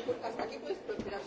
aquí, hasta aquí puedes respirar.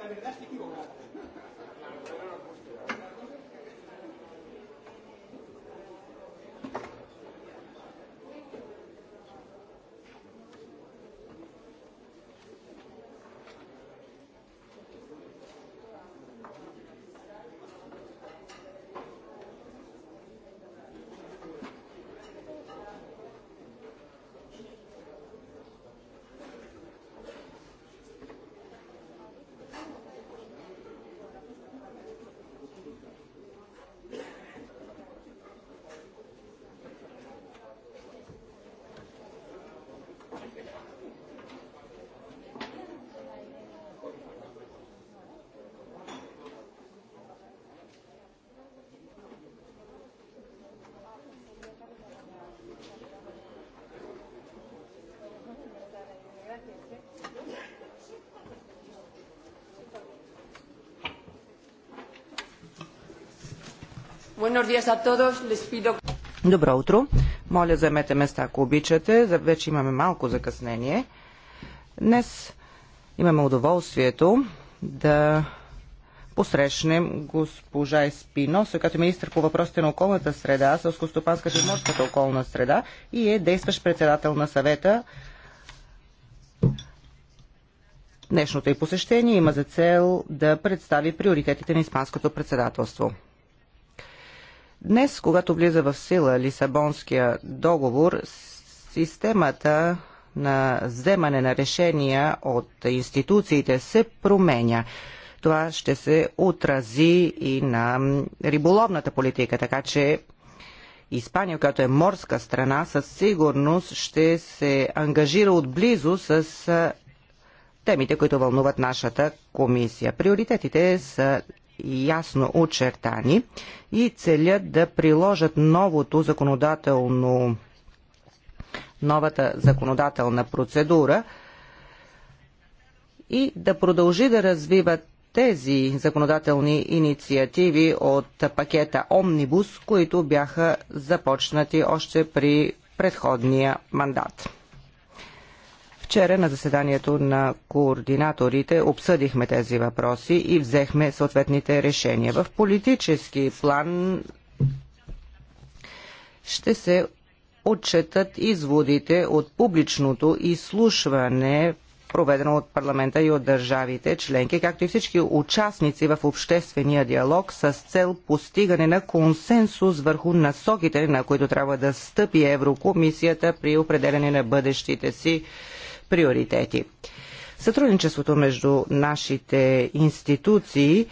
La verdad es que equivocada. Добро утро. Моля, заемете места, ако обичате. Вече имаме малко закъснение. Днес имаме удоволствието да посрещнем госпожа Еспиноса, като е министр по въпросите на околната среда, сълскостопанската и морската околна среда и е действащ председател на съвета Днешното й посещение има за цел да представи приоритетите на Испанското председателство. Днес, когато влиза в сила Лисабонския договор, системата на вземане на решения от институциите се променя. Това ще се отрази и на риболовната политика, така че Испания, която е морска страна, със сигурност ще се ангажира отблизо с темите, които вълнуват нашата комисия. Приоритетите са ясно очертани и целят да приложат новото законодателно новата законодателна процедура и да продължи да развиват тези законодателни инициативи от пакета Омнибус, които бяха започнати още при предходния мандат. Вчера на заседанието на координаторите обсъдихме тези въпроси и взехме съответните решения. В политически план ще се отчетат изводите от публичното изслушване проведено от парламента и от държавите членки, както и всички участници в обществения диалог с цел постигане на консенсус върху насоките, на които трябва да стъпи Еврокомисията при определене на бъдещите си приоритети. Сътрудничеството между нашите институции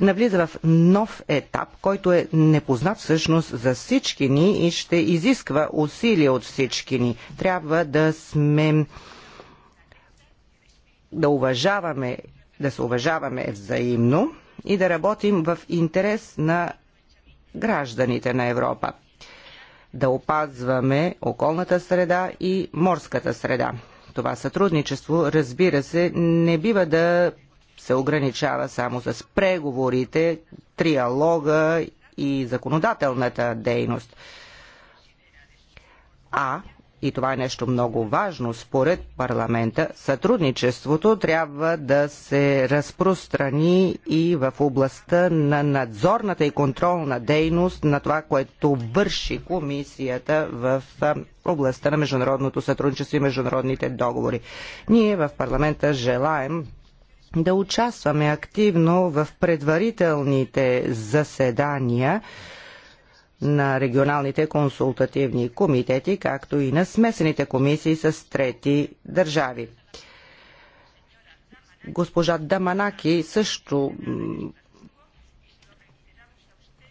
навлиза в нов етап, който е непознат всъщност за всички ни и ще изисква усилия от всички ни. Трябва да сме да уважаваме, да се уважаваме взаимно и да работим в интерес на гражданите на Европа. Да опазваме околната среда и морската среда това сътрудничество, разбира се, не бива да се ограничава само с преговорите, триалога и законодателната дейност. А и това е нещо много важно според парламента, сътрудничеството трябва да се разпространи и в областта на надзорната и контролна дейност на това, което върши комисията в областта на международното сътрудничество и международните договори. Ние в парламента желаем да участваме активно в предварителните заседания, на регионалните консултативни комитети, както и на смесените комисии с трети държави. Госпожа Даманаки също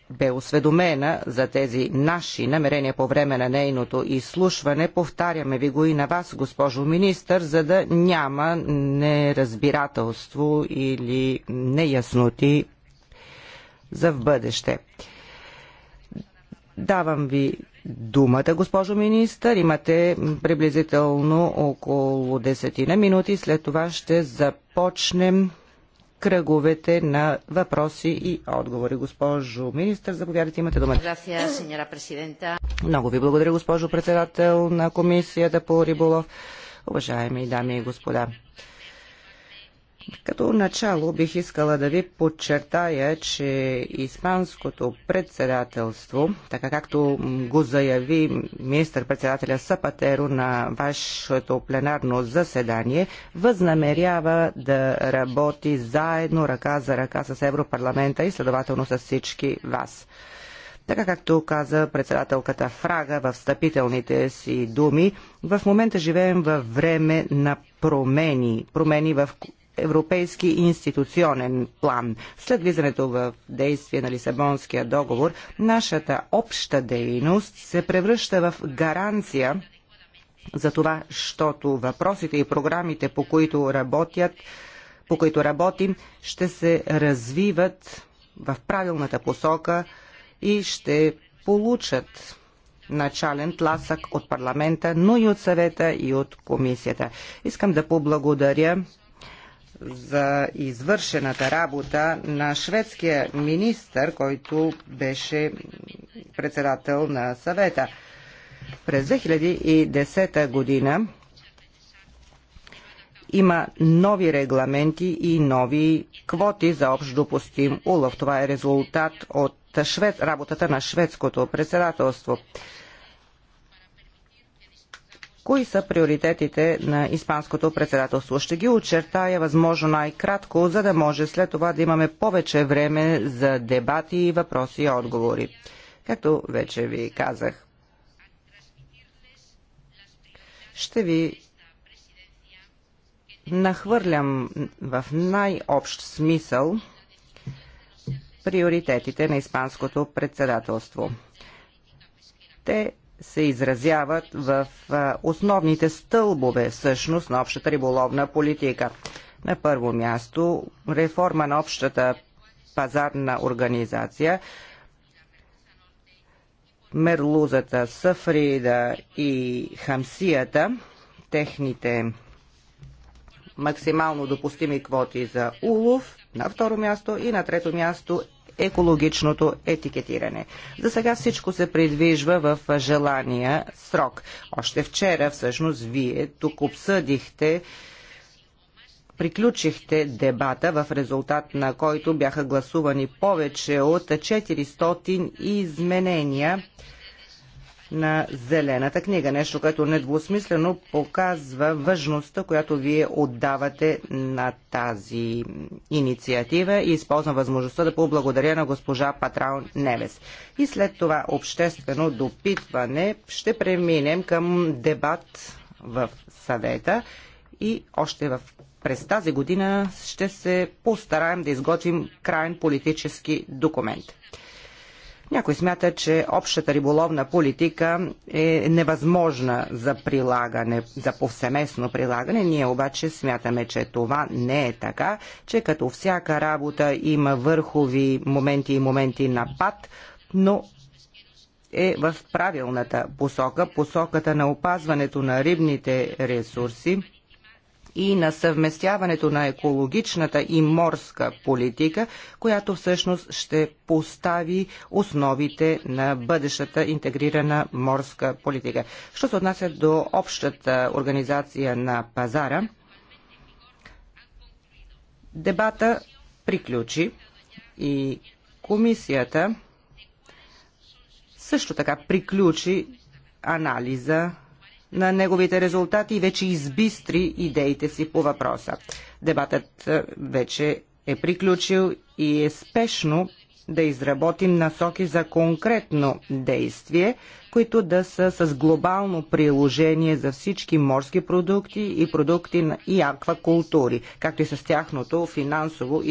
бе осведомена за тези наши намерения по време на нейното изслушване. Повтаряме ви го и на вас, госпожо министър, за да няма неразбирателство или неясноти за в бъдеще. Давам ви думата, госпожо министър. Имате приблизително около десетина минути. След това ще започнем кръговете на въпроси и отговори. Госпожо министър, заповядайте, имате думата. Много ви благодаря, госпожо председател на Комисията по риболов. Уважаеми дами и господа. Като начало бих искала да ви подчертая, че Испанското председателство, така както го заяви министър-председателя Сапатеро на вашето пленарно заседание, възнамерява да работи заедно ръка за ръка с Европарламента и следователно с всички вас. Така както каза председателката Фрага в встъпителните си думи, в момента живеем във време на промени. Промени в европейски институционен план. След влизането в действие на Лисабонския договор, нашата обща дейност се превръща в гаранция за това, защото въпросите и програмите, по които работят, по които работим, ще се развиват в правилната посока и ще получат начален тласък от парламента, но и от съвета и от комисията. Искам да поблагодаря за извършената работа на шведския министър, който беше председател на съвета. През 2010 година има нови регламенти и нови квоти за общ допустим улов. Това е резултат от швед... работата на шведското председателство. Кои са приоритетите на Испанското председателство? Ще ги очертая възможно най-кратко, за да може след това да имаме повече време за дебати, въпроси и отговори. Както вече ви казах, ще ви нахвърлям в най-общ смисъл приоритетите на Испанското председателство. Те се изразяват в основните стълбове всъщност на общата риболовна политика. На първо място реформа на общата пазарна организация, мерлузата, сафрида и хамсията, техните максимално допустими квоти за улов, на второ място и на трето място екологичното етикетиране. За сега всичко се придвижва в желания срок. Още вчера всъщност вие тук обсъдихте приключихте дебата, в резултат на който бяха гласувани повече от 400 изменения на Зелената книга. Нещо, което недвусмислено показва важността, която вие отдавате на тази инициатива и използвам възможността да поблагодаря на госпожа Патраун Невес. И след това обществено допитване ще преминем към дебат в съвета и още в през тази година ще се постараем да изготвим крайен политически документ. Някой смята, че общата риболовна политика е невъзможна за прилагане, за повсеместно прилагане. Ние обаче смятаме, че това не е така, че като всяка работа има върхови моменти и моменти на пад, но е в правилната посока, посоката на опазването на рибните ресурси и на съвместяването на екологичната и морска политика, която всъщност ще постави основите на бъдещата интегрирана морска политика. Що се отнася до общата организация на пазара, дебата приключи и комисията също така приключи анализа на неговите резултати и вече избистри идеите си по въпроса. Дебатът е, вече е приключил и е спешно да изработим насоки за конкретно действие, които да са с глобално приложение за всички морски продукти и продукти и аквакултури, както и с тяхното финансово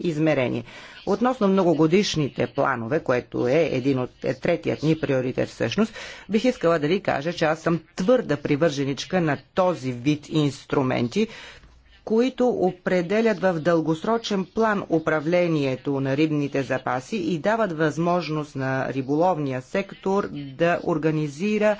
измерение. Относно многогодишните планове, което е един от е, третият ни приоритет всъщност, бих искала да ви кажа, че аз съм твърда привърженичка на този вид инструменти, които определят в дългосрочен план управлението на рибните запаси и дават възможност на риболовния сектор да организира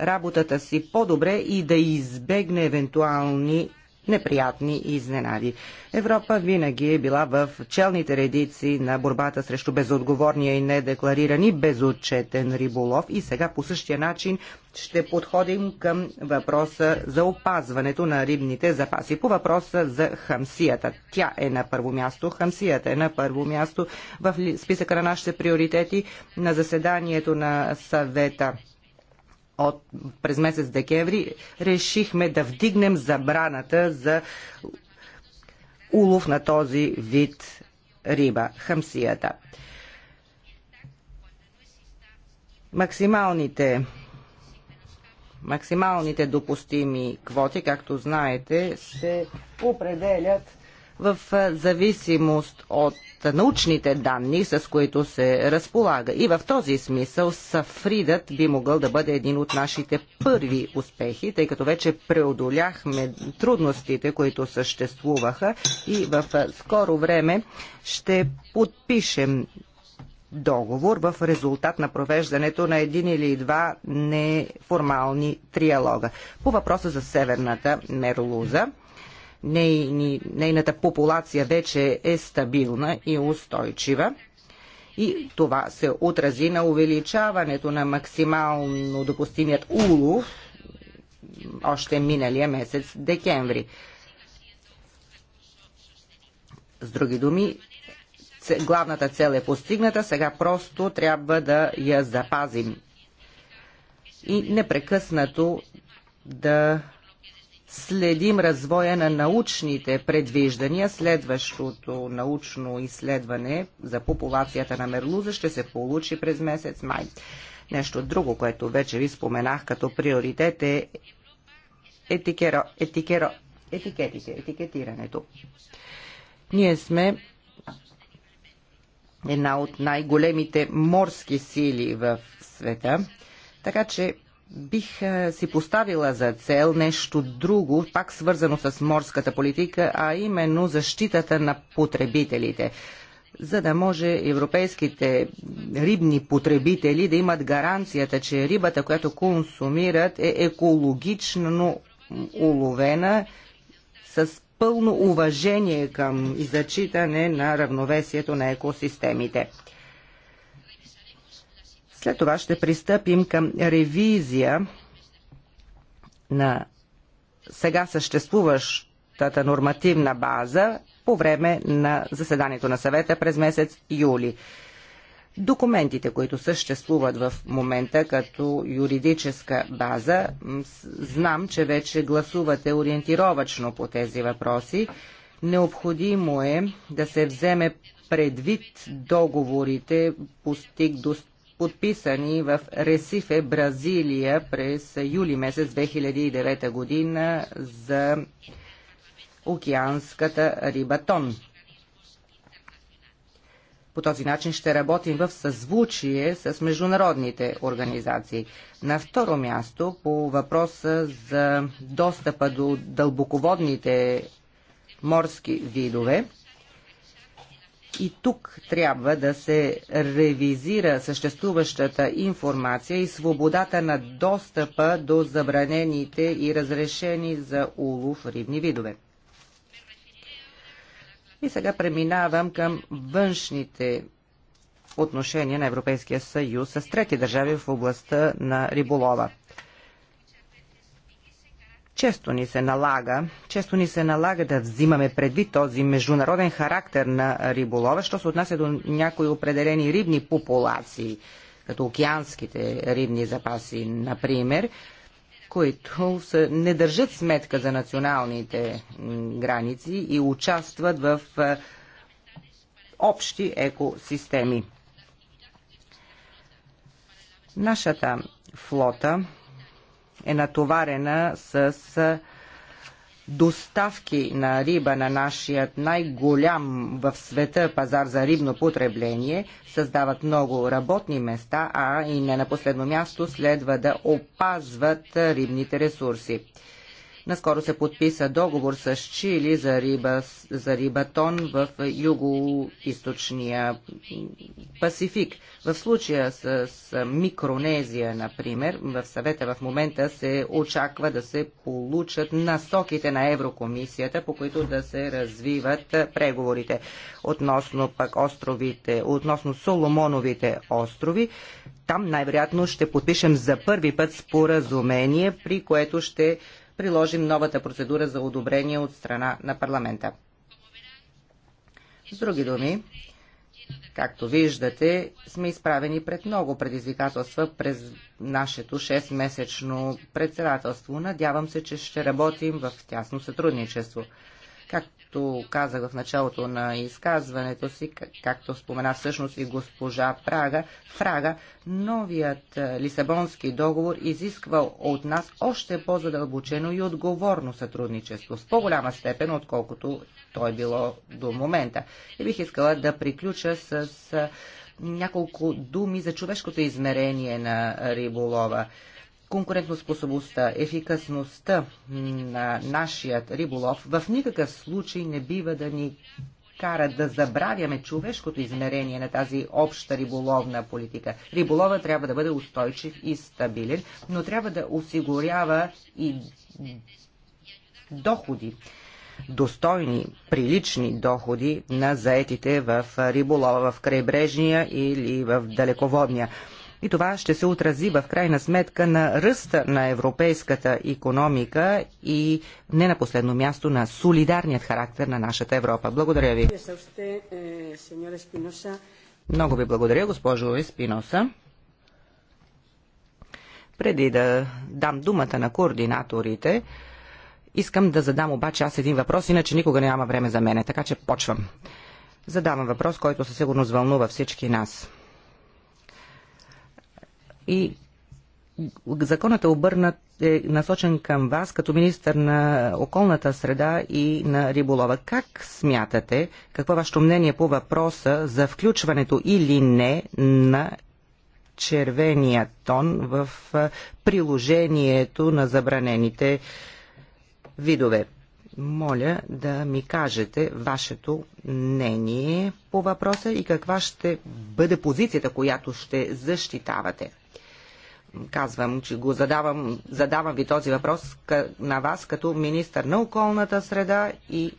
работата си по-добре и да избегне евентуални неприятни изненади. Европа винаги е била в челните редици на борбата срещу безотговорния и недекларирани безотчетен риболов и сега по същия начин ще подходим към въпроса за опазването на рибните запаси. По въпроса за хамсията. Тя е на първо място. Хамсията е на първо място в списъка на нашите приоритети на заседанието на съвета от, през месец декември решихме да вдигнем забраната за улов на този вид риба, хамсията. Максималните максималните допустими квоти, както знаете, се определят в зависимост от научните данни, с които се разполага. И в този смисъл Сафридът би могъл да бъде един от нашите първи успехи, тъй като вече преодоляхме трудностите, които съществуваха и в скоро време ще подпишем договор в резултат на провеждането на един или два неформални триалога. По въпроса за Северната Мерлуза, нейни, нейната популация вече е стабилна и устойчива. И това се отрази на увеличаването на максимално допустимият улов още миналия месец декември. С други думи, главната цел е постигната, сега просто трябва да я запазим и непрекъснато да следим развоя на научните предвиждания. Следващото научно изследване за популацията на мерлуза ще се получи през месец май. Нещо друго, което вече ви споменах като приоритет е етикеро, етикеро, етикетите, етикетирането. Ние сме една от най-големите морски сили в света, така че бих е, си поставила за цел нещо друго, пак свързано с морската политика, а именно защитата на потребителите за да може европейските рибни потребители да имат гаранцията, че рибата, която консумират, е екологично уловена с пълно уважение към и зачитане на равновесието на екосистемите. След това ще пристъпим към ревизия на сега съществуващата нормативна база по време на заседанието на съвета през месец юли. Документите, които съществуват в момента като юридическа база, знам, че вече гласувате ориентировачно по тези въпроси. Необходимо е да се вземе предвид договорите, постиг, подписани в Ресифе, Бразилия през юли месец 2009 година за океанската рибатон. По този начин ще работим в съзвучие с международните организации. На второ място по въпроса за достъпа до дълбоководните морски видове – и тук трябва да се ревизира съществуващата информация и свободата на достъпа до забранените и разрешени за улов рибни видове. И сега преминавам към външните отношения на Европейския съюз с трети държави в областта на риболова. Често ни се налага, често ни се налага да взимаме предвид този международен характер на риболова, що се отнася до някои определени рибни популации, като океанските рибни запаси, например, които не държат сметка за националните граници и участват в общи екосистеми. Нашата флота е натоварена с доставки на риба на нашия най-голям в света пазар за рибно потребление, създават много работни места, а и не на последно място следва да опазват рибните ресурси. Наскоро се подписа договор с Чили за, риба, за рибатон в юго-источния Пасифик. В случая с, с Микронезия, например, в съвета в момента се очаква да се получат насоките на Еврокомисията, по които да се развиват преговорите относно пък островите, относно Соломоновите острови. Там най-вероятно ще подпишем за първи път споразумение, при което ще приложим новата процедура за одобрение от страна на парламента. С други думи, Както виждате, сме изправени пред много предизвикателства през нашето 6-месечно председателство. Надявам се, че ще работим в тясно сътрудничество. Как както казах в началото на изказването си, както спомена всъщност и госпожа Прага, Фрага, новият е, Лисабонски договор изисква от нас още по-задълбочено и отговорно сътрудничество, с по-голяма степен, отколкото то е било до момента. И бих искала да приключа с е, няколко думи за човешкото измерение на риболова конкурентоспособността, ефикасността на нашият риболов в никакъв случай не бива да ни кара да забравяме човешкото измерение на тази обща риболовна политика. Риболова трябва да бъде устойчив и стабилен, но трябва да осигурява и доходи, достойни, прилични доходи на заетите в риболова, в крайбрежния или в далеководния. И това ще се отрази в крайна сметка на ръста на европейската економика и не на последно място на солидарният характер на нашата Европа. Благодаря ви. Много ви благодаря, госпожо Еспиноса. Преди да дам думата на координаторите, искам да задам обаче аз един въпрос, иначе никога няма време за мене, така че почвам. Задавам въпрос, който със сигурност вълнува всички нас и законът е обърнат е насочен към вас като министър на околната среда и на риболова. Как смятате, какво е вашето мнение по въпроса за включването или не на червения тон в приложението на забранените видове? Моля да ми кажете вашето мнение по въпроса и каква ще бъде позицията, която ще защитавате. Казвам, че го задавам, задавам ви този въпрос на вас като министър на околната среда и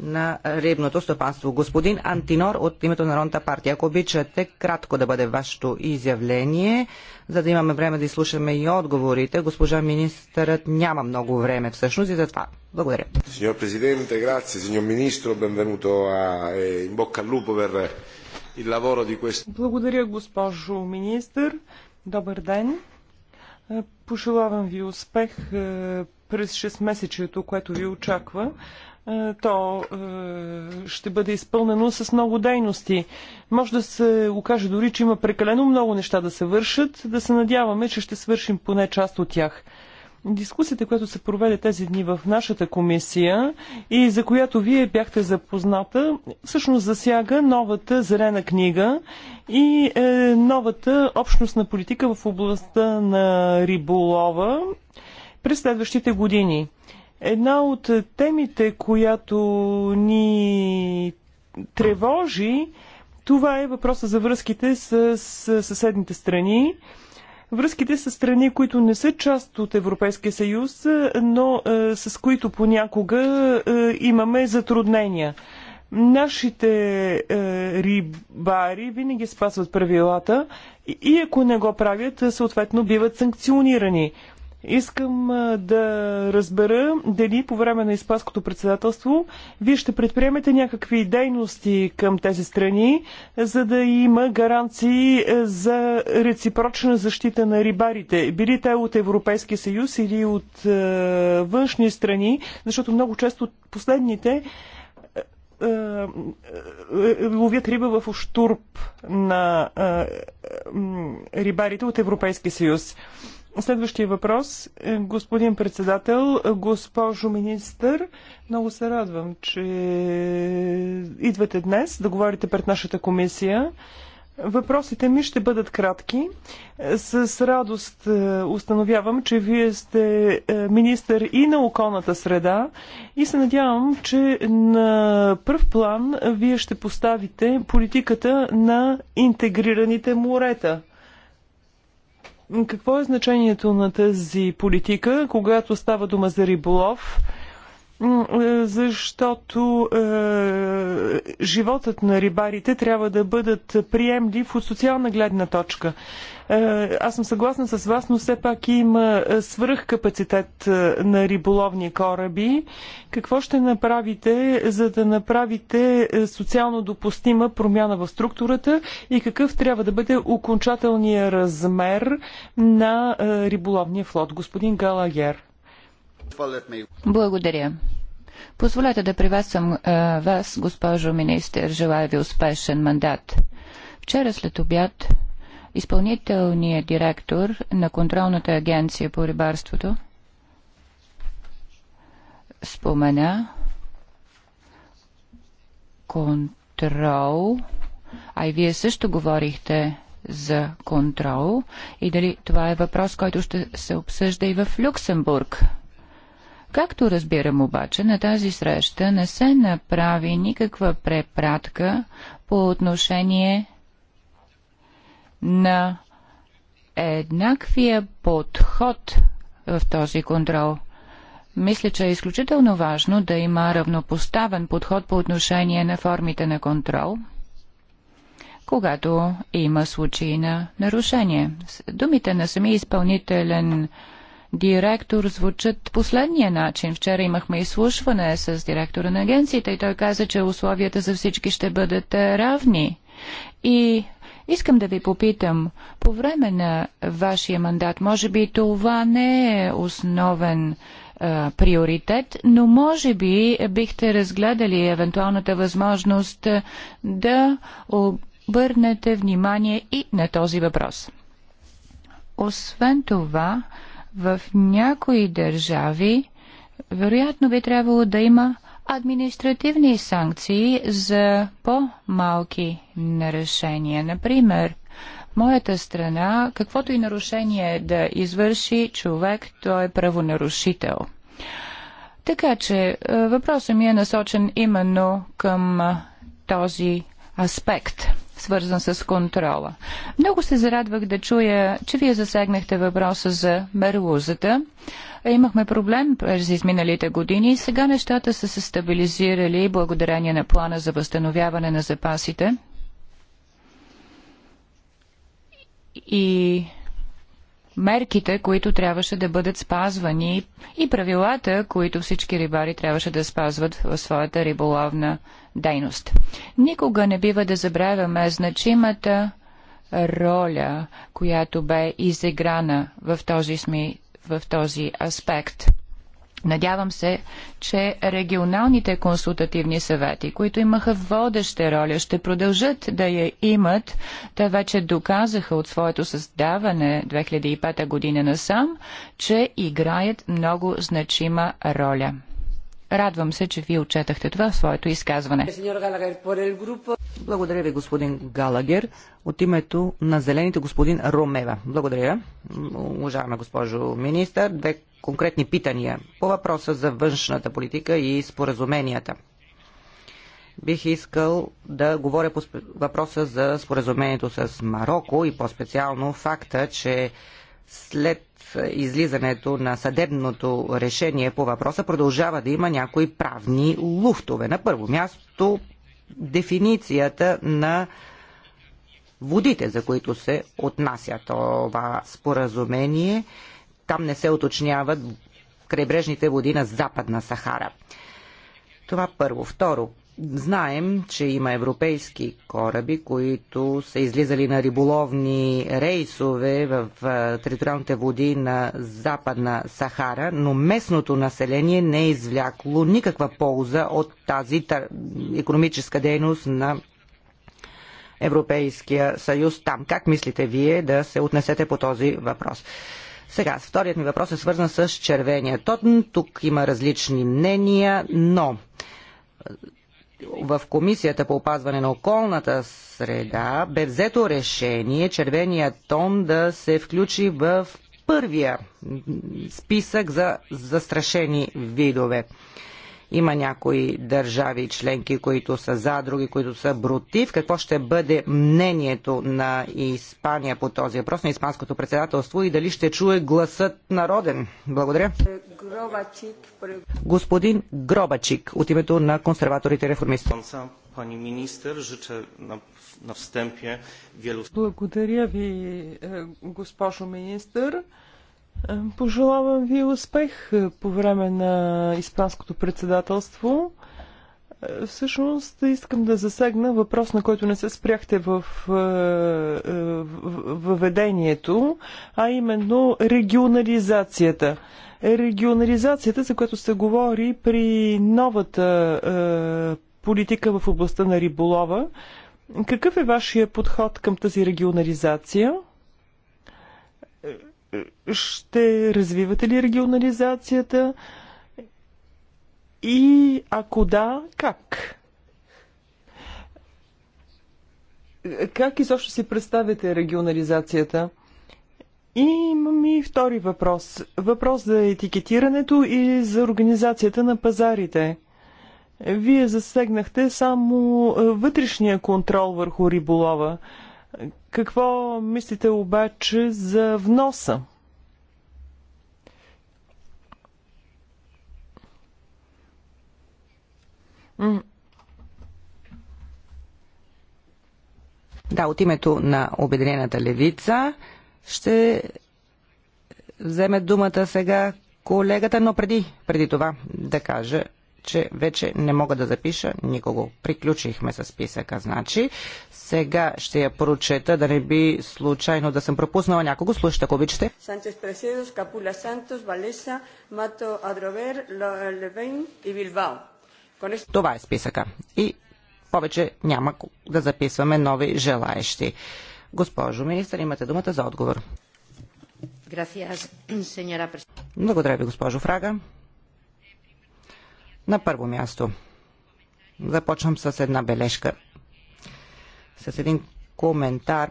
на рибното стопанство. Господин Антинор от името на Народната партия, ако обичате, кратко да бъде вашето изявление, за да имаме време да изслушаме и отговорите. Госпожа министърът няма много време всъщност и за това. Благодаря. Синьор президенте, грация. Signor министр, бенвенуто и. in bocca al lupo per il lavoro di questo. Благодаря, госпожо министър. Добър ден! Е, пожелавам ви успех е, през 6 месечето, което ви очаква. Е, то ще бъде изпълнено с много дейности. Може да се окаже дори, че има прекалено много неща да се вършат. Да се надяваме, че ще свършим поне част от тях. Дискусията, която се проведе тези дни в нашата комисия и за която вие бяхте запозната, всъщност засяга новата зелена книга и е, новата общностна политика в областта на риболова през следващите години. Една от темите, която ни тревожи, това е въпроса за връзките с, с съседните страни. Връзките с страни, които не са част от Европейския съюз, е, но е, с които понякога е, имаме затруднения. Нашите рибари винаги спазват правилата и ако не го правят, съответно биват санкционирани. Искам да разбера дали по време на Испанското председателство вие ще предприемете някакви дейности към тези страни, за да има гаранции за реципрочна защита на рибарите. Били те от Европейския съюз или от е, външни страни, защото много често последните ловят риба в оштурб на рибарите от Европейския съюз. Следващия въпрос. Е, господин председател, госпожо министър, много се радвам, че идвате днес да говорите пред нашата комисия. Въпросите ми ще бъдат кратки. С радост е, установявам, че вие сте е, министър и на околната среда и се надявам, че на пръв план вие ще поставите политиката на интегрираните морета – какво е значението на тази политика, когато става дума за риболов? Е, защото е, животът на рибарите трябва да бъдат приемлив от социална гледна точка. Е, аз съм съгласна с вас, но все пак има е, свръхкапацитет е, на риболовни кораби. Какво ще направите, за да направите социално допустима промяна в структурата и какъв трябва да бъде окончателният размер на риболовния флот? Господин Галагер. Благодаря. Позволете да приветствам вас, госпожо министр. Желая ви успешен мандат. Вчера след обяд изпълнителният директор на контролната агенция по рибарството спомена контрол, а и вие също говорихте за контрол и дали това е въпрос, който ще се обсъжда и в Люксембург. Както разбирам обаче, на тази среща не се направи никаква препратка по отношение на еднаквия подход в този контрол. Мисля, че е изключително важно да има равнопоставен подход по отношение на формите на контрол, когато има случаи на нарушение. Думите на самия изпълнителен директор звучат последния начин. Вчера имахме изслушване с директора на агенцията и той каза, че условията за всички ще бъдат е, равни. И Искам да ви попитам, по време на вашия мандат, може би това не е основен а, приоритет, но може би бихте разгледали евентуалната възможност да обърнете внимание и на този въпрос. Освен това, в някои държави вероятно би трябвало да има административни санкции за по-малки нарушения. Например, моята страна, каквото и нарушение да извърши човек, той е правонарушител. Така че е, въпросът ми е насочен именно към този аспект свързан с контрола. Много се зарадвах да чуя, че вие засегнахте въпроса за мерлузата. Имахме проблем през изминалите години и сега нещата са се стабилизирали благодарение на плана за възстановяване на запасите. И мерките, които трябваше да бъдат спазвани и правилата, които всички рибари трябваше да спазват в своята риболовна дейност. Никога не бива да забравяме значимата роля, която бе изиграна в този, сми, в този аспект. Надявам се, че регионалните консултативни съвети, които имаха водеща роля, ще продължат да я имат. Те вече доказаха от своето създаване 2005 година насам, че играят много значима роля. Радвам се, че вие отчетахте това в своето изказване. Благодаря ви, господин Галагер. От името на Зелените, господин Ромева. Благодаря. Уважаема госпожо министър, две конкретни питания по въпроса за външната политика и споразуменията. Бих искал да говоря по въпроса за споразумението с Марокко и по-специално факта, че след излизането на съдебното решение по въпроса продължава да има някои правни луфтове. На първо място дефиницията на водите, за които се отнася това споразумение. Там не се уточняват крайбрежните води на Западна Сахара. Това първо. Второ, Знаем, че има европейски кораби, които са излизали на риболовни рейсове в териториалните води на Западна Сахара, но местното население не е извлякло никаква полза от тази економическа дейност на Европейския съюз там. Как мислите вие да се отнесете по този въпрос? Сега, вторият ми въпрос е свързан с червения тотн. Тук има различни мнения, но в Комисията по опазване на околната среда бе взето решение червения тон да се включи в първия списък за застрашени видове. Има някои държави членки, които са за, други, които са против. Какво ще бъде мнението на Испания по този въпрос, на Испанското председателство и дали ще чуе гласът народен? Благодаря. Господин Гробачик от името на консерваторите реформисти. Пани министър, życzę на на wstępie wielu... Благодаря ви, е, госпожо министър. Е, пожелавам ви успех е, по време на Испанското председателство. Е, всъщност искам да засегна въпрос, на който не се спряхте в въведението, а именно регионализацията. Регионализацията, за която се говори при новата политика в областта на риболова. Какъв е вашия подход към тази регионализация? ще развивате ли регионализацията и ако да, как? Как изобщо си представяте регионализацията? И имам и втори въпрос. Въпрос за етикетирането и за организацията на пазарите. Вие засегнахте само вътрешния контрол върху риболова. Какво мислите обаче за вноса? Да, от името на Обединената левица ще вземе думата сега колегата, но преди, преди това да кажа, че вече не мога да запиша никого. Приключихме с списъка, значи. Сега ще я прочета, да не би случайно да съм пропуснала някого. Слушайте, ако обичате. Санчес Преседос, Капула Сантос, Валеса, Мато Адровер, Левейн и Билбао. Това е списъка. И повече няма да записваме нови желаещи. Госпожо министър, имате думата за отговор. Благодаря ви, госпожо Фрага. На първо място започвам с една бележка – с един коментар,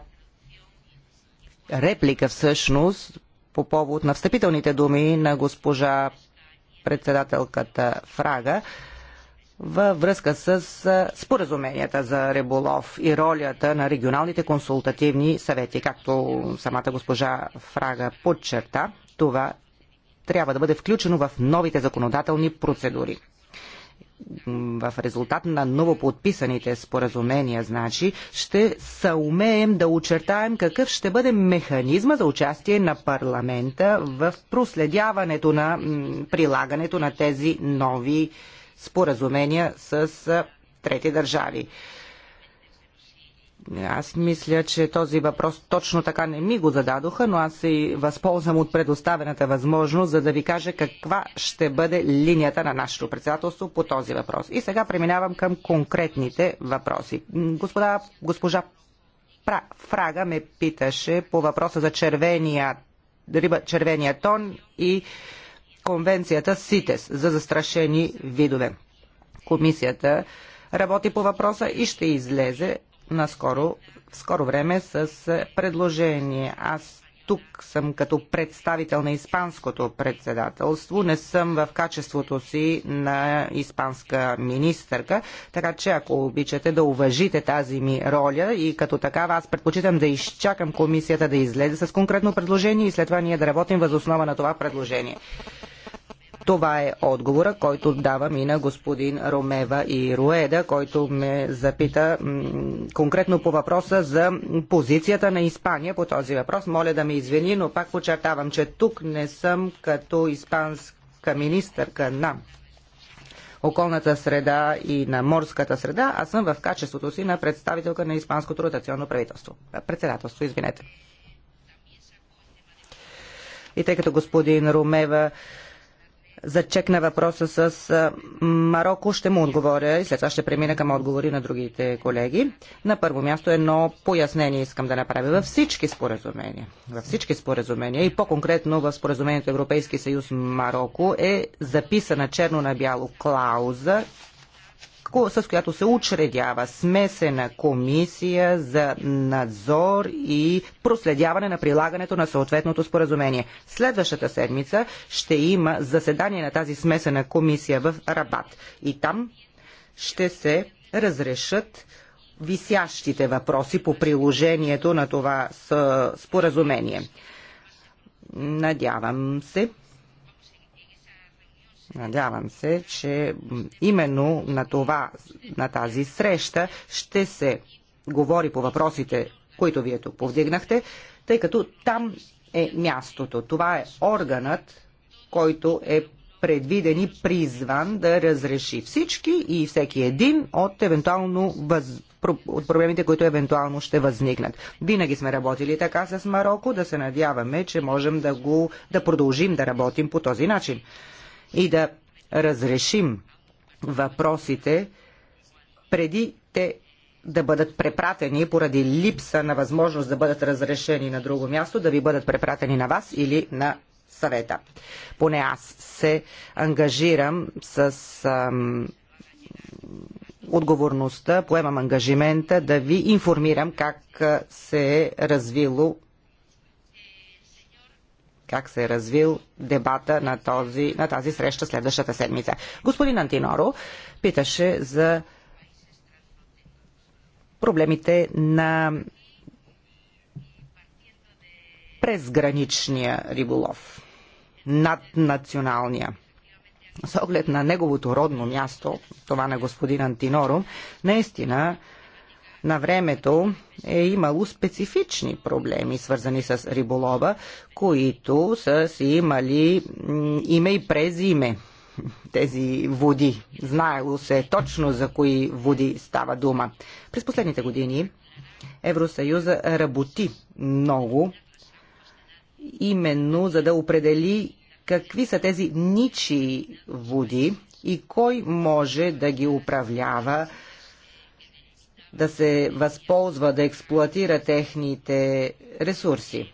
реплика всъщност, по повод на встъпителните думи на госпожа председателката Фрага във връзка с споразуменията за Реболов и ролята на регионалните консултативни съвети. Както самата госпожа Фрага подчерта, това трябва да бъде включено в новите законодателни процедури в резултат на новоподписаните споразумения, значи, ще съумеем да очертаем какъв ще бъде механизма за участие на парламента в проследяването на прилагането на тези нови споразумения с трети държави. Аз мисля, че този въпрос точно така не ми го зададоха, но аз се възползвам от предоставената възможност, за да ви кажа каква ще бъде линията на нашето председателство по този въпрос. И сега преминавам към конкретните въпроси. Господа, госпожа Фрага ме питаше по въпроса за червения, риба, червения тон и конвенцията СИТЕС за застрашени видове. Комисията работи по въпроса и ще излезе наскоро, в скоро време с предложение. Аз тук съм като представител на Испанското председателство, не съм в качеството си на испанска министърка, така че ако обичате да уважите тази ми роля и като такава аз предпочитам да изчакам комисията да излезе с конкретно предложение и след това ние да работим възоснова на това предложение. Това е отговора, който давам и на господин Ромева и Руеда, който ме запита конкретно по въпроса за позицията на Испания по този въпрос. Моля да ме извини, но пак подчертавам, че тук не съм като испанска министърка на околната среда и на морската среда, аз съм в качеството си на представителка на Испанското ротационно правителство. Председателство, извинете. И тъй като господин Румева зачекна въпроса с Марокко, ще му отговоря и след това ще премина към отговори на другите колеги. На първо място едно пояснение искам да направя във всички споразумения. Във всички споразумения и по-конкретно в споразумението Европейски съюз Марокко е записана черно на бяло клауза, с която се учредява смесена комисия за надзор и проследяване на прилагането на съответното споразумение. Следващата седмица ще има заседание на тази смесена комисия в Рабат и там ще се разрешат висящите въпроси по приложението на това споразумение. Надявам се, Надявам се, че именно на, това, на тази среща ще се говори по въпросите, които вие тук повдигнахте, тъй като там е мястото. Това е органът, който е предвиден и призван да разреши всички и всеки един от евентуално въз... от проблемите, които евентуално ще възникнат. Винаги сме работили така с Марокко, да се надяваме, че можем да го да продължим да работим по този начин и да разрешим въпросите преди те да бъдат препратени поради липса на възможност да бъдат разрешени на друго място, да ви бъдат препратени на вас или на съвета. Поне аз се ангажирам с ам, отговорността, поемам ангажимента да ви информирам как се е развило как се е развил дебата на, този, на тази среща следващата седмица. Господин Антиноро питаше за проблемите на презграничния риболов, наднационалния. С оглед на неговото родно място, това на господин Антиноро, наистина на времето е имало специфични проблеми, свързани с риболова, които са си имали име и през име тези води. Знаело се точно за кои води става дума. През последните години Евросъюза работи много именно за да определи какви са тези ничи води и кой може да ги управлява, да се възползва, да експлуатира техните ресурси.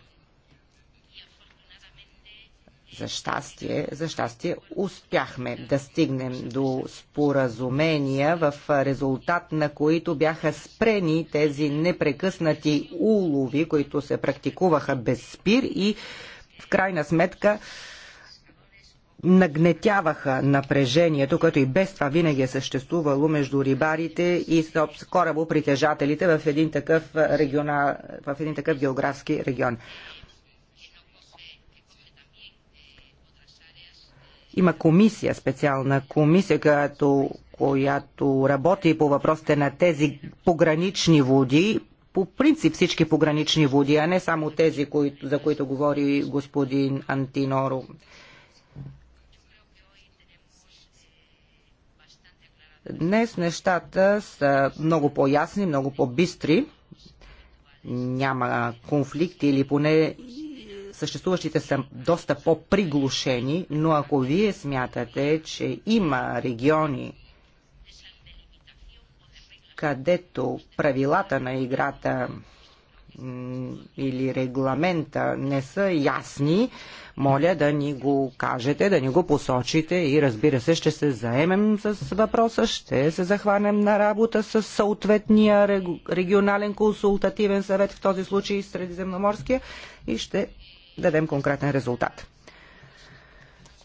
За щастие, за щастие успяхме да стигнем до споразумения, в резултат на които бяха спрени тези непрекъснати улови, които се практикуваха без спир и в крайна сметка нагнетяваха напрежението, което и без това винаги е съществувало между рибарите и корабопритежателите в един такъв, региона, в един такъв географски регион. Има комисия, специална комисия, която, която работи по въпросите на тези погранични води, по принцип всички погранични води, а не само тези, които, за които говори господин Антиноро. Днес нещата са много по-ясни, много по-бистри. Няма конфликти или поне съществуващите са доста по-приглушени, но ако вие смятате, че има региони, където правилата на играта или регламента не са ясни, моля да ни го кажете, да ни го посочите и разбира се, ще се заемем с въпроса, ще се захванем на работа с съответния регионален консултативен съвет, в този случай Средиземноморския, и ще дадем конкретен резултат.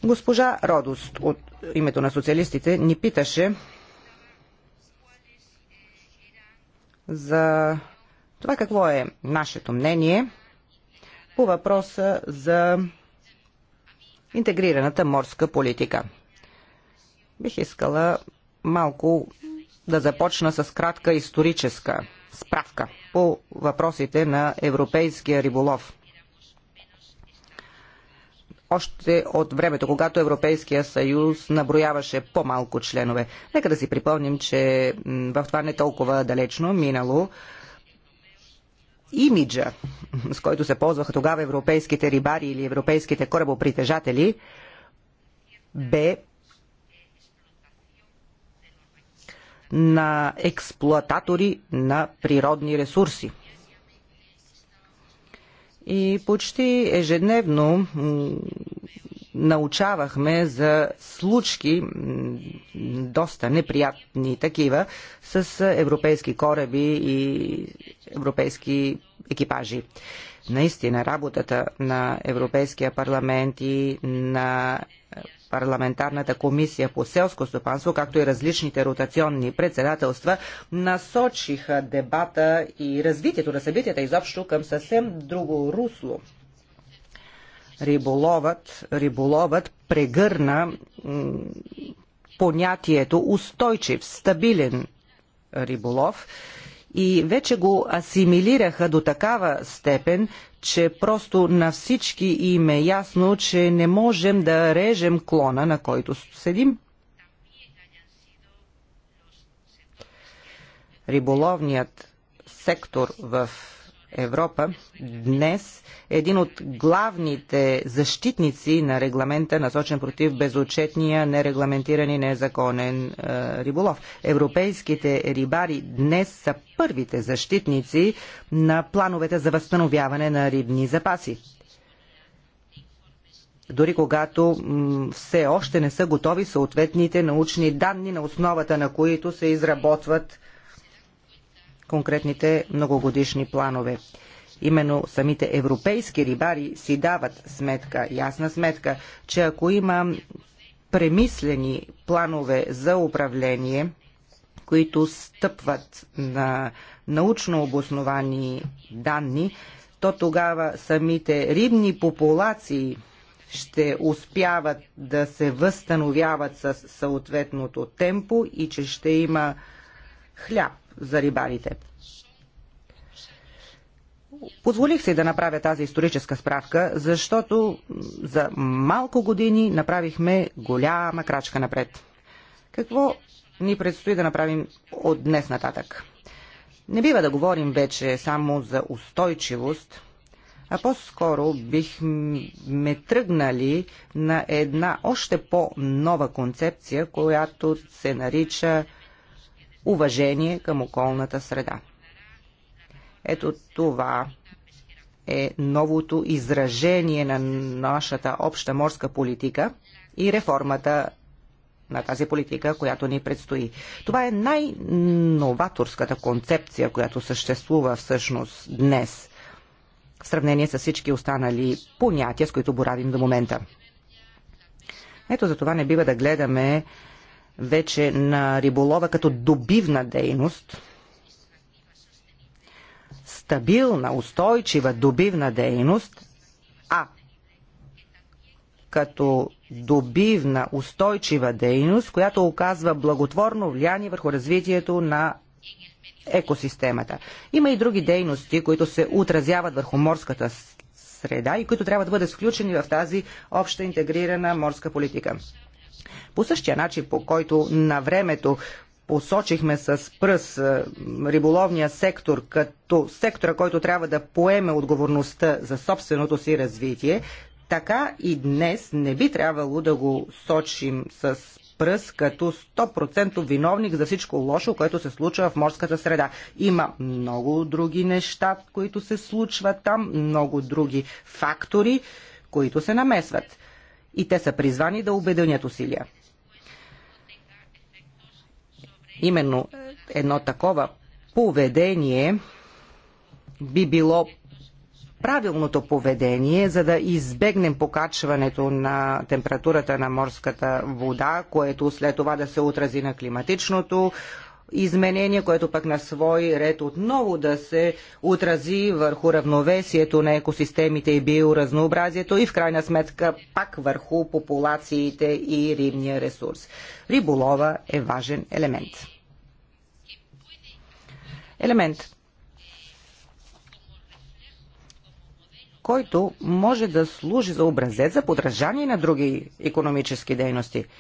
Госпожа Родост от името на социалистите ни питаше за това какво е нашето мнение по въпроса за интегрираната морска политика. Бих искала малко да започна с кратка историческа справка по въпросите на европейския риболов. Още от времето, когато Европейския съюз наброяваше по-малко членове. Нека да си припомним, че в това не толкова далечно минало имиджа, с който се ползваха тогава европейските рибари или европейските корабопритежатели, бе на експлоататори на природни ресурси. И почти ежедневно научавахме за случки, доста неприятни такива, с европейски кораби и европейски екипажи. Наистина, работата на Европейския парламент и на парламентарната комисия по селско стопанство, както и различните ротационни председателства, насочиха дебата и развитието на събитията изобщо към съвсем друго русло риболовът, риболовът прегърна понятието устойчив, стабилен риболов и вече го асимилираха до такава степен, че просто на всички им е ясно, че не можем да режем клона, на който седим. Риболовният сектор в Европа, днес един от главните защитници на регламента, насочен против безотчетния, нерегламентиран и незаконен е, риболов. Европейските рибари днес са първите защитници на плановете за възстановяване на рибни запаси дори когато все още не са готови съответните научни данни, на основата на които се изработват конкретните многогодишни планове. Именно самите европейски рибари си дават сметка, ясна сметка, че ако има премислени планове за управление, които стъпват на научно обосновани данни, то тогава самите рибни популации ще успяват да се възстановяват с съответното темпо и че ще има хляб за рибарите. Позволих си да направя тази историческа справка, защото за малко години направихме голяма крачка напред. Какво ни предстои да направим от днес нататък? Не бива да говорим вече само за устойчивост, а по-скоро бихме тръгнали на една още по-нова концепция, която се нарича уважение към околната среда. Ето това е новото изражение на нашата обща морска политика и реформата на тази политика, която ни предстои. Това е най-новаторската концепция, която съществува всъщност днес в сравнение с всички останали понятия, с които боравим до момента. Ето за това не бива да гледаме вече на риболова като добивна дейност, стабилна, устойчива добивна дейност, а като добивна, устойчива дейност, която оказва благотворно влияние върху развитието на екосистемата. Има и други дейности, които се отразяват върху морската среда и които трябва да бъдат включени в тази обща интегрирана морска политика. По същия начин, по който на времето посочихме с пръс е, риболовния сектор като сектора, който трябва да поеме отговорността за собственото си развитие, така и днес не би трябвало да го сочим с пръст като 100% виновник за всичко лошо, което се случва в морската среда. Има много други неща, които се случват там, много други фактори, които се намесват и те са призвани да обединят усилия. Именно едно такова поведение би било правилното поведение, за да избегнем покачването на температурата на морската вода, което след това да се отрази на климатичното изменение, което пък на свой ред отново да се отрази върху равновесието на екосистемите и биоразнообразието и в крайна сметка пак върху популациите и рибния ресурс. Риболова е важен елемент. Елемент, който може да служи за образец за подражание на други економически дейности –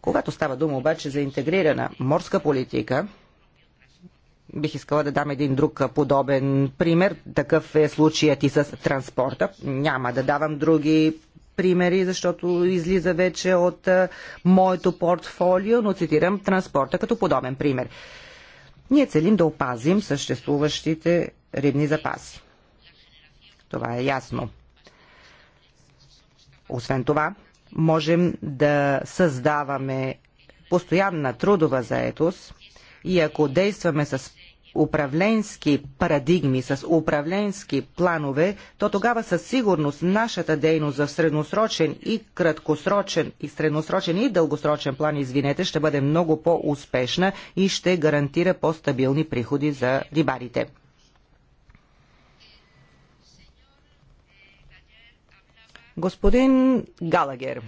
когато става дума обаче за интегрирана морска политика, бих искала да дам един друг подобен пример. Такъв е случаят и с транспорта. Няма да давам други примери, защото излиза вече от моето портфолио, но цитирам транспорта като подобен пример. Ние целим да опазим съществуващите рибни запаси. Това е ясно. Освен това, можем да създаваме постоянна трудова заетост и ако действаме с управленски парадигми, с управленски планове, то тогава със сигурност нашата дейност в средносрочен и краткосрочен и средносрочен и дългосрочен план, извинете, ще бъде много по-успешна и ще гарантира по-стабилни приходи за рибарите. Господин Галагер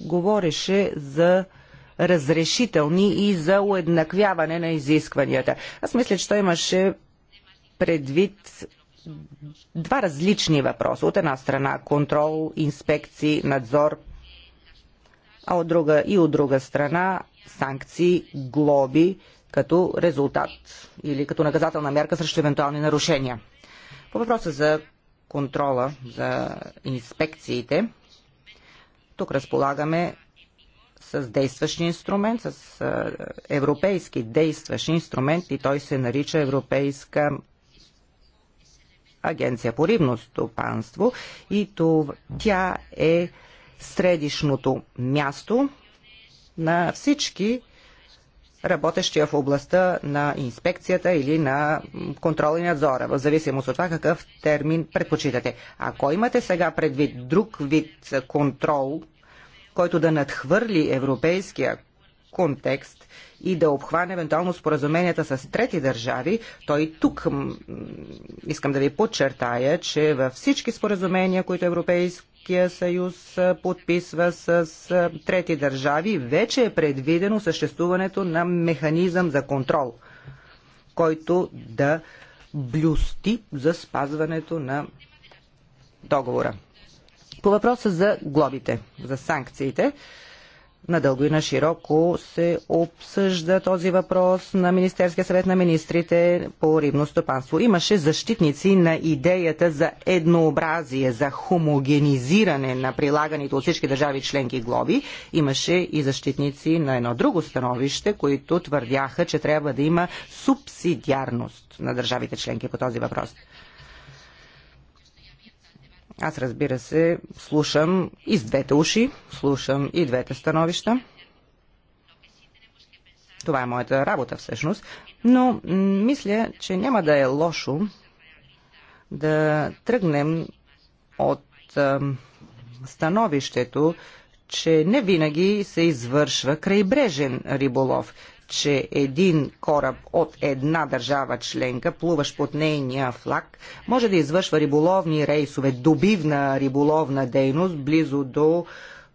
говореше за разрешителни и за уеднаквяване на изискванията. Аз мисля, че той имаше предвид два различни въпроса. От една страна контрол, инспекции, надзор, а от друга и от друга страна санкции, глоби като резултат или като наказателна мярка срещу евентуални нарушения. По въпроса за контрола, за инспекциите. Тук разполагаме с действащ инструмент, с европейски действащ инструмент и той се нарича Европейска агенция по рибно стопанство и това, тя е средишното място на всички работещия в областта на инспекцията или на контрол и надзора, в зависимост от това какъв термин предпочитате. Ако имате сега предвид друг вид контрол, който да надхвърли европейския контекст и да обхване евентуално споразуменията с трети държави, то и тук искам да ви подчертая, че във всички споразумения, които европейски Европейския съюз подписва с трети държави, вече е предвидено съществуването на механизъм за контрол, който да блюсти за спазването на договора. По въпроса за глобите, за санкциите, надълго и на широко се обсъжда този въпрос на Министерския съвет на министрите по рибно стопанство. Имаше защитници на идеята за еднообразие, за хомогенизиране на прилаганите от всички държави членки глоби. Имаше и защитници на едно друго становище, които твърдяха, че трябва да има субсидиарност на държавите членки по този въпрос. Аз разбира се, слушам и с двете уши, слушам и двете становища. Това е моята работа всъщност, но мисля, че няма да е лошо да тръгнем от становището, че не винаги се извършва крайбрежен риболов че един кораб от една държава членка, плуваш под нейния флаг, може да извършва риболовни рейсове, добивна риболовна дейност близо до,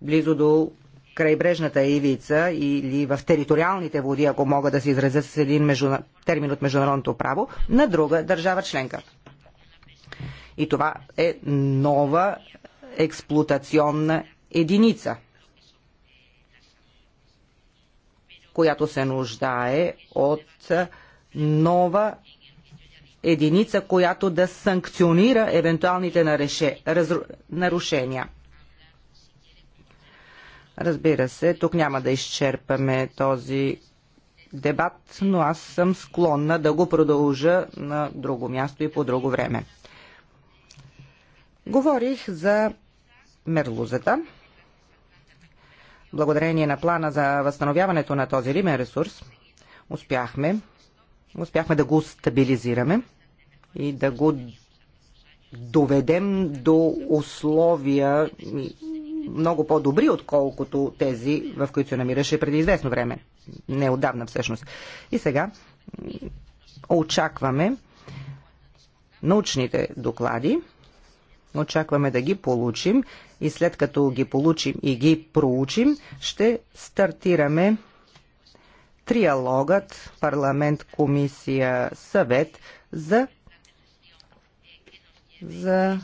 близо до крайбрежната ивица или в териториалните води, ако мога да се изразя с един междуна... термин от международното право, на друга държава членка. И това е нова експлуатационна единица – която се нуждае от нова единица, която да санкционира евентуалните нарушения. Разбира се, тук няма да изчерпаме този дебат, но аз съм склонна да го продължа на друго място и по друго време. Говорих за мерлузата благодарение на плана за възстановяването на този рибен ресурс, успяхме, успяхме да го стабилизираме и да го доведем до условия много по-добри, отколкото тези, в които се намираше преди известно време. Не отдавна всъщност. И сега очакваме научните доклади, очакваме да ги получим и след като ги получим и ги проучим, ще стартираме триалогът парламент, комисия, съвет за, за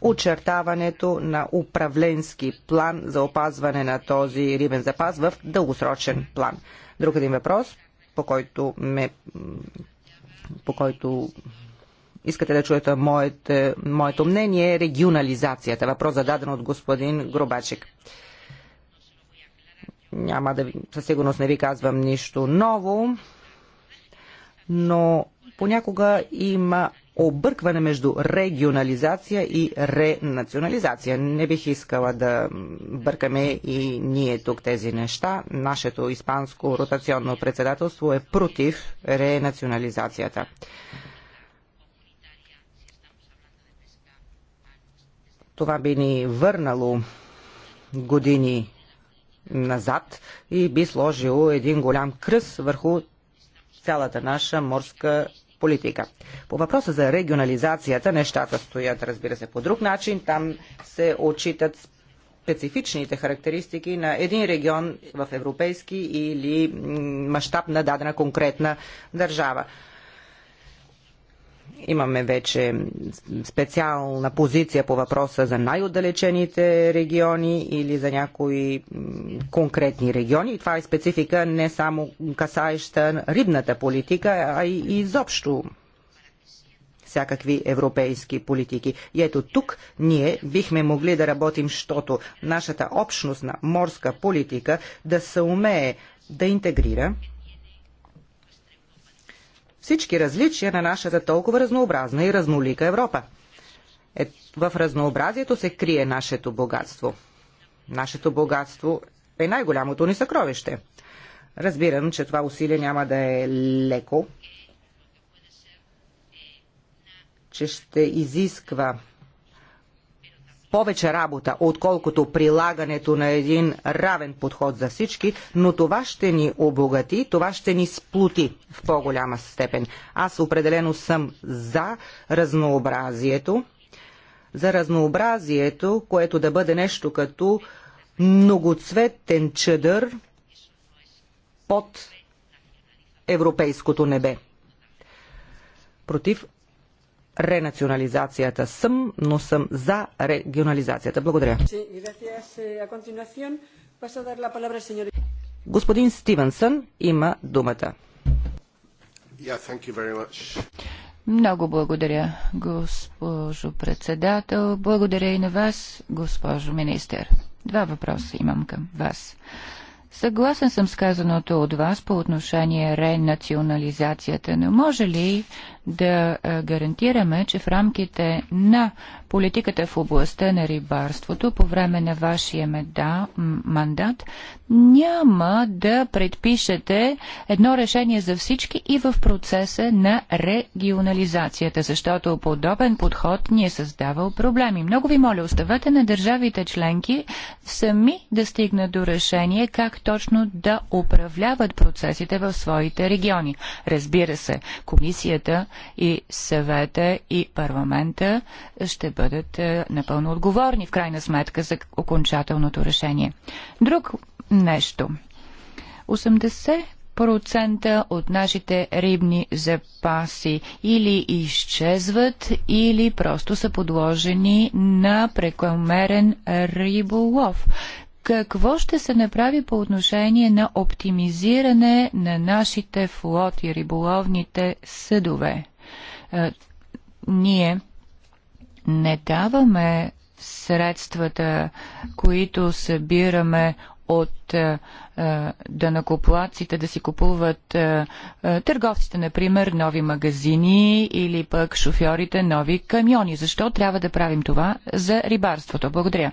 очертаването на управленски план за опазване на този рибен запас в дългосрочен план. Друг един въпрос, по който, ме, по който искате да чуете моите, моето мнение, регионализацията. Въпрос зададен от господин Гробачек. Няма да със сигурност не ви казвам нищо ново, но понякога има объркване между регионализация и ренационализация. Не бих искала да бъркаме и ние тук тези неща. Нашето испанско ротационно председателство е против ренационализацията. Това би ни върнало години назад и би сложило един голям кръс върху цялата наша морска политика. По въпроса за регионализацията нещата стоят, разбира се, по друг начин. Там се отчитат специфичните характеристики на един регион в европейски или мащаб на дадена конкретна държава. Имаме вече специална позиция по въпроса за най-отдалечените региони или за някои конкретни региони. И това е специфика не само касаеща рибната политика, а и изобщо всякакви европейски политики. И ето тук ние бихме могли да работим, защото нашата общностна морска политика да се умее да интегрира всички различия на нашата толкова разнообразна и разнолика Европа. Е, в разнообразието се крие нашето богатство. Нашето богатство е най-голямото ни съкровище. Разбирам, че това усилие няма да е леко, че ще изисква повече работа, отколкото прилагането на един равен подход за всички, но това ще ни обогати, това ще ни сплути в по-голяма степен. Аз определено съм за разнообразието, за разнообразието, което да бъде нещо като многоцветен чадър под европейското небе. Против ренационализацията. Съм, но съм за регионализацията. Благодаря. Eh, Господин Стивенсън има думата. Много благодаря, госпожо председател. Благодаря и на вас, госпожо министър. Два въпроса имам към вас. Съгласен съм с казаното от вас по отношение ренационализацията, но може ли да гарантираме, че в рамките на политиката в областта на рибарството по време на вашия меда, мандат няма да предпишете едно решение за всички и в процеса на регионализацията, защото подобен подход ни е създавал проблеми. Много ви моля, оставете на държавите членки сами да стигнат до решение как точно да управляват процесите в своите региони. Разбира се, комисията и съвета и парламента ще бъдат е, напълно отговорни в крайна сметка за окончателното решение. Друг нещо. 80 процента от нашите рибни запаси или изчезват, или просто са подложени на прекомерен риболов. Какво ще се направи по отношение на оптимизиране на нашите флоти, риболовните съдове? Е, ние не даваме средствата, които събираме от е, е дънакоплаците да си купуват е, е, търговците, например, нови магазини или пък шофьорите нови камиони. Защо трябва да правим това за рибарството? Благодаря.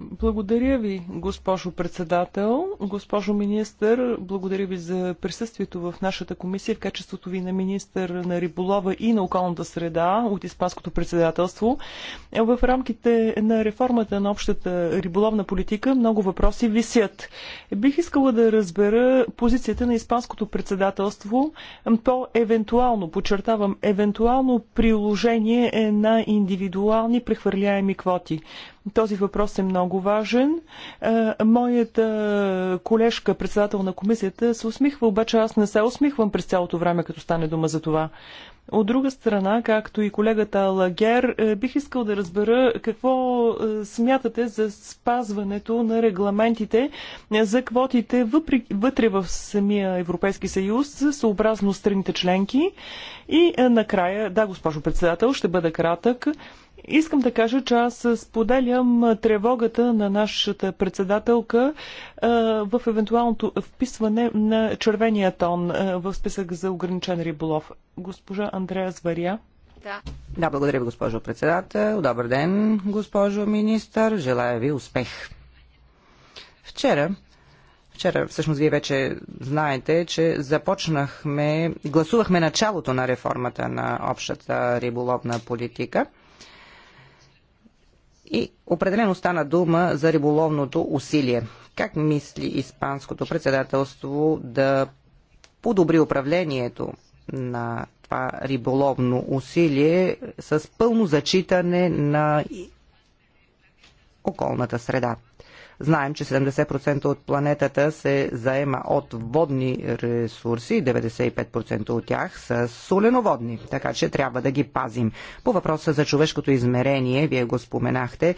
Благодаря ви, госпожо председател. Госпожо министър, благодаря ви за присъствието в нашата комисия в качеството ви на министър на риболова и на околната среда от Испанското председателство. В рамките на реформата на общата риболовна политика много въпроси висят. Бих искала да разбера позицията на Испанското председателство по евентуално, подчертавам, евентуално приложение е на индивидуални прехвърляеми квоти. Този въпрос е много важен. Е, моята колежка, председател на комисията, се усмихва, обаче аз не се усмихвам през цялото време, като стане дума за това. От друга страна, както и колегата Лагер, е, бих искал да разбера какво е, смятате за спазването на регламентите за квотите вътре в самия Европейски съюз, съобразно страните членки. И накрая, да, госпожо председател, ще бъда кратък. Искам да кажа, че аз споделям тревогата на нашата председателка в евентуалното вписване на червения тон в списък за ограничен риболов. Госпожа Андрея Зваря. Да. да, благодаря ви, госпожо председател. Добър ден, госпожо министър. Желая ви успех. Вчера Вчера, всъщност, вие вече знаете, че започнахме, гласувахме началото на реформата на общата риболовна политика – и определено стана дума за риболовното усилие. Как мисли Испанското председателство да подобри управлението на това риболовно усилие с пълно зачитане на околната среда? Знаем, че 70% от планетата се заема от водни ресурси, 95% от тях са соленоводни, така че трябва да ги пазим. По въпроса за човешкото измерение, вие го споменахте,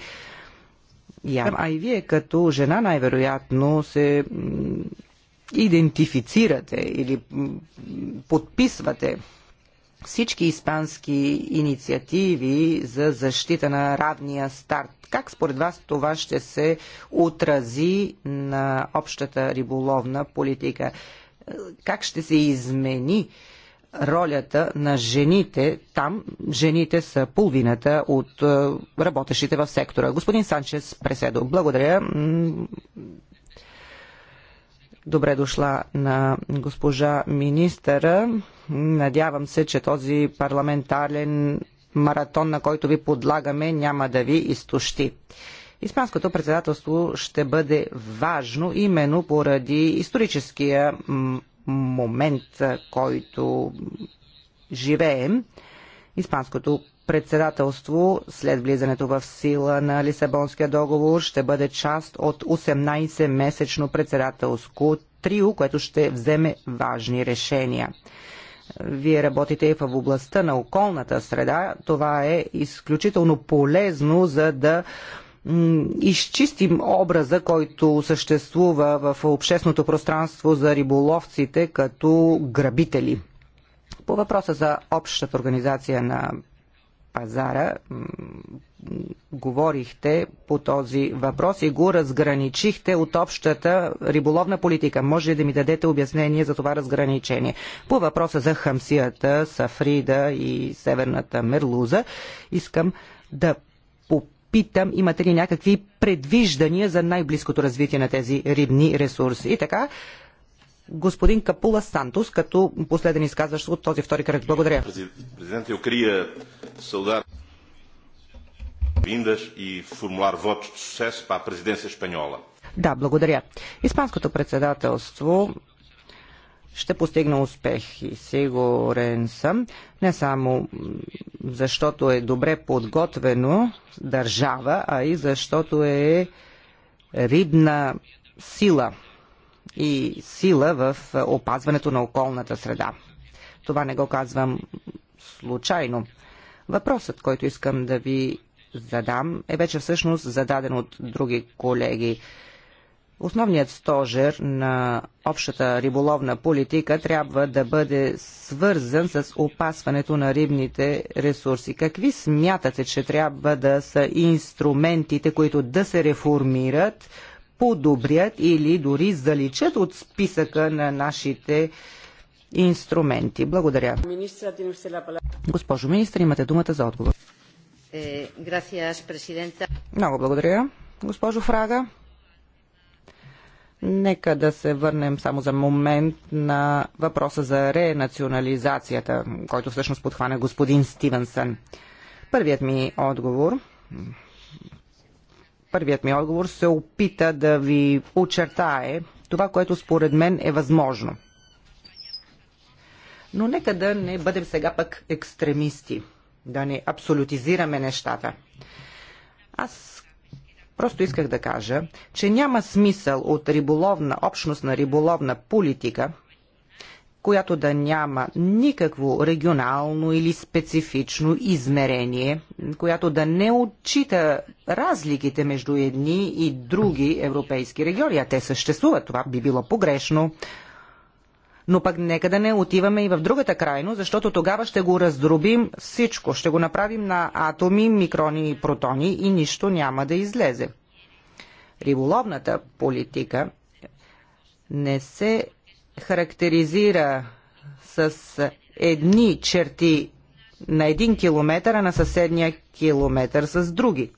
я. А и вие като жена най-вероятно се идентифицирате или подписвате всички испански инициативи за защита на равния старт. Как според вас това ще се отрази на общата риболовна политика? Как ще се измени ролята на жените там? Жените са половината от е, работещите в сектора. Господин Санчес Преседо, благодаря. Добре дошла на госпожа министъра. Надявам се, че този парламентарен маратон, на който ви подлагаме, няма да ви изтощи. Испанското председателство ще бъде важно именно поради историческия момент, който живеем. Испанското председателство след влизането в сила на Лисабонския договор ще бъде част от 18-месечно председателско трио, което ще вземе важни решения. Вие работите и в областта на околната среда. Това е изключително полезно, за да изчистим образа, който съществува в общественото пространство за риболовците като грабители. По въпроса за общата организация на пазара. Говорихте по този въпрос и го разграничихте от общата риболовна политика. Може ли да ми дадете обяснение за това разграничение? По въпроса за хамсията, сафрида и северната мерлуза, искам да питам, имате ли някакви предвиждания за най-близкото развитие на тези рибни ресурси? И така, господин Капула Сантос, като последен изказващ от този втори кръг. Благодаря. Президент, eu queria Виндаш и formular votos сес па президенция Шпаньола. Да, благодаря. Испанското председателство ще постигна успех и сигурен съм, не само защото е добре подготвено държава, а и защото е рибна сила – и сила в е, опазването на околната среда. Това не го казвам случайно. Въпросът, който искам да ви задам, е вече всъщност зададен от други колеги. Основният стожер на общата риболовна политика трябва да бъде свързан с опасването на рибните ресурси. Какви смятате, че трябва да са инструментите, които да се реформират, подобрят или дори заличат от списъка на нашите инструменти. Благодаря. Госпожо министр, имате думата за отговор. Е, Много благодаря, госпожо Фрага. Нека да се върнем само за момент на въпроса за ренационализацията, който всъщност подхване господин Стивенсън. Първият ми отговор първият ми отговор се опита да ви очертае това, което според мен е възможно. Но нека да не бъдем сега пък екстремисти, да не абсолютизираме нещата. Аз Просто исках да кажа, че няма смисъл от риболовна, общностна риболовна политика, която да няма никакво регионално или специфично измерение, която да не отчита разликите между едни и други европейски региони, а те съществуват. Това би било погрешно. Но пък нека да не отиваме и в другата крайно, защото тогава ще го раздробим всичко. Ще го направим на атоми, микрони и протони и нищо няма да излезе. Риболовната политика не се характеризира с едни черти на един километър, а на съседния километър с други.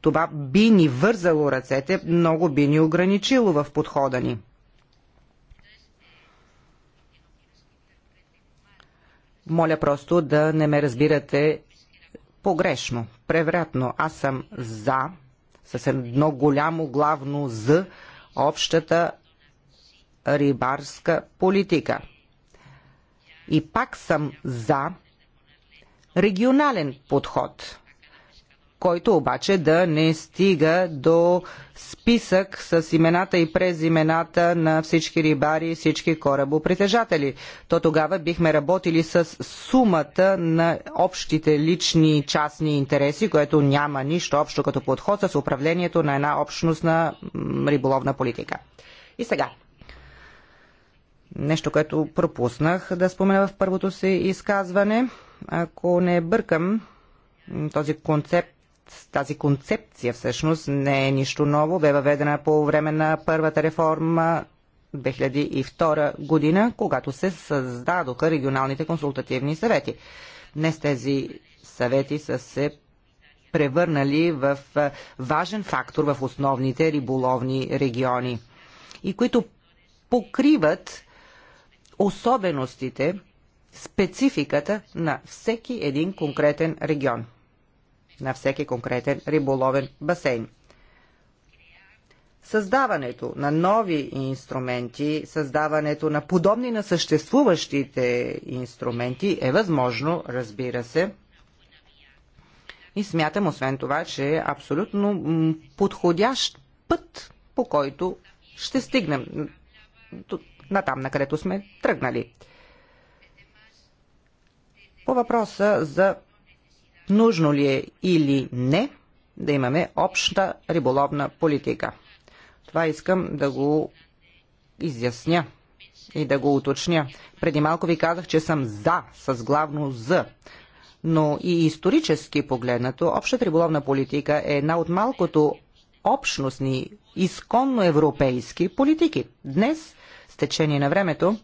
Това би ни вързало ръцете, много би ни ограничило в подхода ни. Моля просто да не ме разбирате погрешно, превратно. Аз съм за, с едно голямо главно за общата рибарска политика. И пак съм за регионален подход, който обаче да не стига до списък с имената и през имената на всички рибари и всички корабопритежатели. То тогава бихме работили с сумата на общите лични и частни интереси, което няма нищо общо като подход с управлението на една общностна риболовна политика. И сега, Нещо, което пропуснах да спомена в първото си изказване. Ако не бъркам, този концепт тази концепция всъщност не е нищо ново, бе въведена по време на първата реформа 2002 година, когато се създадоха регионалните консултативни съвети. Днес тези съвети са се превърнали в важен фактор в основните риболовни региони и които покриват особеностите, спецификата на всеки един конкретен регион, на всеки конкретен риболовен басейн. Създаването на нови инструменти, създаването на подобни на съществуващите инструменти е възможно, разбира се. И смятам, освен това, че е абсолютно подходящ път, по който ще стигнем натам, на където сме тръгнали. По въпроса за нужно ли е или не да имаме обща риболовна политика. Това искам да го изясня и да го уточня. Преди малко ви казах, че съм за, с главно за. Но и исторически погледнато, общата риболовна политика е една от малкото общностни, изконно европейски политики. Днес с течение на времето,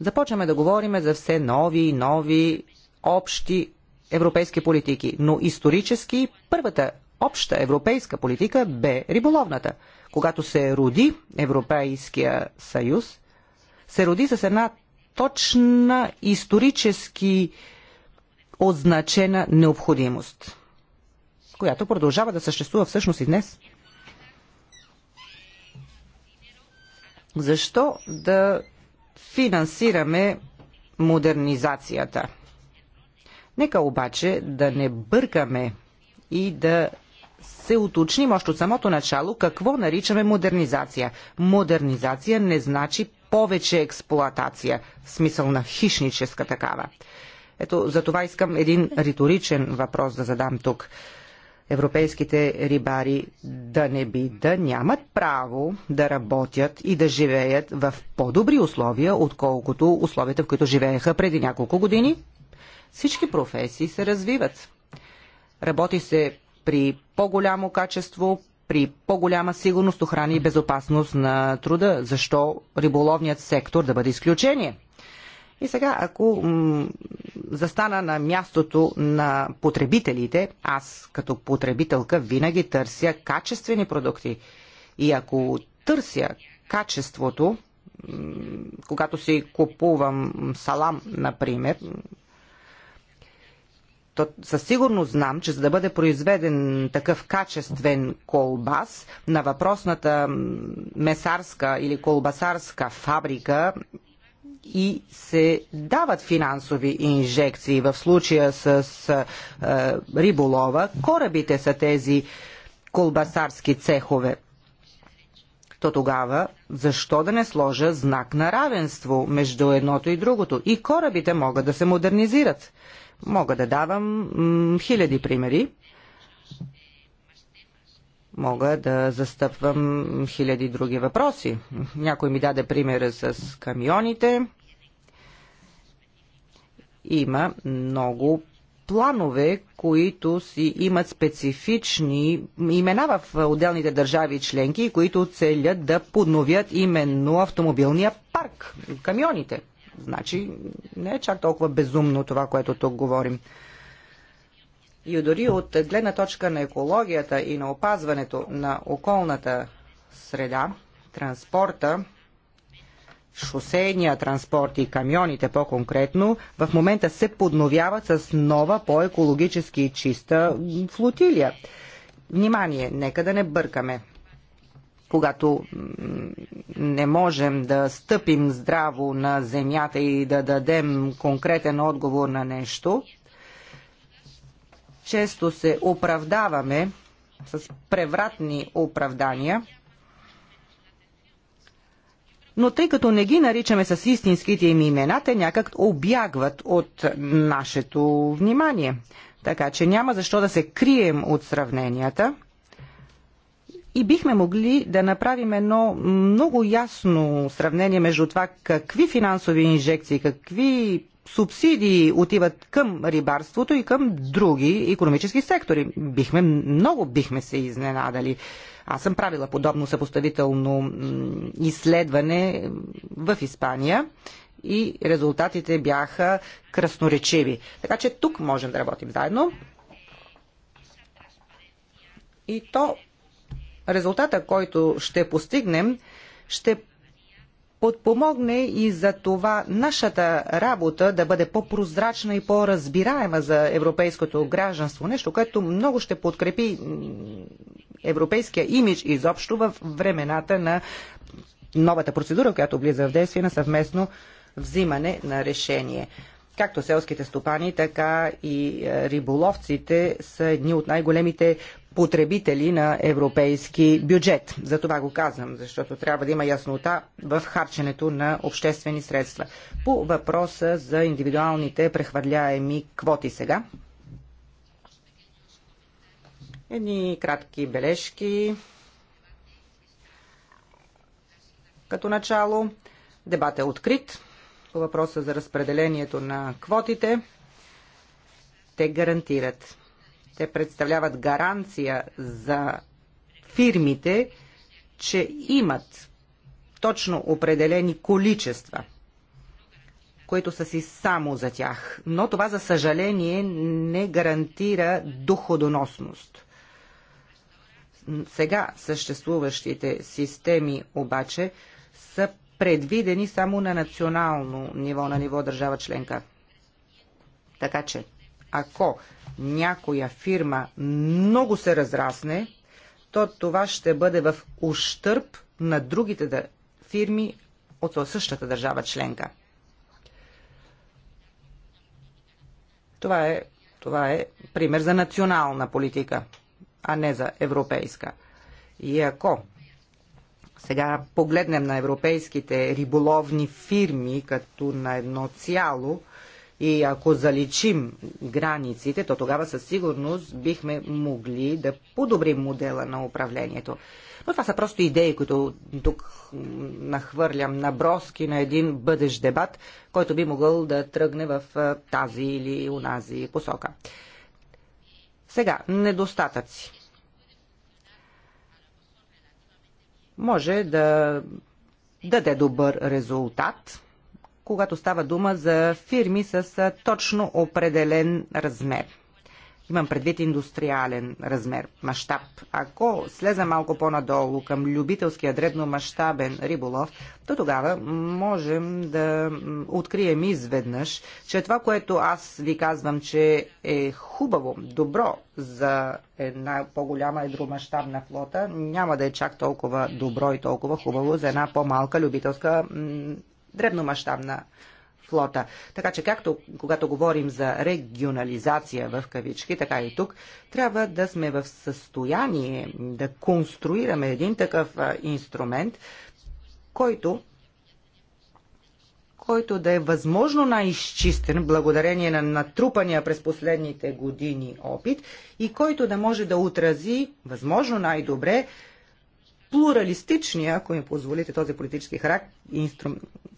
започваме да говорим за все нови и нови общи европейски политики. Но исторически първата обща европейска политика бе риболовната. Когато се роди Европейския съюз, се роди с една точна исторически означена необходимост, която продължава да съществува всъщност и днес – Защо да финансираме модернизацията? Нека обаче да не бъркаме и да се уточним още от самото начало какво наричаме модернизация. Модернизация не значи повече експлоатация, в смисъл на хищническа такава. Ето, за това искам един риторичен въпрос да задам тук европейските рибари да не би да нямат право да работят и да живеят в по-добри условия, отколкото условията, в които живееха преди няколко години? Всички професии се развиват. Работи се при по-голямо качество, при по-голяма сигурност, охрана и безопасност на труда. Защо риболовният сектор да бъде изключение? И сега, ако застана на мястото на потребителите, аз като потребителка винаги търся качествени продукти. И ако търся качеството, когато си купувам салам, например, то със сигурност знам, че за да бъде произведен такъв качествен колбас на въпросната месарска или колбасарска фабрика и се дават финансови инжекции. В случая с а, риболова, корабите са тези колбасарски цехове. То тогава, защо да не сложа знак на равенство между едното и другото? И корабите могат да се модернизират. Мога да давам хиляди примери мога да застъпвам хиляди други въпроси. Някой ми даде примера с камионите. Има много планове, които си имат специфични имена в отделните държави членки, които целят да подновят именно автомобилния парк, камионите. Значи не е чак толкова безумно това, което тук говорим. И дори от гледна точка на екологията и на опазването на околната среда, транспорта, шосейния транспорт и камионите по-конкретно, в момента се подновяват с нова, по-екологически чиста флотилия. Внимание, нека да не бъркаме. Когато не можем да стъпим здраво на земята и да дадем конкретен отговор на нещо, често се оправдаваме с превратни оправдания, но тъй като не ги наричаме с истинските им имена, те някак обягват от нашето внимание. Така че няма защо да се крием от сравненията. И бихме могли да направим едно много ясно сравнение между това какви финансови инжекции, какви субсидии отиват към рибарството и към други економически сектори. Бихме, много бихме се изненадали. Аз съм правила подобно съпоставително изследване в Испания и резултатите бяха красноречиви. Така че тук можем да работим заедно. И то резултата, който ще постигнем, ще подпомогне и за това нашата работа да бъде по-прозрачна и по-разбираема за европейското гражданство. Нещо, което много ще подкрепи европейския имидж изобщо в времената на новата процедура, която влиза в действие на съвместно взимане на решение както селските стопани, така и е, риболовците са едни от най-големите потребители на европейски бюджет. За това го казвам, защото трябва да има яснота в харченето на обществени средства. По въпроса за индивидуалните прехвърляеми квоти сега. Едни кратки бележки. Като начало, дебат е открит по въпроса за разпределението на квотите, те гарантират. Те представляват гаранция за фирмите, че имат точно определени количества, които са си само за тях. Но това, за съжаление, не гарантира доходоносност. Сега съществуващите системи обаче са предвидени само на национално ниво, на ниво държава членка. Така че, ако някоя фирма много се разрасне, то това ще бъде в ущърп на другите фирми от същата държава членка. Това е, това е пример за национална политика, а не за европейска. И ако сега погледнем на европейските риболовни фирми като на едно цяло и ако заличим границите, то тогава със сигурност бихме могли да подобрим модела на управлението. Но това са просто идеи, които тук нахвърлям на броски на един бъдещ дебат, който би могъл да тръгне в тази или унази посока. Сега, недостатъци. може да даде добър резултат, когато става дума за фирми с точно определен размер. Имам предвид индустриален размер, мащаб. Ако слеза малко по-надолу към любителския дребномащабен риболов, то тогава можем да открием изведнъж, че това, което аз ви казвам, че е хубаво, добро за една по-голяма едромащабна флота, няма да е чак толкова добро и толкова хубаво за една по-малка любителска дребномащабна флота. Така че както когато говорим за регионализация в кавички, така и тук, трябва да сме в състояние да конструираме един такъв инструмент, който който да е възможно най-изчистен благодарение на натрупания през последните години опит и който да може да отрази възможно най-добре плуралистичния, ако ми позволите този политически характер, инстру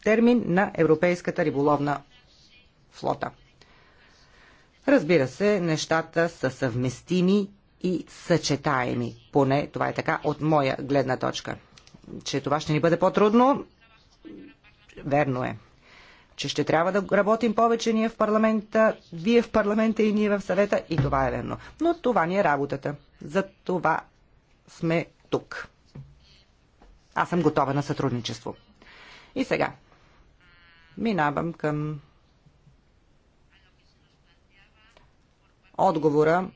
термин на европейската риболовна флота. Разбира се, нещата са съвместими и съчетаеми. Поне това е така от моя гледна точка. Че това ще ни бъде по-трудно, верно е. Че ще трябва да работим повече ние в парламента, вие в парламента и ние в съвета, и това е верно. Но това ни е работата. За това сме тук. Аз съм готова на сътрудничество. И сега, Минавам към отговора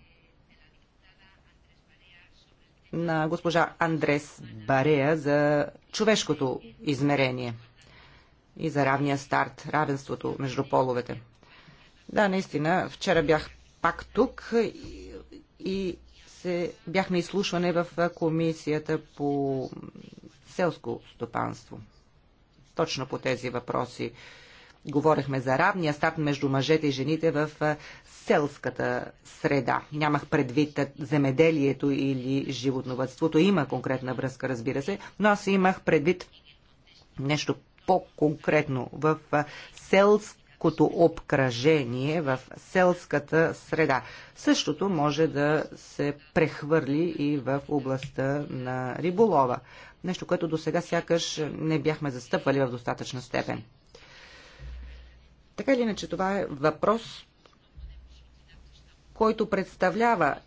на госпожа Андрес Барея за човешкото измерение и за равния старт, равенството между половете. Да, наистина, вчера бях пак тук и, се, бяхме изслушване в комисията по селско стопанство точно по тези въпроси. Говорехме за равния старт между мъжете и жените в селската среда. Нямах предвид земеделието или животновътството. Има конкретна връзка, разбира се, но аз имах предвид нещо по-конкретно в селското обкръжение, в селската среда. Същото може да се прехвърли и в областта на риболова нещо, което до сега сякаш не бяхме застъпвали в достатъчна степен. Така или иначе, това е въпрос, който представлява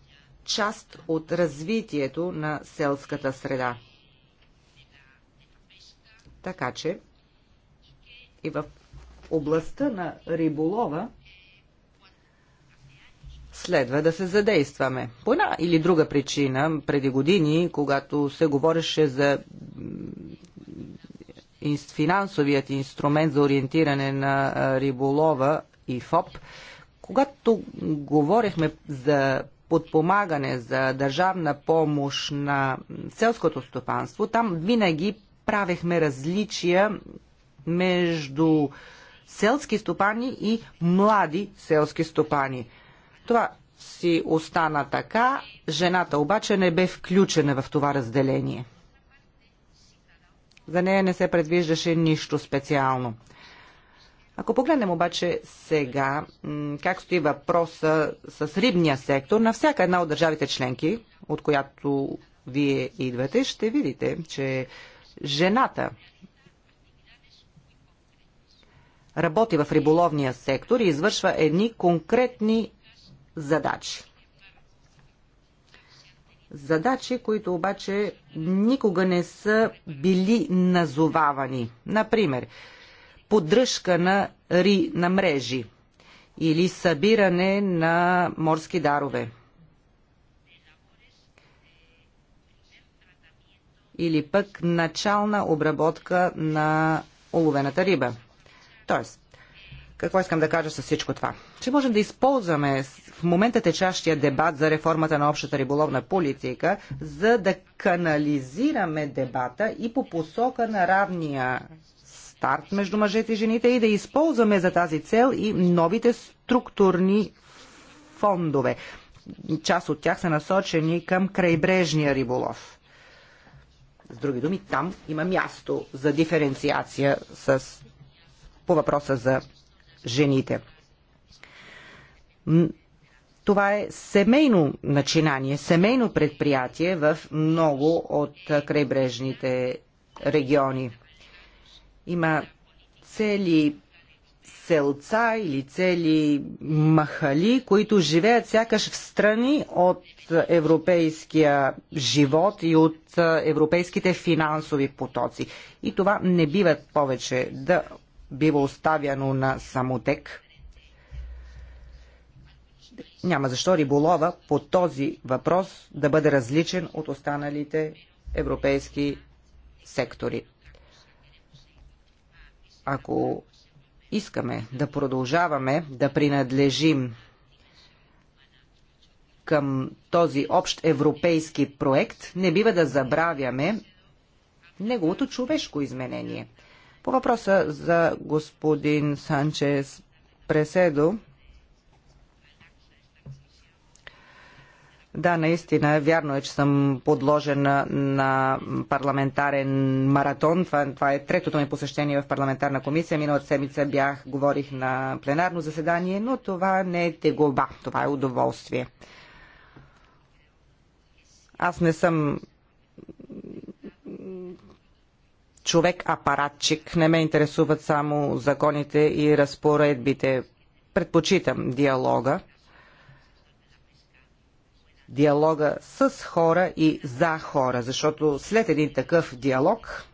част от развитието на селската среда. Така че и в областта на риболова следва да се задействаме. По една или друга причина, преди години, когато се говореше за финансовият инструмент за ориентиране на риболова и ФОП, когато говорихме за подпомагане за държавна помощ на селското стопанство, там винаги правехме различия между селски стопани и млади селски стопани. Това си остана така, жената обаче не бе включена в това разделение. За нея не се предвиждаше нищо специално. Ако погледнем обаче сега как стои въпроса с рибния сектор на всяка една от държавите членки, от която вие идвате, ще видите, че жената работи в риболовния сектор и извършва едни конкретни задачи. Задачи, които обаче никога не са били назовавани. Например, поддръжка на, ри, на мрежи или събиране на морски дарове. Или пък начална обработка на оловената риба. Тоест, какво искам да кажа с всичко това? Че можем да използваме в момента течащия дебат за реформата на общата риболовна политика, за да канализираме дебата и по посока на равния старт между мъжете и жените и да използваме за тази цел и новите структурни фондове. Част от тях са насочени към крайбрежния риболов. С други думи, там има място за диференциация с, по въпроса за жените. Това е семейно начинание, семейно предприятие в много от крайбрежните региони. Има цели селца или цели махали, които живеят сякаш в страни от европейския живот и от европейските финансови потоци. И това не биват повече да бива оставяно на самотек. Няма защо риболова по този въпрос да бъде различен от останалите европейски сектори. Ако искаме да продължаваме да принадлежим към този общ европейски проект, не бива да забравяме неговото човешко изменение – по въпроса за господин Санчес Преседо, Да, наистина, вярно е, че съм подложена на парламентарен маратон. Това, това е третото ми посещение в парламентарна комисия. Миналата седмица бях, говорих на пленарно заседание, но това не е тегоба, това е удоволствие. Аз не съм човек-апаратчик. Не ме интересуват само законите и разпоредбите. Предпочитам диалога. Диалога с хора и за хора, защото след един такъв диалог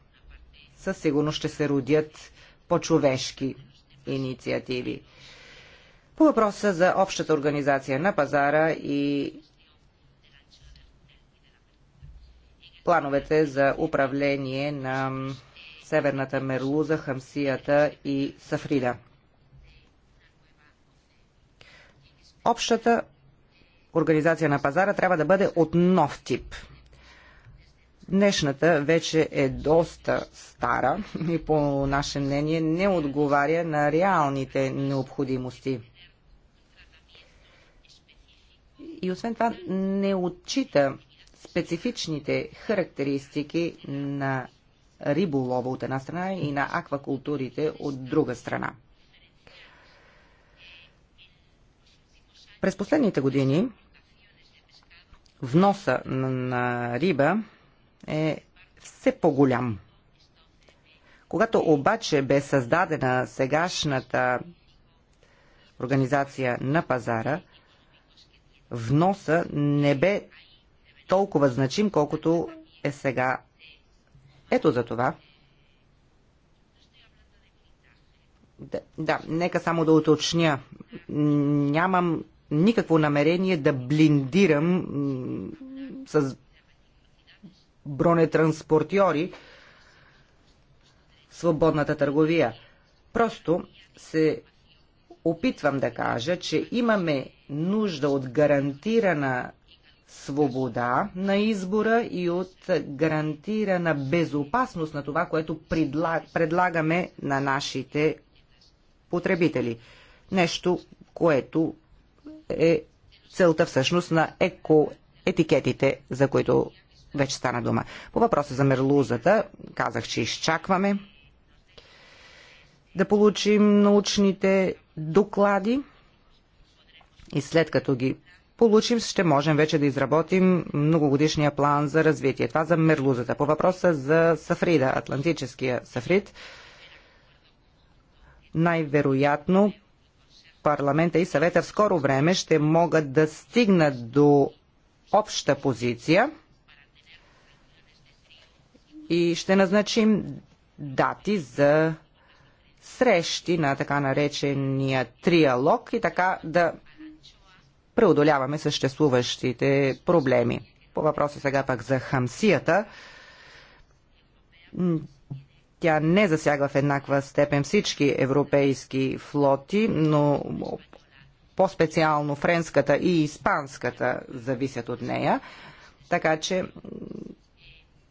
със сигурност ще се родят по-човешки инициативи. По въпроса за общата организация на пазара и плановете за управление на Северната Мерлуза, Хамсията и Сафрида. Общата организация на пазара трябва да бъде от нов тип. Днешната вече е доста стара и по наше мнение не отговаря на реалните необходимости. И освен това не отчита специфичните характеристики на риболова от една страна и на аквакултурите от друга страна. През последните години вноса на, риба е все по-голям. Когато обаче бе създадена сегашната организация на пазара, вноса не бе толкова значим, колкото е сега ето за това. Да, да, нека само да уточня. Нямам никакво намерение да блиндирам с бронетранспортьори свободната търговия. Просто се опитвам да кажа, че имаме нужда от гарантирана свобода на избора и от гарантирана безопасност на това, което предлагаме на нашите потребители. Нещо, което е целта всъщност на еко-етикетите, за които вече стана дума. По въпроса за мерлузата, казах, че изчакваме да получим научните доклади и след като ги получим, ще можем вече да изработим многогодишния план за развитие. Това за мерлузата. По въпроса за Сафрида, Атлантическия Сафрид, най-вероятно парламента и съвета в скоро време ще могат да стигнат до обща позиция и ще назначим дати за срещи на така наречения триалог и така да преодоляваме съществуващите проблеми. По въпроса сега пак за хамсията. Тя не засяга в еднаква степен всички европейски флоти, но по-специално френската и испанската зависят от нея. Така че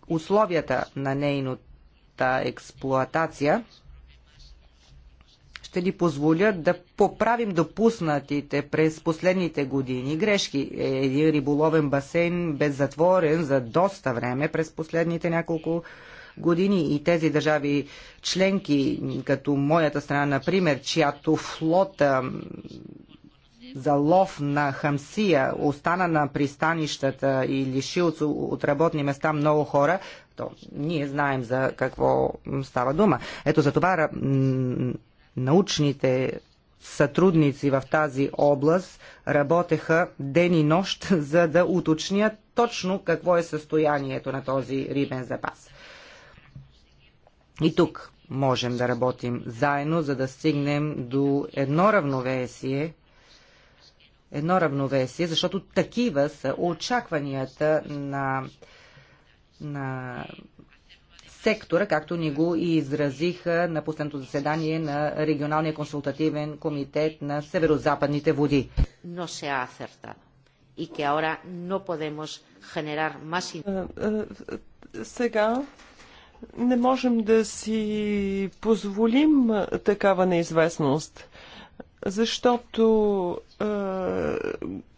условията на нейната експлоатация ще ни позволят да поправим допуснатите през последните години грешки. Е, един риболовен басейн бе затворен за доста време през последните няколко години и тези държави членки, като моята страна, например, чиято флота за лов на хамсия остана на пристанищата и лиши от, от работни места много хора, то ние знаем за какво става дума. Ето за това научните сътрудници в тази област работеха ден и нощ, за да уточнят точно какво е състоянието на този рибен запас. И тук можем да работим заедно, за да стигнем до едно равновесие, едно равновесие, защото такива са очакванията на, на сектора, както ни го и изразиха на последното заседание на Регионалния консултативен комитет на Северо-Западните води. Но се и que ahora no podemos генерар маси. Сега не можем да си позволим такава неизвестност защото е,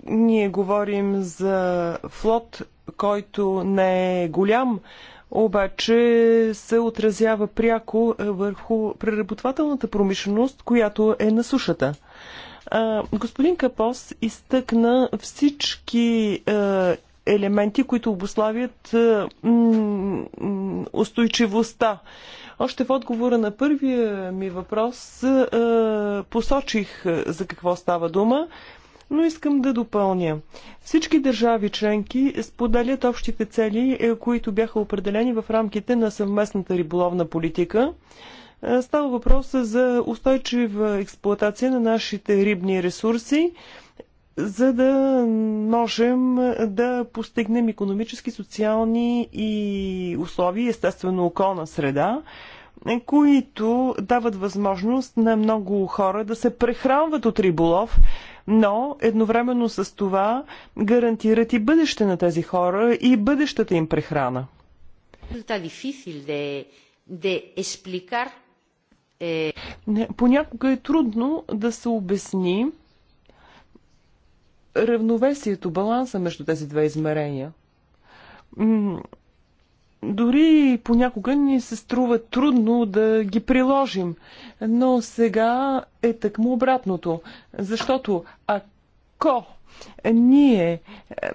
ние говорим за флот, който не е голям, обаче се отразява пряко е, върху преработвателната промишленост, която е на сушата. Господин Капос изтъкна всички е, елементи, които обославят е, устойчивостта. Още в отговора на първия ми въпрос посочих за какво става дума. Но искам да допълня. Всички държави членки споделят общите цели, е, които бяха определени в рамките на съвместната риболовна политика. Е, става въпрос за устойчива експлоатация на нашите рибни ресурси, за да можем да постигнем економически, социални и условия, естествено околна среда, които дават възможност на много хора да се прехранват от риболов, но едновременно с това гарантират и бъдеще на тези хора и бъдещата им прехрана. Eh, понякога е трудно да се обясни равновесието, баланса между тези две измерения дори понякога ни се струва трудно да ги приложим, но сега е такмо обратното, защото ако ние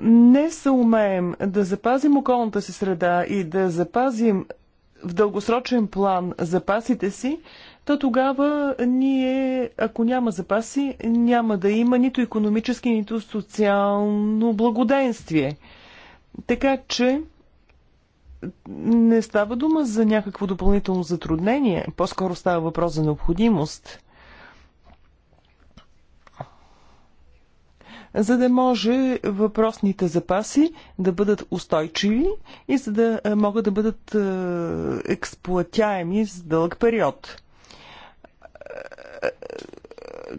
не съумеем да запазим околната си среда и да запазим в дългосрочен план запасите си, то тогава ние, ако няма запаси, няма да има нито економически, нито социално благоденствие. Така че не става дума за някакво допълнително затруднение, по-скоро става въпрос за необходимост. За да може въпросните запаси да бъдат устойчиви и за да е, могат да бъдат е, експлуатяеми с дълъг период. Е,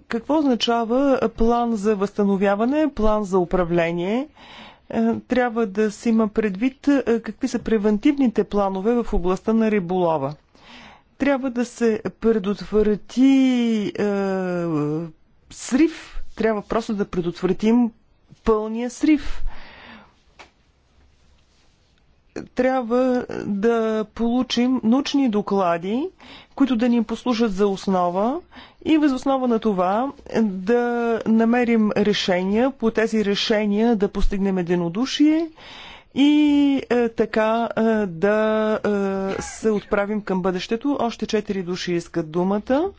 какво означава план за възстановяване, план за управление? Е, трябва да се има предвид е, какви са превентивните планове в областта на риболова. Трябва да се предотврати е, срив, трябва просто да предотвратим пълния срив трябва да получим научни доклади, които да ни послужат за основа и възоснова на това да намерим решения, по тези решения да постигнем единодушие и е, така е, да е, се отправим към бъдещето. Още четири души искат думата.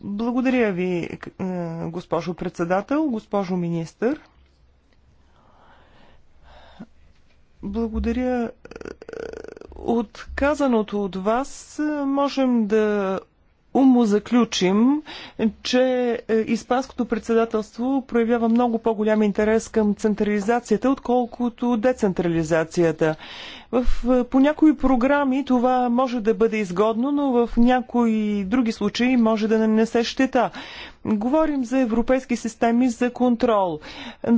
Благодаря ви, е, госпожо председател, госпожо министър. Благодаря. Е, от казаното от вас е, можем да Умо заключим, че е, Испанското председателство проявява много по-голям интерес към централизацията, отколкото децентрализацията. В, е, по някои програми това може да бъде изгодно, но в някои други случаи може да не се щета. Говорим за европейски системи за контрол.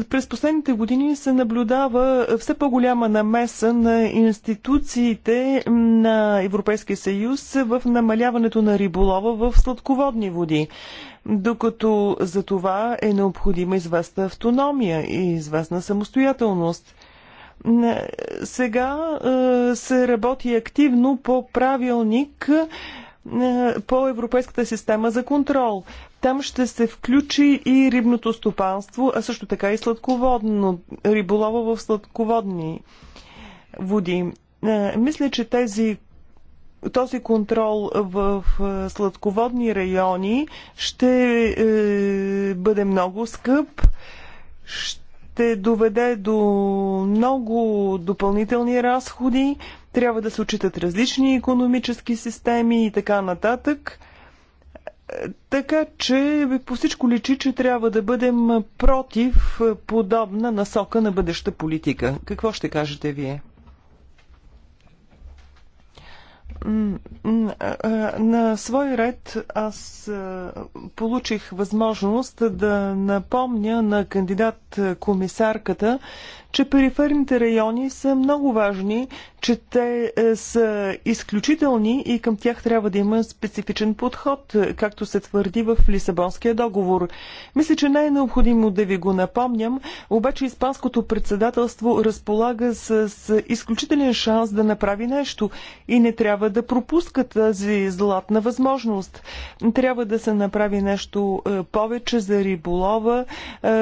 През последните години се наблюдава все по-голяма намеса на институциите на Европейския съюз в намаляването на риболова в сладководни води докато за това е необходима известна автономия и известна самостоятелност. Сега е, се работи активно по правилник е, по Европейската система за контрол. Там ще се включи и рибното стопанство, а също така и сладководно, риболова в сладководни води. Е, мисля, че тези този контрол в сладководни райони ще бъде много скъп. Ще ще доведе до много допълнителни разходи, трябва да се очитат различни економически системи и така нататък. Така че по всичко личи, че трябва да бъдем против подобна насока на бъдеща политика. Какво ще кажете вие? На свой ред аз получих възможност да напомня на кандидат комисарката че периферните райони са много важни, че те е, са изключителни и към тях трябва да има специфичен подход, е, както се твърди в Лисабонския договор. Мисля, че не е необходимо да ви го напомням, обаче Испанското председателство разполага с, с изключителен шанс да направи нещо и не трябва да пропуска тази златна възможност. Трябва да се направи нещо е, повече за риболова,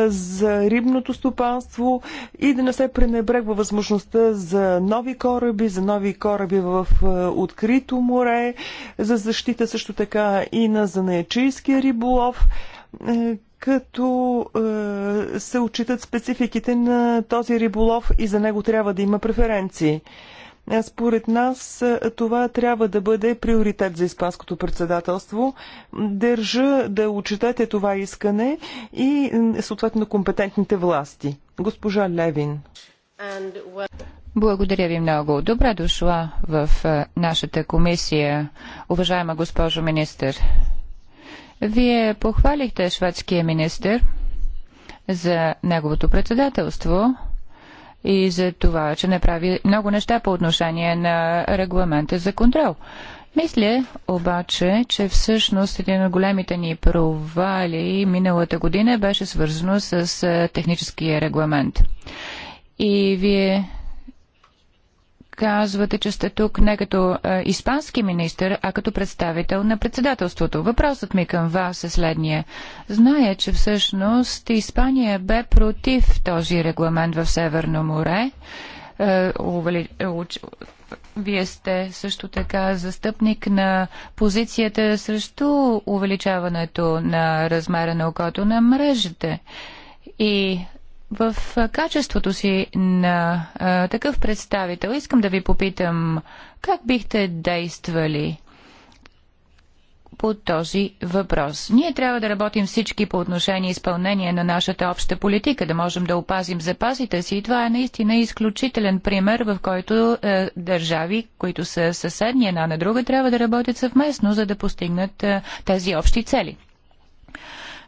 за рибното стопанство и да да не се пренебрегва възможността за нови кораби, за нови кораби в е, открито море, за защита също така и на занаячийския риболов е, като е, се отчитат спецификите на този риболов и за него трябва да има преференции. Е, според нас е, това трябва да бъде приоритет за Испанското председателство. Държа да отчетете това искане и съответно компетентните власти. Госпожа Левин. Благодаря ви много. Добре дошла в е, нашата комисия, уважаема госпожо министър. Вие похвалихте шведския министър за неговото председателство и за това, че направи много неща по отношение на регламента за контрол. Мисля обаче, че всъщност един от големите ни провали миналата година беше свързано с техническия регламент. И вие казвате, че сте тук не като е, испански министр, а като представител на председателството. Въпросът ми към вас е следния. Зная, че всъщност Испания бе против този регламент в Северно море. Е, ували... Вие сте също така застъпник на позицията срещу увеличаването на размера на окото на мрежите. И в качеството си на а, такъв представител искам да ви попитам как бихте действали по този въпрос. Ние трябва да работим всички по отношение изпълнение на нашата обща политика, да можем да опазим запасите си. И това е наистина изключителен пример, в който е, държави, които са съседни една на друга, трябва да работят съвместно, за да постигнат е, тези общи цели.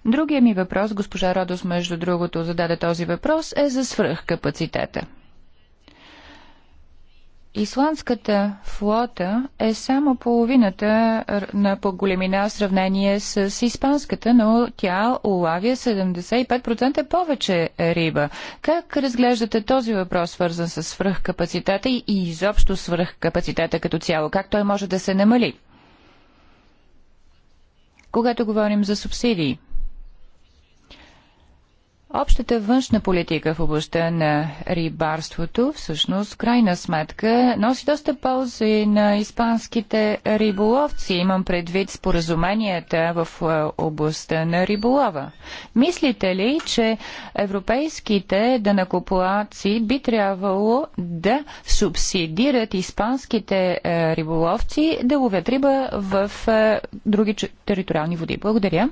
Другия ми въпрос, госпожа Родос, между другото, зададе този въпрос, е за свръхкапацитета. Исландската флота е само половината на по големина в сравнение с испанската, но тя улавя 75% повече риба. Как разглеждате този въпрос, свързан с свръхкапацитета и изобщо свръхкапацитета като цяло? Как той може да се намали? Когато говорим за субсидии – Общата външна политика в областта на рибарството всъщност, крайна сметка, носи доста ползи на испанските риболовци. Имам предвид споразуменията в е, областта на риболова. Мислите ли, че европейските данакоплаци би трябвало да субсидират испанските е, риболовци да ловят риба в е, други териториални води? Благодаря.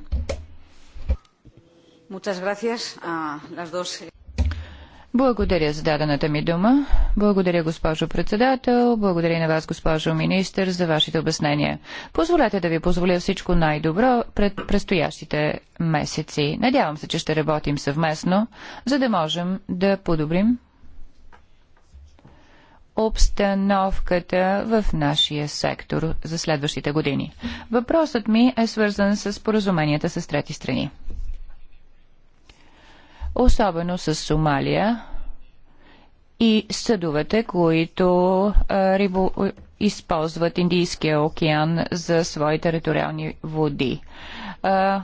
Благодаря за дадената ми дума. Благодаря, госпожо председател. Благодаря и на вас, госпожо министър, за вашите обяснения. Позволете да ви позволя всичко най-добро пред предстоящите месеци. Надявам се, че ще работим съвместно, за да можем да подобрим обстановката в нашия сектор за следващите години. Въпросът ми е свързан с поразуменията с трети страни особено с Сомалия и съдовете, които рибо, използват Индийския океан за свои териториални води. А,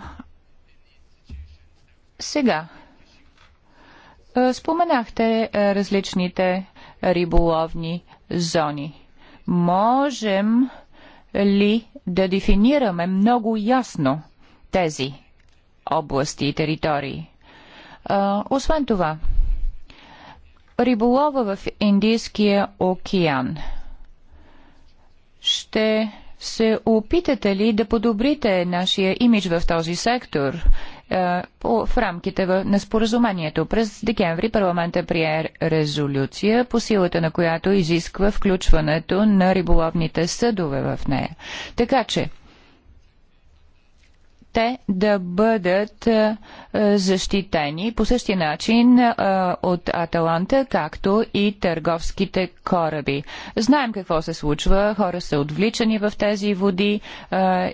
сега, споменахте различните риболовни зони. Можем ли да дефинираме много ясно тези области и територии? Освен това, риболова в Индийския океан. Ще се опитате ли да подобрите нашия имидж в този сектор по, в рамките на споразумението? През декември парламента прие резолюция, по силата на която изисква включването на риболовните съдове в нея. Така че, те да бъдат е, е, защитени по същия начин е, от Аталанта, както и търговските кораби. Знаем какво се случва. Хора са отвличани в тези води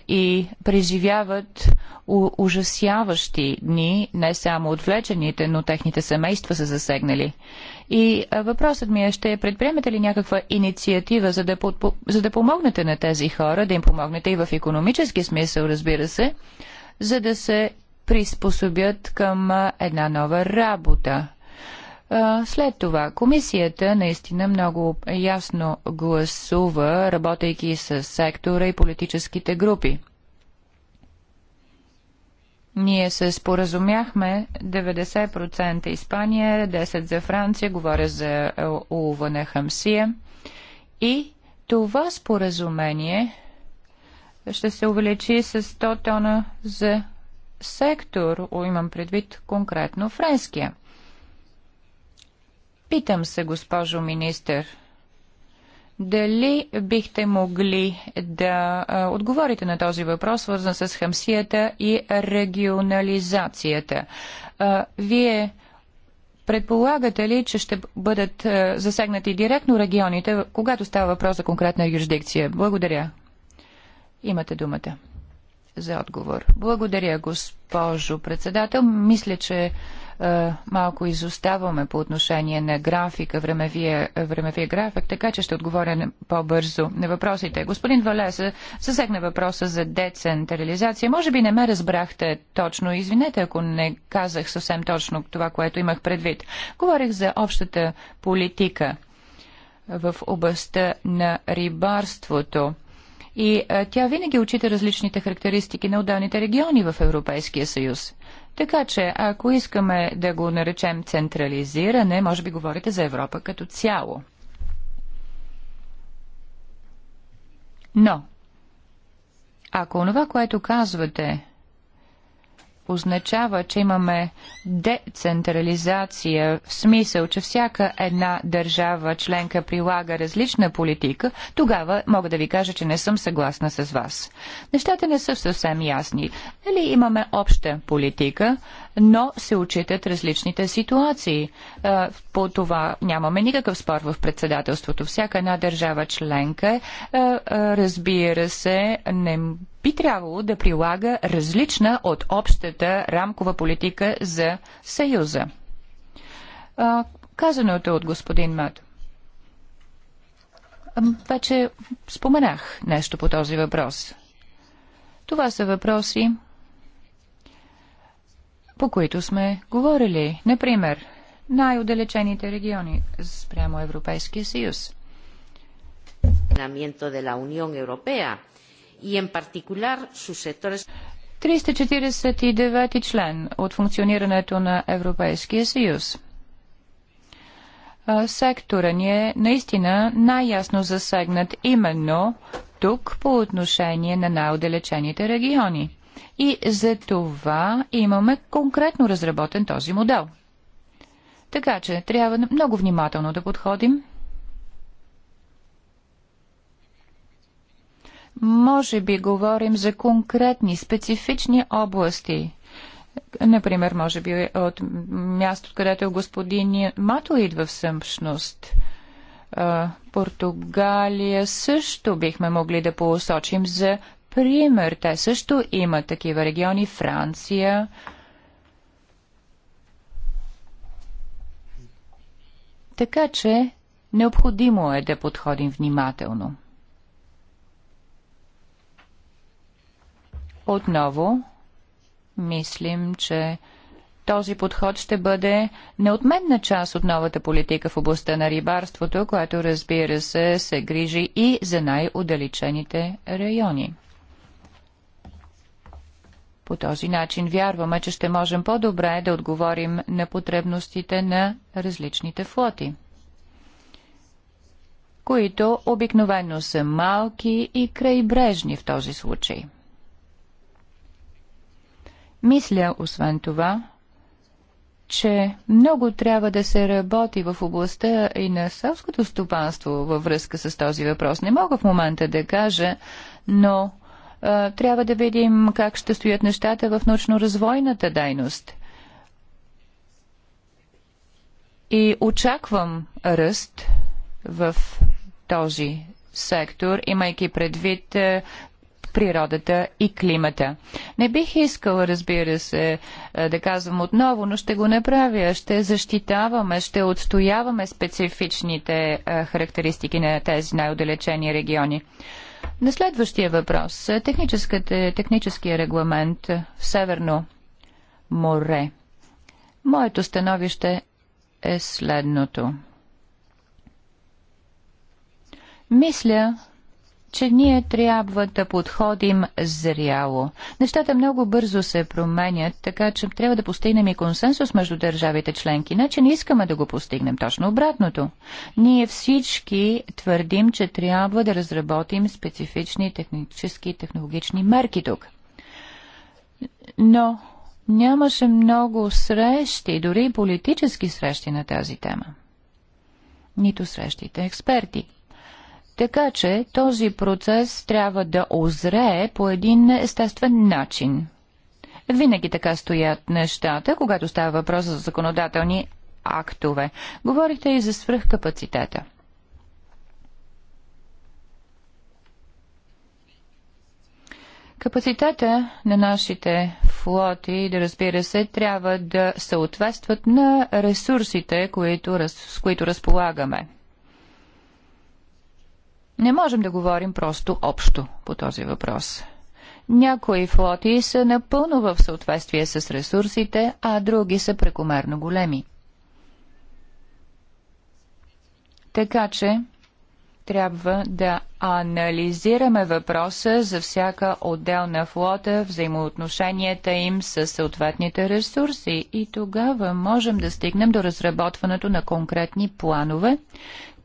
и преживяват ужасяващи дни. Не само отвлечените, но техните семейства са засегнали. И въпросът ми е, ще предприемете ли някаква инициатива, за да, за да помогнете на тези хора, да им помогнете и в економически смисъл, разбира се, за да се приспособят към една нова работа. След това комисията наистина много ясно гласува, работейки с сектора и политическите групи. Ние се споразумяхме 90% Испания, 10% за Франция, говоря за улова на Хамсия. И това споразумение ще се увеличи с 100 тона за сектор, имам предвид конкретно френския. Питам се, госпожо министър, дали бихте могли да а, отговорите на този въпрос, свързан с хамсията и регионализацията? А, вие предполагате ли, че ще бъдат а, засегнати директно регионите, когато става въпрос за конкретна юрисдикция? Благодаря. Имате думата за отговор. Благодаря, госпожо председател. Мисля, че е, малко изоставаме по отношение на графика, времевия, времевия график, така че ще отговоря по-бързо на въпросите. Господин Валес засегна въпроса за децентрализация. Може би не ме разбрахте точно. Извинете, ако не казах съвсем точно това, което имах предвид. Говорих за общата политика в областта на рибарството. И а, е, тя винаги отчита различните характеристики на отделните региони в Европейския съюз. Така че, ако искаме да го наречем централизиране, може би говорите за Европа като цяло. Но, ако онова, което казвате, означава, че имаме децентрализация в смисъл, че всяка една държава членка прилага различна политика, тогава мога да ви кажа, че не съм съгласна с вас. Нещата не са съвсем ясни. Или нали имаме обща политика, но се отчитат различните ситуации. Е, по това нямаме никакъв спор в председателството. Всяка една държава членка, е, е, разбира се, не би трябвало да прилага различна от общата рамкова политика за Съюза. Казаното от господин Мат. Вече споменах нещо по този въпрос. Това са въпроси, по които сме говорили. Например, най-отдалечените региони спрямо Европейския съюз. De la Unión Europea en particular sus sectores 349 член от функционирането на Европейския съюз. Сектора ни е наистина най-ясно засегнат именно тук по отношение на най-отдалечените региони. И за това имаме конкретно разработен този модел. Така че трябва много внимателно да подходим. Може би говорим за конкретни, специфични области. Например, може би от място, където господин Мато идва всъщност. Португалия също бихме могли да посочим за пример. Те също имат такива региони. Франция. Така че необходимо е да подходим внимателно. Отново, мислим, че този подход ще бъде неотменна част от новата политика в областта на рибарството, която разбира се се грижи и за най-удалечените райони. По този начин вярваме, че ще можем по-добре да отговорим на потребностите на различните флоти, които обикновено са малки и крайбрежни в този случай. Мисля, освен това, че много трябва да се работи в областта и на селското стопанство във връзка с този въпрос. Не мога в момента да кажа, но трябва да видим как ще стоят нещата в научно-развойната дейност. И очаквам ръст в този сектор, имайки предвид е, природата и климата. Не бих искала, разбира се, е, да казвам отново, но ще го направя. Ще защитаваме, ще отстояваме специфичните е, характеристики на тези най-отдалечени региони. На следващия въпрос. Техническия регламент в Северно море. Моето становище е следното. Мисля, че ние трябва да подходим зряло. Нещата много бързо се променят, така че трябва да постигнем и консенсус между държавите членки. Не, че не искаме да го постигнем, точно обратното. Ние всички твърдим, че трябва да разработим специфични технически и технологични мерки тук. Но нямаше много срещи, дори и политически срещи на тази тема. Нито срещите експерти. Така че този процес трябва да озрее по един естествен начин. Винаги така стоят нещата, когато става въпрос за законодателни актове. Говорихте и за свръхкапацитета. Капацитета на нашите флоти, да разбира се, трябва да съответстват на ресурсите, които, с които разполагаме. Не можем да говорим просто общо по този въпрос. Някои флоти са напълно в съответствие с ресурсите, а други са прекомерно големи. Така че трябва да анализираме въпроса за всяка отделна флота, взаимоотношенията им с съответните ресурси и тогава можем да стигнем до разработването на конкретни планове,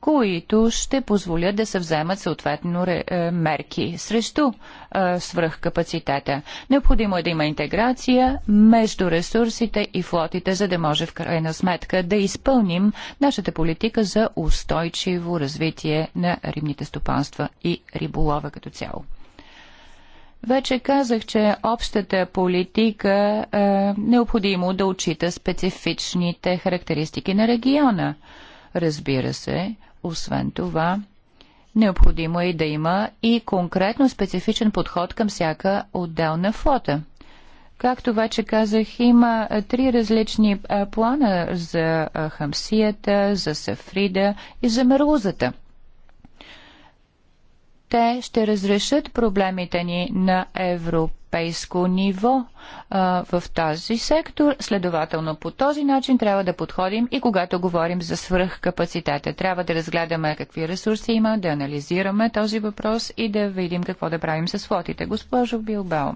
които ще позволят да се вземат съответно е, мерки срещу е, свръхкапацитета. Необходимо е да има интеграция между ресурсите и флотите, за да може в крайна сметка да изпълним нашата политика за устойчиво развитие на рибните стопанства и риболова като цяло. Вече казах, че общата политика е необходимо да отчита специфичните характеристики на региона. Разбира се, освен това, необходимо е и да има и конкретно специфичен подход към всяка отделна флота. Както вече казах, има три различни плана за Хамсията, за Сафрида и за Мерлузата – те ще разрешат проблемите ни на европейско ниво а, в този сектор. Следователно, по този начин трябва да подходим и когато говорим за свръхкапацитета. Трябва да разгледаме какви ресурси има, да анализираме този въпрос и да видим какво да правим с флотите. Госпожо Билбао.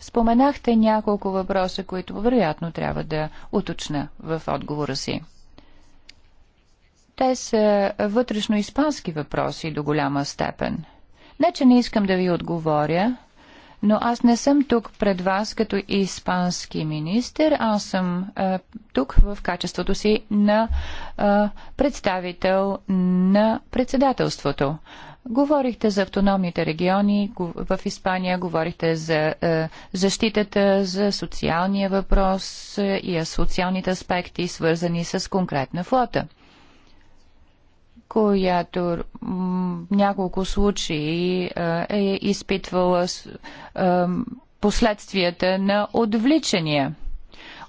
Споменахте няколко въпроса, които вероятно трябва да уточна в отговора си. Те са вътрешно испански въпроси до голяма степен. Не, че не искам да ви отговоря, но аз не съм тук пред вас като испански министр, аз съм а, тук в качеството си на а, представител на председателството. Говорихте за автономните региони в Испания, говорихте за е, защитата, за социалния въпрос и социалните аспекти, свързани с конкретна флота която няколко случаи е, е изпитвала е, последствията на отвличания.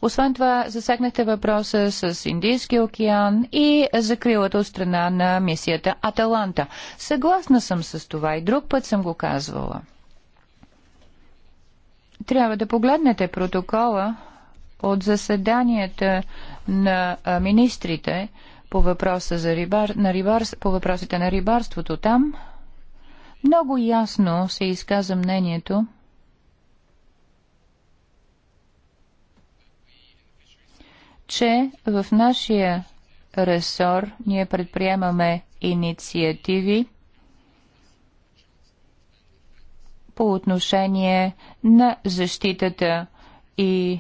Освен това, засегнахте въпроса с Индийския океан и закрилата от страна на мисията Аталанта. Съгласна съм с това и друг път съм го казвала. Трябва да погледнете протокола от заседанията на министрите, по въпроса за рибар, на рибар, по въпросите на рибарството там, много ясно се изказа мнението, че в нашия ресор ние предприемаме инициативи по отношение на защитата и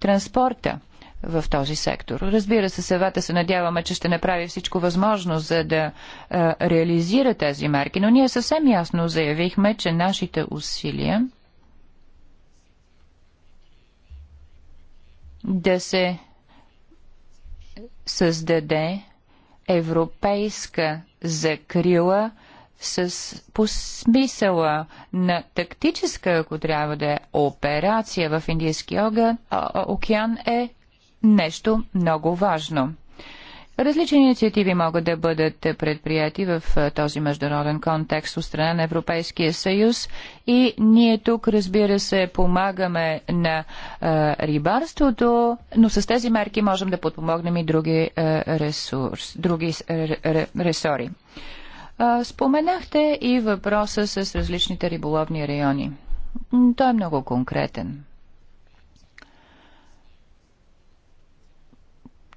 транспорта в този сектор. Разбира се, съвета се надяваме, че ще направи всичко възможно, за да а, е, реализира тези марки, но ние съвсем ясно заявихме, че нашите усилия да се създаде европейска закрила с по смисъла на тактическа, ако трябва да е операция в Индийския огън, океан е нещо много важно. Различни инициативи могат да бъдат предприяти в този международен контекст от страна на Европейския съюз и ние тук, разбира се, помагаме на е, рибарството, но с тези мерки можем да подпомогнем и други, е, ресурс, други е, ресори. Споменахте и въпроса с различните риболовни райони. Той е много конкретен.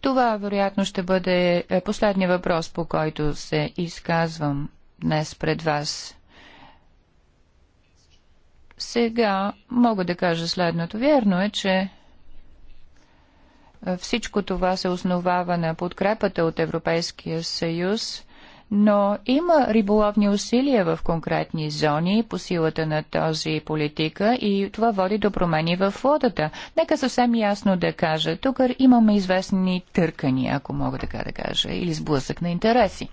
Това вероятно ще бъде е, последния въпрос, по който се изказвам днес пред вас. Сега мога да кажа следното. Вярно е, че е, всичко това се основава на подкрепата от Европейския съюз но има риболовни усилия в конкретни зони по силата на този политика и това води до промени в флотата. Нека съвсем ясно да кажа, тук имаме известни търкания, ако мога така да кажа, или сблъсък на интереси.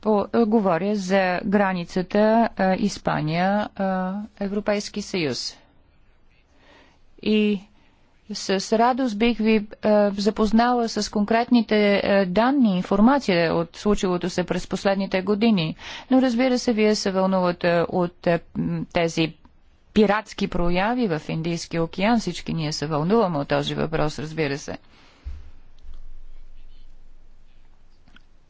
По, е, говоря за границата е, Испания-Европейски е, съюз. И с радост бих ви е, запознала с конкретните е, данни, информация от случилото се през последните години. Но разбира се, вие се вълнувате от е, тези пиратски прояви в Индийския океан. Всички ние се вълнуваме от този въпрос, разбира се.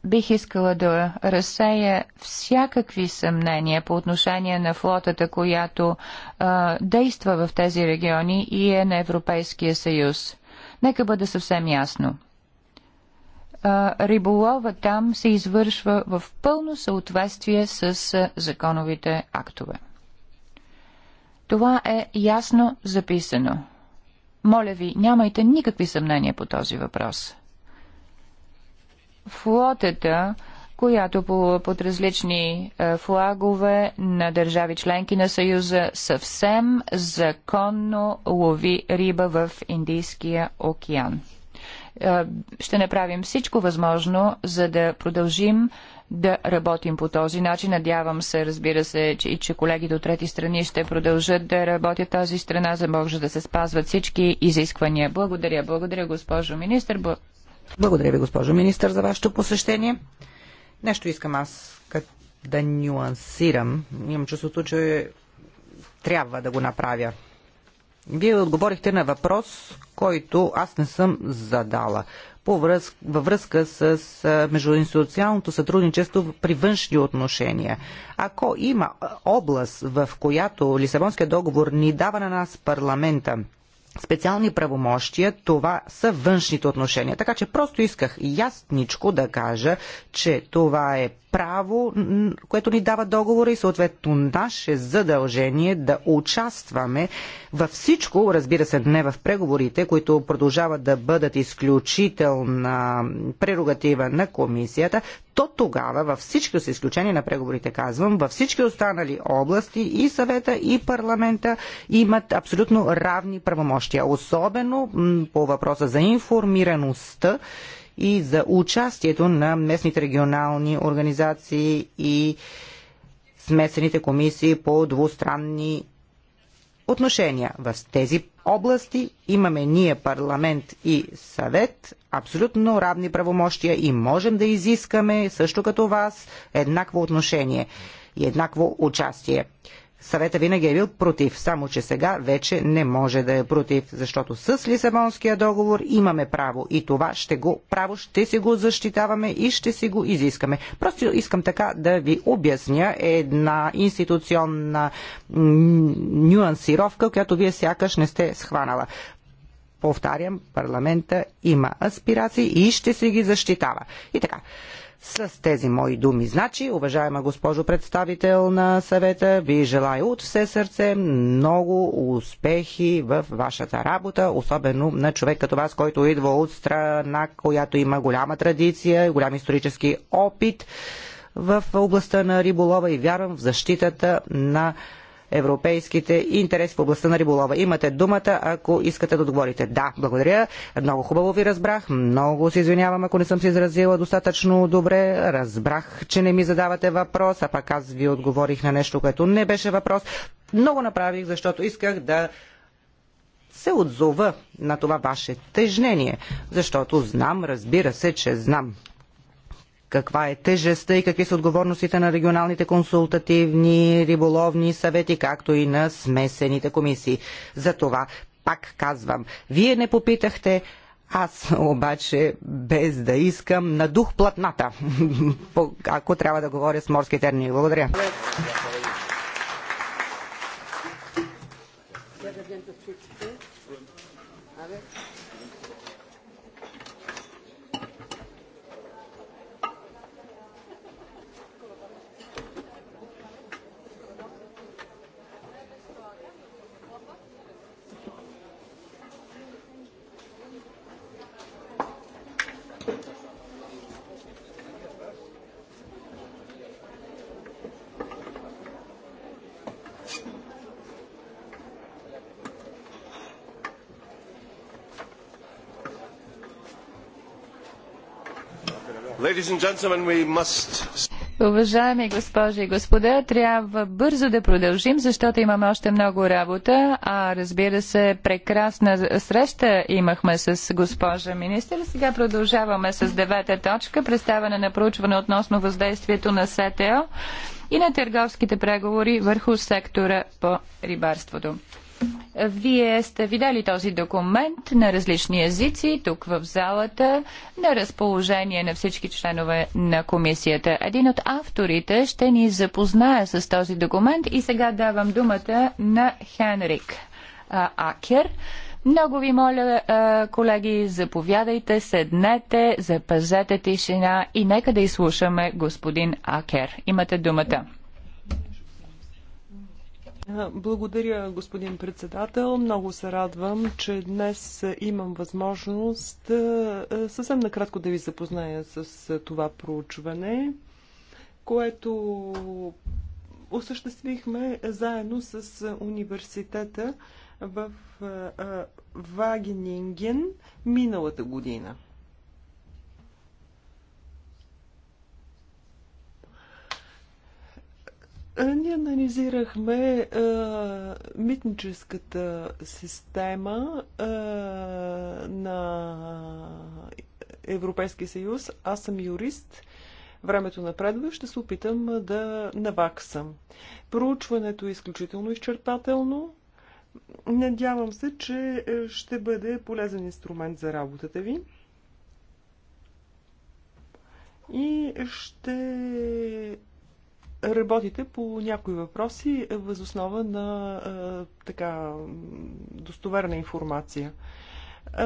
бих искала да разсея всякакви съмнения по отношение на флотата, която а, действа в тези региони и е на Европейския съюз. Нека бъде съвсем ясно. А, риболова там се извършва в пълно съответствие с законовите актове. Това е ясно записано. Моля ви, нямайте никакви съмнения по този въпрос флотата, която плува под различни е, флагове на държави членки на Съюза, съвсем законно лови риба в Индийския океан. Е, ще направим всичко възможно, за да продължим да работим по този начин. Надявам се, разбира се, че, и че колегите от трети страни ще продължат да работят тази страна, за може да се спазват всички изисквания. Благодаря, благодаря, госпожо министр. Благодаря ви, госпожо министър, за вашето посещение. Нещо искам аз да нюансирам. Имам чувството, че трябва да го направя. Вие отговорихте на въпрос, който аз не съм задала във връзка с междуинституционалното сътрудничество при външни отношения. Ако има област, в която Лисабонския договор ни дава на нас парламента специални правомощия, това са външните отношения. Така че просто исках ясничко да кажа, че това е право, което ни дава договора и съответно наше задължение да участваме във всичко, разбира се, не в преговорите, които продължават да бъдат изключителна прерогатива на комисията, то тогава във всички с изключение на преговорите, казвам, във всички останали области и съвета и парламента имат абсолютно равни правомощия, особено по въпроса за информираността и за участието на местните регионални организации и смесените комисии по двустранни отношения. В тези области имаме ние парламент и съвет абсолютно равни правомощия и можем да изискаме също като вас еднакво отношение и еднакво участие. Съвета винаги е бил против, само че сега вече не може да е против, защото с Лисабонския договор имаме право и това ще го право ще си го защитаваме и ще си го изискаме. Просто искам така да ви обясня една институционна нюансировка, която вие сякаш не сте схванала. Повтарям, парламента има аспирации и ще си ги защитава. И така. С тези мои думи, значи, уважаема госпожо представител на съвета, ви желая от все сърце много успехи в вашата работа, особено на човек като вас, който идва от страна, която има голяма традиция, голям исторически опит в областта на риболова и вярвам в защитата на европейските интереси в областта на риболова. Имате думата, ако искате да отговорите. Да, благодаря. Много хубаво ви разбрах. Много се извинявам, ако не съм се изразила достатъчно добре. Разбрах, че не ми задавате въпрос, а пък аз ви отговорих на нещо, което не беше въпрос. Много направих, защото исках да се отзова на това ваше тежнение. защото знам, разбира се, че знам каква е тежестта и какви са отговорностите на регионалните консултативни риболовни съвети, както и на смесените комисии. За това пак казвам, вие не попитахте, аз обаче, без да искам, надух платната, ако трябва да говоря с морски термини. Благодаря. Уважаеми госпожи и господа, трябва бързо да продължим, защото имаме още много работа, а разбира се, прекрасна среща имахме с госпожа министър. Сега продължаваме с девета точка, представяне на проучване относно въздействието на СТО и на търговските преговори върху сектора по рибарството. Вие сте видели този документ на различни езици тук в залата, на разположение на всички членове на комисията. Един от авторите ще ни запознае с този документ и сега давам думата на Хенрик Акер. Много ви моля, колеги, заповядайте, седнете, запазете тишина и нека да изслушаме господин Акер. Имате думата. Благодаря, господин председател. Много се радвам, че днес имам възможност съвсем накратко да ви запозная с това проучване, което осъществихме заедно с университета в Вагенинген миналата година. Е, ние анализирахме а, е, митническата система а, е, на Европейския съюз. Аз съм юрист. Времето напредва, ще се опитам да наваксам. Проучването е изключително изчерпателно. Надявам се, че ще бъде полезен инструмент за работата ви и ще работите по някои въпроси е, възоснова на а, е, така достоверна информация. А,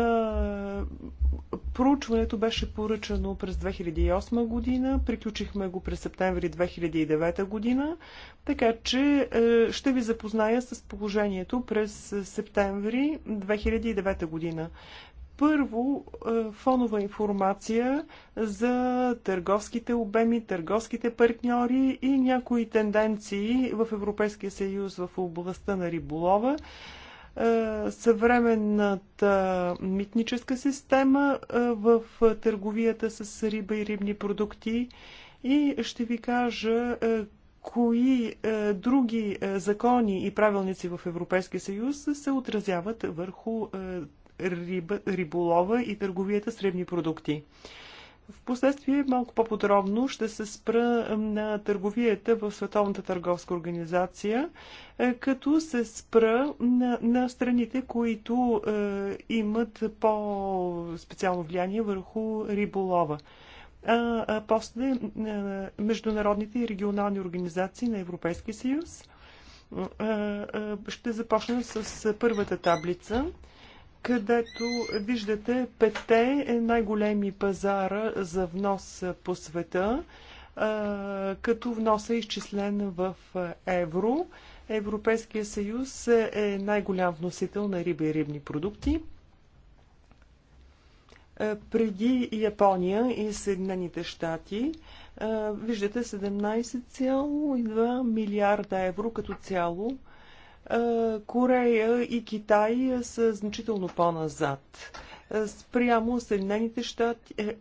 е, проучването беше поръчано през 2008 година, приключихме го през септември 2009 година, така че а, ще ви запозная с положението през септември 2009 година. Първо, е, фонова информация за търговските обеми, търговските партньори и някои тенденции в Европейския съюз в областта на риболова е, съвременната митническа система е, в търговията с риба и рибни продукти и ще ви кажа кои други закони и правилници в Европейския съюз се отразяват върху риба, риболова и търговията с рибни продукти. В последствие малко по-подробно ще се спра на търговията в Световната търговска организация, е, като се спра на, на страните, които е, имат по-специално влияние върху риболова. А, а после на е, международните и регионални организации на Европейския съюз. Е, ще започна с първата таблица където виждате петте най-големи пазара за внос по света, като внос е изчислен в евро. Европейския съюз е най-голям вносител на риби и рибни продукти. Преди Япония и Съединените щати виждате 17,2 милиарда евро като цяло е, Корея и Китай са значително по-назад. Е, спрямо Съединените щати, е,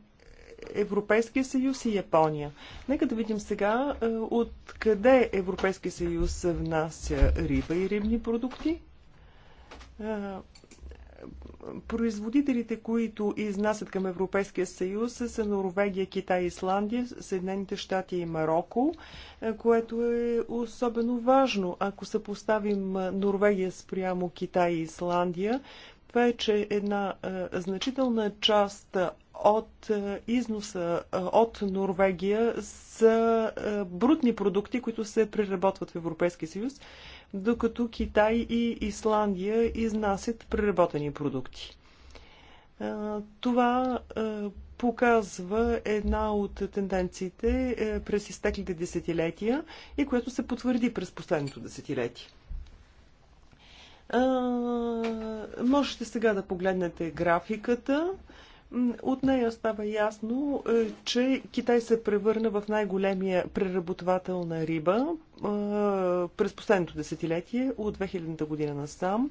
Европейския съюз и Япония. Нека да видим сега откъде Европейския съюз внася риба и рибни продукти. Производителите, които изнасят към Европейския съюз са Норвегия, Китай, Исландия, Съединените щати и Марокко, е, което е особено важно. Ако съпоставим е, Норвегия спрямо Китай и Исландия, това е, че една е, значителна част от износа от Норвегия са брутни продукти, които се преработват в Европейския съюз докато Китай и Исландия изнасят преработени продукти. Това показва една от тенденциите през изтеклите десетилетия и което се потвърди през последното десетилетие. Можете сега да погледнете графиката. От нея става ясно, е, че Китай се превърна в най-големия преработвател на риба е, през последното десетилетие от 2000-та година насам.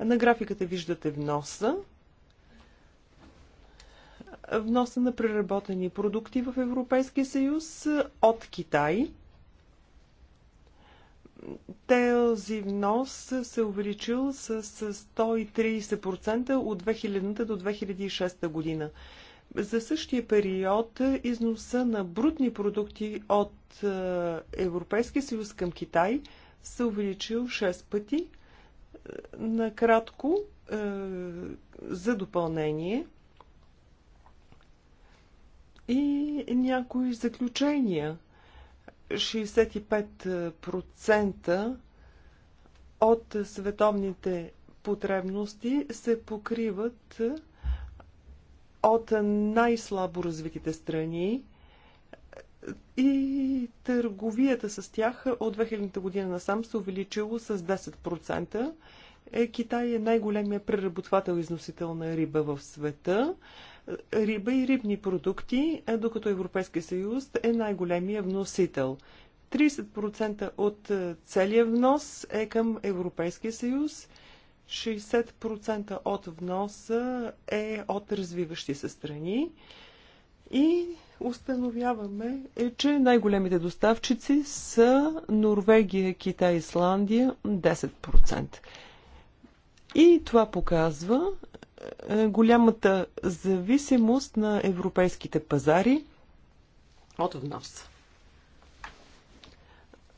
На графиката виждате вноса. Вноса на преработени продукти в Европейския съюз е, от Китай – този внос се увеличил с 130% от 2000 до 2006 година. За същия период износа на брутни продукти от е, Европейския съюз към Китай се увеличил 6 пъти. Е, накратко, е, за допълнение и някои заключения 65% от световните потребности се покриват от най-слабо развитите страни и търговията с тях от 2000 година насам се увеличило с 10%. Е, Китай е най-големия преработвател-износител на риба в света риба и рибни продукти, докато Европейския съюз е най-големия вносител. 30% от е, целия внос е към Европейския съюз, 60% от вноса е от развиващи се страни и установяваме, е, че най-големите доставчици са Норвегия, Китай, Исландия 10%. И това показва, е, голямата зависимост на европейските пазари от внос.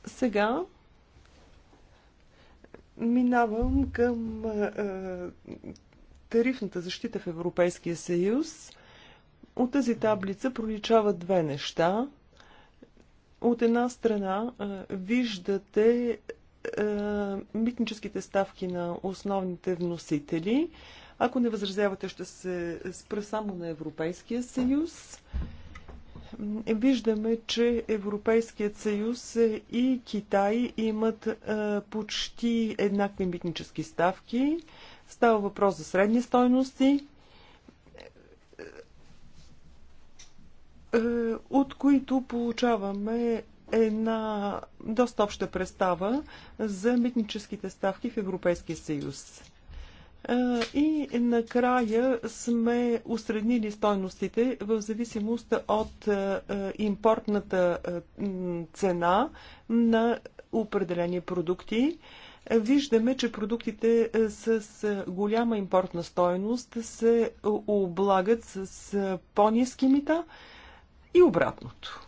Сега минавам към е, е, тарифната защита в Европейския съюз. От тази таблица проличават две неща. От една страна е, виждате е, митническите ставки на основните вносители. Е, ако не възразявате, ще се спра само на Европейския съюз. Виждаме, че Европейският съюз и Китай имат почти еднакви митнически ставки. Става въпрос за средни стойности, от които получаваме една доста обща представа за митническите ставки в Европейския съюз. И накрая сме усреднили стойностите в зависимост от импортната цена на определени продукти. Виждаме, че продуктите с голяма импортна стойност се облагат с по-низки мита и обратното.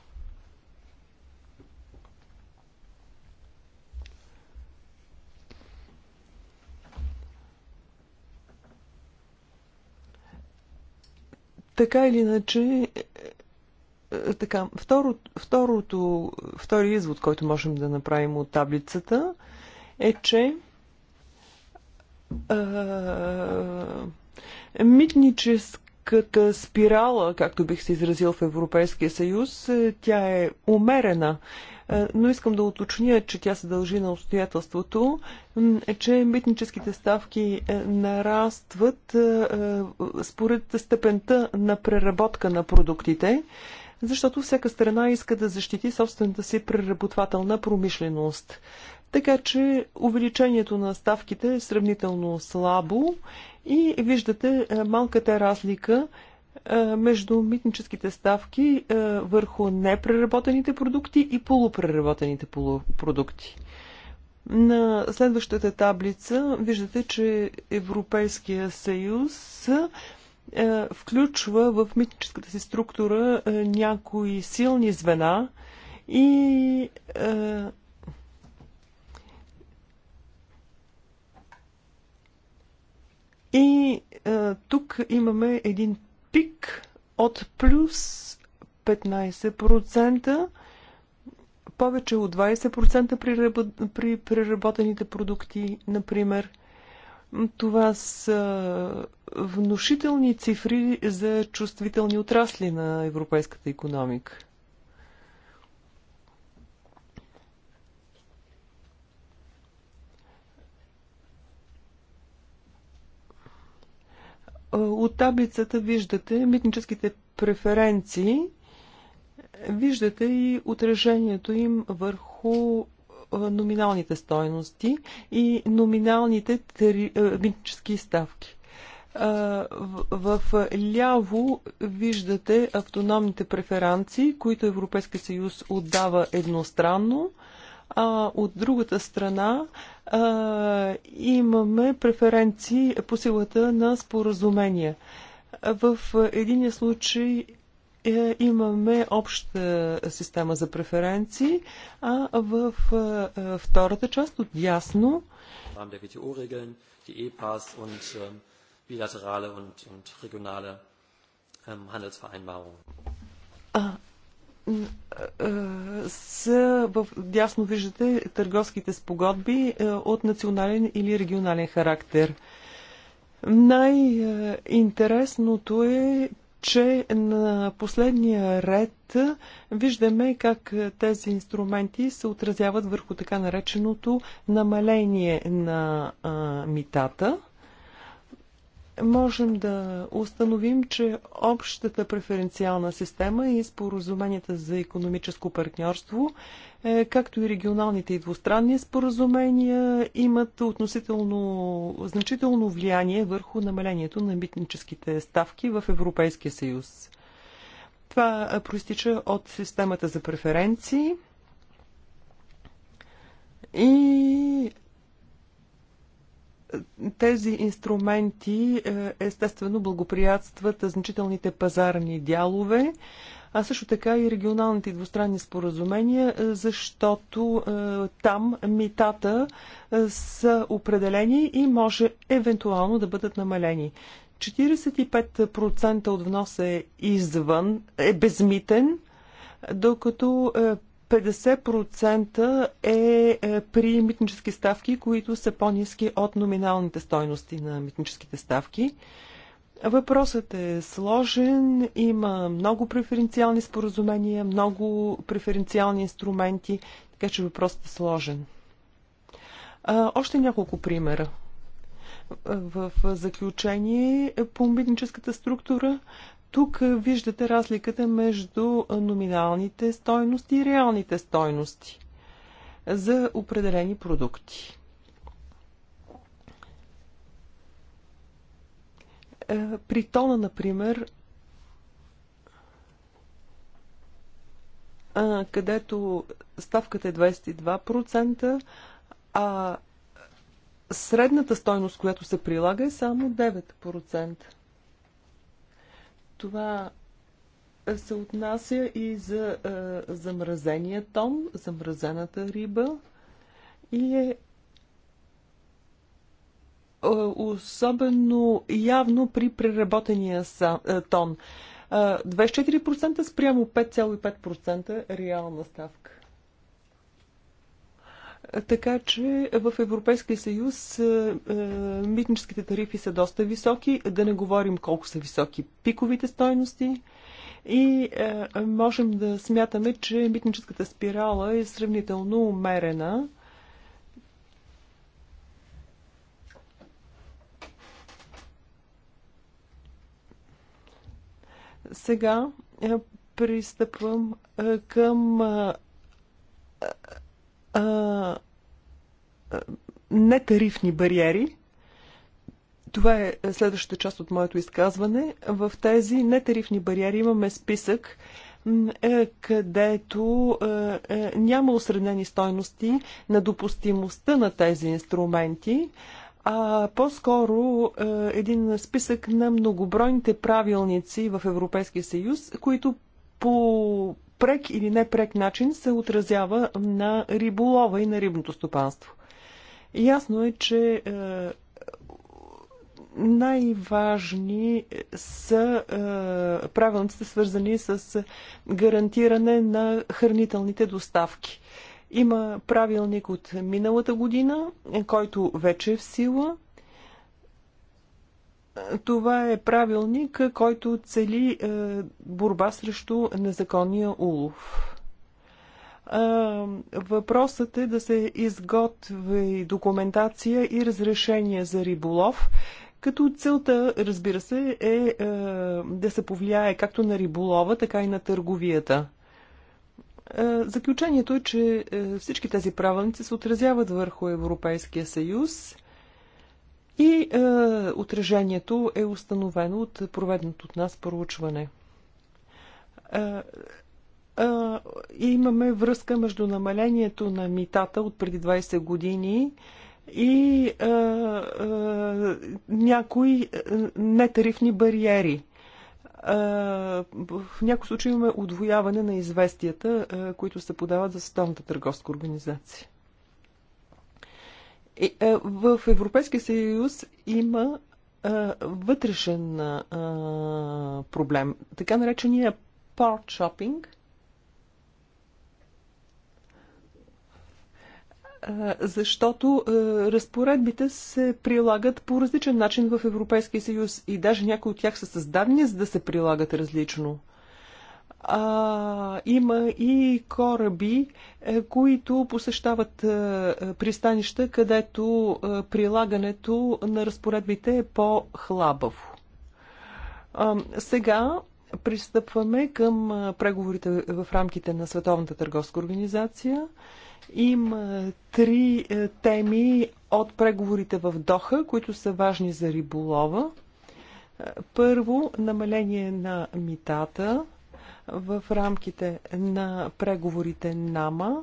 Така или иначе, е, е, така, второ, второто, втори извод, който можем да направим от таблицата, е, че а, е, митническа политическата спирала, както бих се изразил в Европейския съюз, е, тя е умерена. Е, но искам да уточня, че тя се дължи на обстоятелството, е, че митническите ставки нарастват според степента на преработка на продуктите, защото всяка страна иска да защити собствената си преработвателна промишленост. Така че увеличението на ставките е сравнително слабо и виждате е, малката разлика е, между митническите ставки е, върху непреработените продукти и полупреработените продукти. На следващата таблица виждате, че Европейския съюз включва в митническата си структура някои силни звена и И а, е, тук имаме един пик от плюс 15%, повече от 20% при, при преработените продукти, например. Това са внушителни цифри за чувствителни отрасли на европейската економика. Е, от таблицата виждате митническите преференции, виждате и отражението им върху е, номиналните стойности и номиналните тери, е, митнически ставки. В ляво виждате автономните преференции, които Европейския съюз отдава едностранно а от другата страна а, имаме преференции по силата на споразумения. В единия случай е, имаме обща система за преференции, а в е, втората част от ясно ähm, ähm, а, са в дясно виждате търговските спогодби е, от национален или регионален характер. Най-интересното е, че на последния ред виждаме как тези инструменти се отразяват върху така нареченото намаление на а, митата можем да установим, че общата преференциална система и споразуменията за економическо партньорство, е, както и регионалните и двустранни споразумения, имат относително значително влияние върху намалението на митническите ставки в Европейския съюз. Това е, проистича от системата за преференции и тези инструменти е, естествено благоприятстват значителните пазарни дялове, а също така и регионалните и двустранни споразумения, е, защото е, там митата са определени и може евентуално да бъдат намалени. 45% от вноса е извън, е безмитен, докато 50% е, е при митнически ставки, които са по-низки от номиналните стойности на митническите ставки. Въпросът е сложен, има много преференциални споразумения, много преференциални инструменти, така че въпросът е сложен. А, още няколко примера. В заключение по митническата структура тук виждате разликата между номиналните стойности и реалните стойности за определени продукти. Е, при тона, например, където ставката е 22%, а средната стойност, която се прилага е само 9%. Това се отнася и за а, е, замразения тон, замразената риба и е, а, е, особено явно при преработения са, а, е, тон. А, 24% спрямо 5,5% реална ставка. Така че в Европейския съюз е, е, митническите тарифи са доста високи, да не говорим колко са високи пиковите стойности и е, можем да смятаме, че митническата спирала е сравнително умерена. Сега пристъпвам към нетарифни бариери. Това е следващата част от моето изказване. В тези нетарифни бариери имаме списък, е, където е, няма осреднени стойности на допустимостта на тези инструменти, а по-скоро е, един списък на многобройните правилници в Европейския съюз, които по прек или непрек начин се отразява на риболова и на рибното стопанство. Ясно е, че е, най-важни са е, правилниците, свързани с гарантиране на хранителните доставки. Има правилник от миналата година, който вече е в сила – това е правилник, който цели е, борба срещу незаконния улов. Е, въпросът е да се изготви документация и разрешение за риболов, като целта, разбира се, е, е да се повлияе както на риболова, така и на търговията. Заключението е, че всички тези правилници се отразяват върху Европейския съюз – и е, отражението е установено от проведеното от нас проучване. Е, е, е имаме връзка между намалението на митата от преди 20 години и е, е, някои е, нетарифни бариери. в някои случаи имаме удвояване на известията, които се подават за Световната търговска организация. Е, в Европейския съюз има вътрешен проблем, така наречения part shopping. защото е, разпоредбите се прилагат по различен начин в Европейския съюз и даже някои от тях са създадени, за да се прилагат различно а, има и кораби, е, които посещават е, пристанища, където е, прилагането на разпоредбите е по-хлабаво. сега пристъпваме към преговорите в рамките на Световната търговска организация. Има три теми от преговорите в Доха, които са важни за риболова. Първо, намаление на митата в рамките на преговорите НАМА,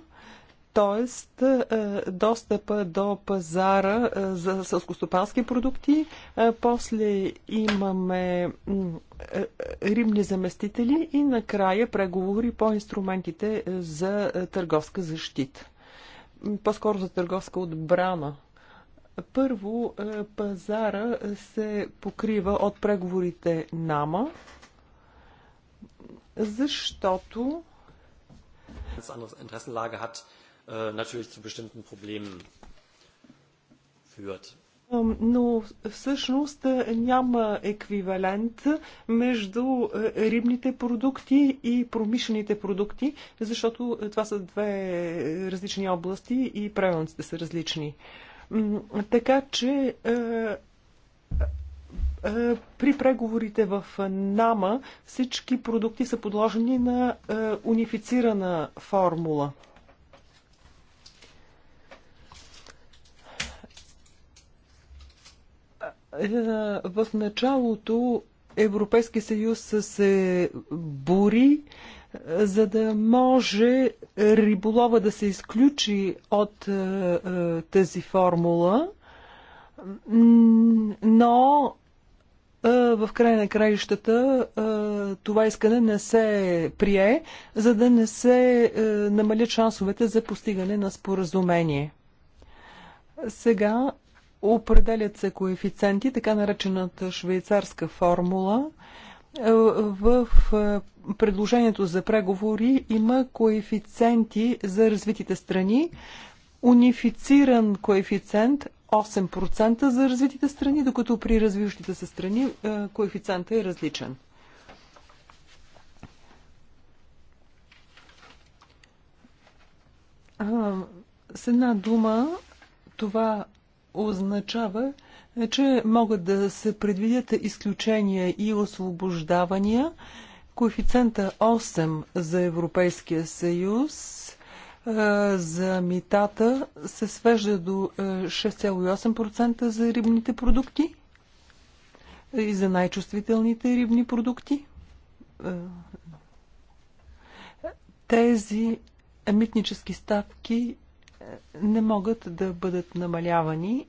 т.е. достъпа до пазара е, за сълскостопански продукти. Е, после имаме е, рибни заместители и накрая преговори по инструментите за търговска защита. По-скоро за търговска отбрана. Първо, пазара се покрива от преговорите НАМА защото ganz anderes Interessenlage hat, äh, natürlich zu bestimmten Problemen führt. Но всъщност няма еквивалент между рибните продукти и промишлените продукти, защото това са две различни области и правилниците са различни. Така че е, при преговорите в НАМА всички продукти са подложени на е, унифицирана формула. Е, в началото Европейския съюз се бори, за да може риболова да се изключи от тази формула но в края на краищата това искане не се прие, за да не се намалят шансовете за постигане на споразумение. Сега определят се коефициенти, така наречената швейцарска формула. В предложението за преговори има коефициенти за развитите страни, унифициран коефициент, 8% за развитите страни, докато при развиващите се страни е, коефициента е различен. С една дума това означава, е, че могат да се предвидят изключения и освобождавания. Коефициента 8 за Европейския съюз за митата се свежда до 6,8% за рибните продукти и за най-чувствителните рибни продукти. Тези митнически ставки не могат да бъдат намалявани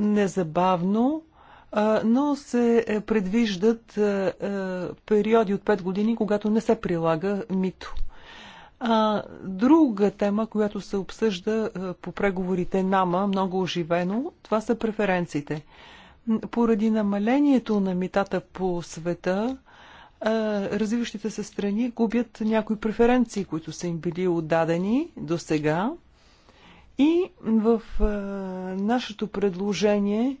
незабавно, но се е, предвиждат периоди от 5 години, когато не се прилага мито. А, друга тема, която се обсъжда по преговорите НАМА много оживено, това са преференциите. Поради намалението на митата по света, развиващите се страни губят някои преференции, които са им били отдадени до сега. И в нашето предложение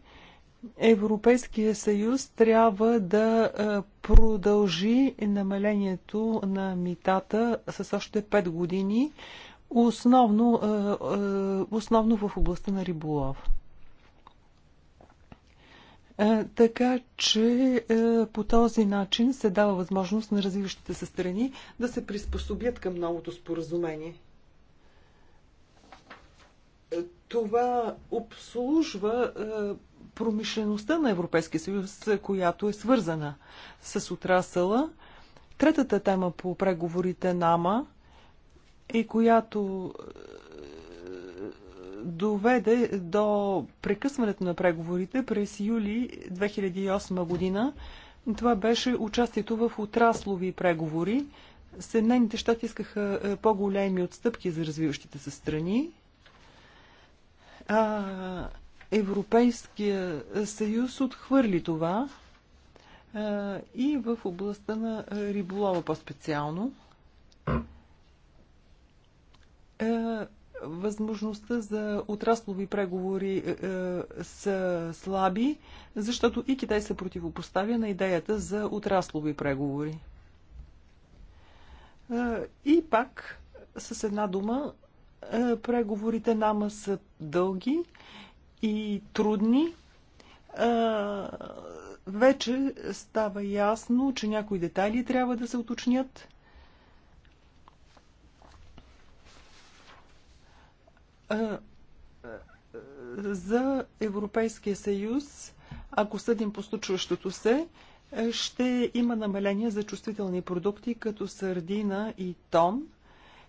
Европейския съюз трябва да е, продължи намалението на митата с още 5 години, основно, е, е, основно в областта на риболов. Така че по този начин се дава възможност на развиващите се страни да се приспособят към новото споразумение. Това обслужва промишлеността на Европейския съюз, която е свързана с отрасъла. Третата тема по преговорите НАМА и която е, доведе до прекъсването на преговорите през юли 2008 година. Това беше участието в отраслови преговори. Съединените щати искаха е, по-големи отстъпки за развиващите се страни. А, Европейския съюз отхвърли това и в областта на риболова по-специално. Възможността за отраслови преговори са слаби, защото и Китай се противопоставя на идеята за отраслови преговори. И пак, с една дума, преговорите нама са дълги и трудни, вече става ясно, че някои детайли трябва да се уточнят. За Европейския съюз, ако съдим по случващото се, ще има намаление за чувствителни продукти, като сърдина и тон –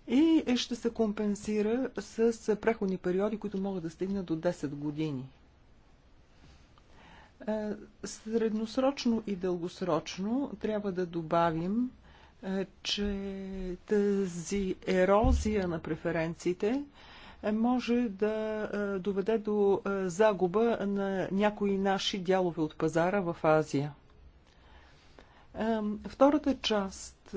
и е, ще се компенсира с преходни периоди, които могат да стигнат до 10 години. Е, средносрочно и дългосрочно трябва да добавим, е, че тази ерозия на преференциите може да доведе до загуба на някои наши дялове от пазара в Азия. Втората част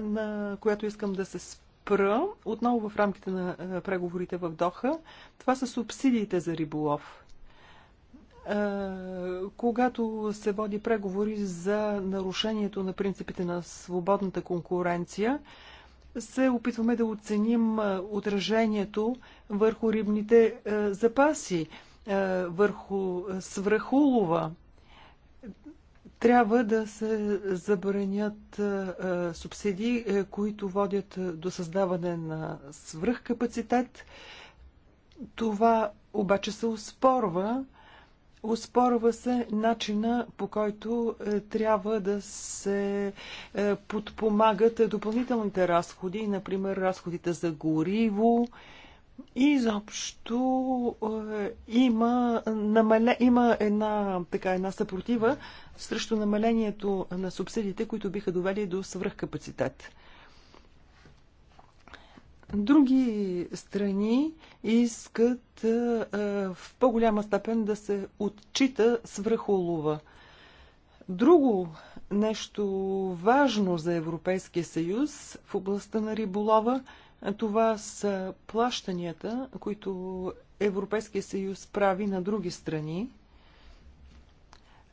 на която искам да се спра, отново в рамките на преговорите в Доха, това са субсидиите за риболов когато се води преговори за нарушението на принципите на свободната конкуренция, се опитваме да оценим отражението върху рибните запаси, върху свръхулова. Трябва да се забранят субсидии, които водят до създаване на свръхкапацитет. Това обаче се успорва. Успорва се начина по който трябва да се подпомагат допълнителните разходи, например разходите за гориво, Изобщо е, има, намале, има една, така, една съпротива срещу намалението на субсидиите, които биха довели до свръхкапацитет. Други страни искат е, в по-голяма степен да се отчита свръхолова. Друго нещо важно за Европейския съюз в областта на риболова – това са плащанията, които Европейския съюз прави на други страни,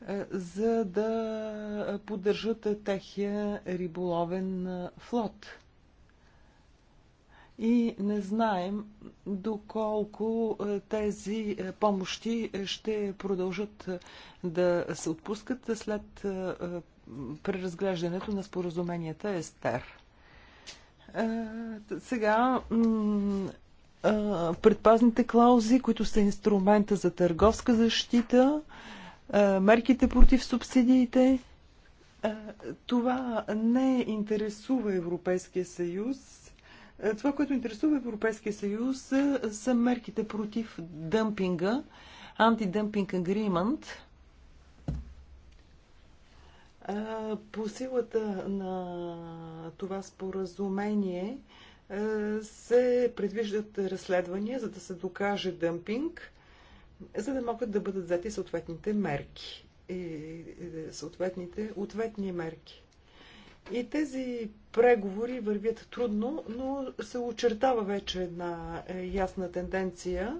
е, за да поддържат техния риболовен е, флот. И не знаем доколко е, тези помощи ще продължат да се отпускат след преразглеждането на споразуменията Естер. Е, сега е, предпазните клаузи, които са инструмента за търговска защита, е, мерките против субсидиите. Това не интересува Европейския съюз. Това, което интересува Европейския съюз, са мерките против дъмпинга, антидъмпинг агримент – по силата на това споразумение се предвиждат разследвания, за да се докаже дъмпинг, за да могат да бъдат взети съответните мерки. И съответните ответни мерки. И тези преговори вървят трудно, но се очертава вече една е, ясна тенденция.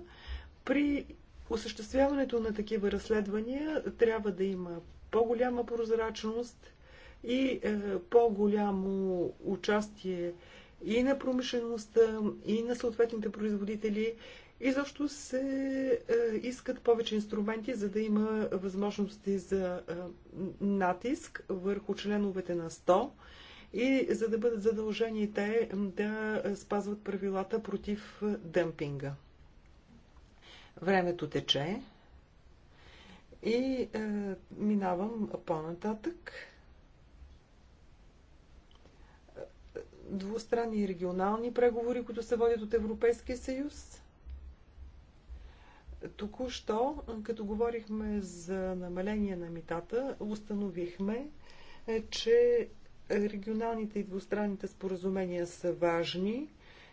При осъществяването на такива разследвания трябва да има по-голяма прозрачност и е, по-голямо участие и на промишлеността, и на съответните производители. И защо се е, искат повече инструменти, за да има възможности за е, натиск върху членовете на 100 и за да бъдат задължени те да е, спазват правилата против е, дъмпинга. Времето тече. И е, минавам по-нататък. Двустранни и регионални преговори, които се водят от Европейския съюз. Току-що, като говорихме за намаление на митата, установихме, е, че регионалните и двустранните споразумения са важни.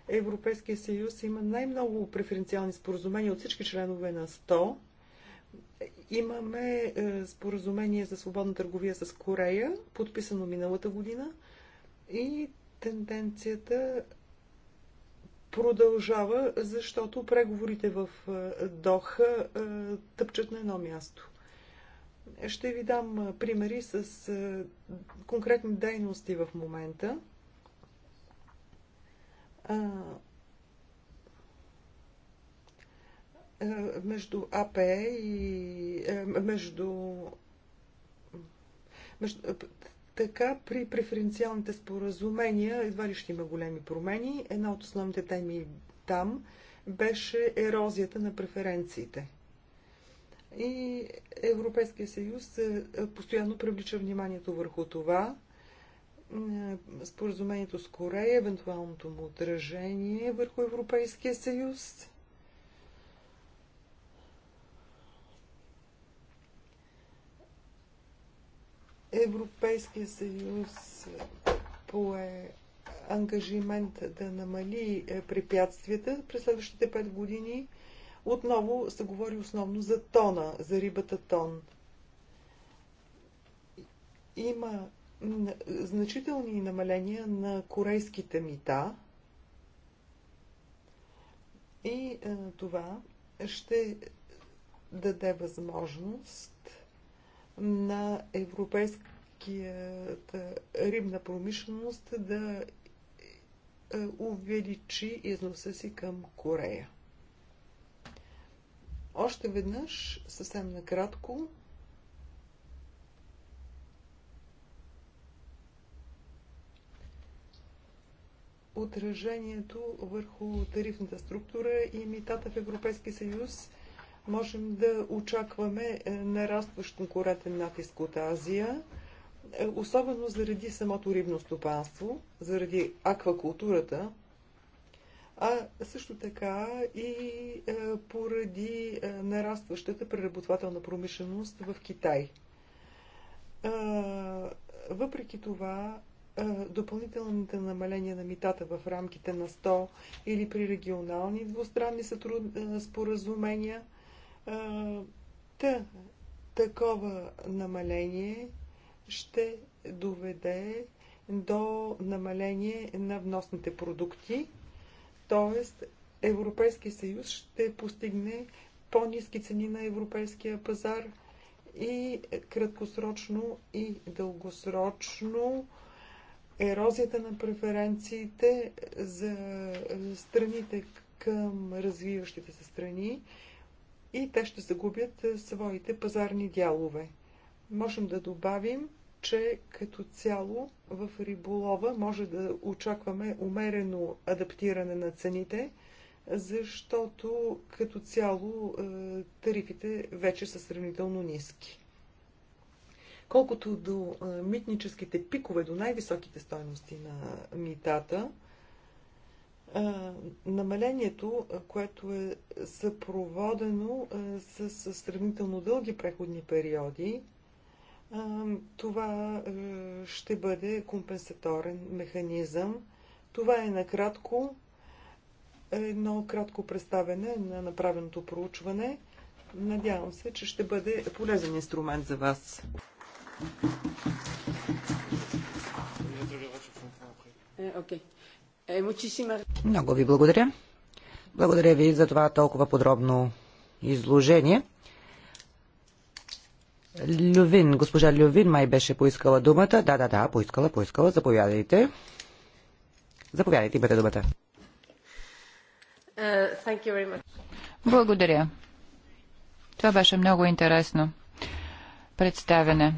Европейския съюз има най-много преференциални споразумения от всички членове на Имаме е, споразумение за свободна търговия с Корея, подписано миналата година и тенденцията продължава, защото преговорите в е, Доха е, тъпчат на едно място. Ще ви дам примери с конкретни дейности в момента Е, между АПЕ и е, между, между е, така при преференциалните споразумения едва ли ще има големи промени. Една от основните теми там беше ерозията на преференциите. И Европейския съюз постоянно привлича вниманието върху това. Споразумението с Корея, евентуалното му отражение върху Европейския съюз. Европейския съюз пое ангажимент да намали е, препятствията през следващите 5 години. Отново се говори основно за тона, за рибата тон. Има значителни намаления на корейските мита и е, това ще даде възможност на европейската рибна промишленост да е, увеличи износа си към Корея. Още веднъж, съвсем накратко, отражението върху тарифната структура и митата в Европейски съюз – можем да очакваме е, нарастващ конкурентен натиск от Азия, е, особено заради самото рибно стопанство, заради аквакултурата, а също така и е, поради нарастващата преработвателна промишленост в Китай. Въпреки това, допълнителните намаления на митата в рамките на 100 или при регионални двустранни споразумения – Та, такова намаление ще доведе до намаление на вносните продукти, т.е. Европейския съюз ще постигне по-низки цени на европейския пазар и краткосрочно и дългосрочно ерозията на преференциите за страните към развиващите се страни и те ще загубят е, своите пазарни дялове. Можем да добавим, че като цяло в риболова може да очакваме умерено адаптиране на цените, защото като цяло е, тарифите вече са сравнително ниски. Колкото до е, митническите пикове, до най-високите стойности на митата, намалението, което е съпроводено с сравнително дълги преходни периоди, това ще бъде компенсаторен механизъм. Това е накратко едно кратко представене на направеното проучване. Надявам се, че ще бъде полезен инструмент за вас. Okay. Е, е, много ви благодаря. Благодаря ви за това толкова подробно изложение. Лювин, госпожа Лювин май беше поискала думата. Да, да, да, поискала, поискала. Заповядайте. Заповядайте, имате думата. Е, благодаря. Това беше много интересно представяне.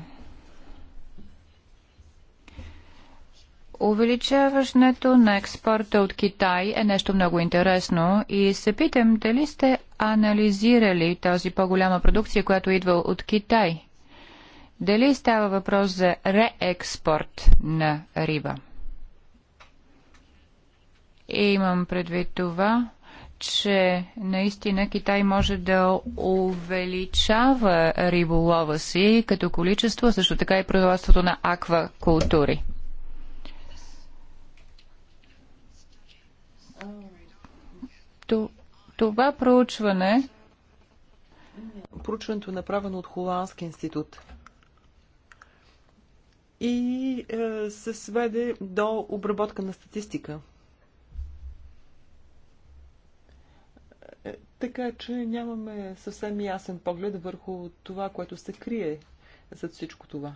Увеличаването на експорта от Китай е нещо много интересно и се питам дали сте анализирали тази по-голяма продукция, която идва от Китай. Дали става въпрос за реекспорт на риба? И имам предвид това, че наистина Китай може да увеличава риболова си като количество, също така и производството на аквакултури. Това проучване. Проучването е направено от Холандски институт и е, се сведе до обработка на статистика. Е, така че нямаме съвсем ясен поглед върху това, което се крие зад всичко това.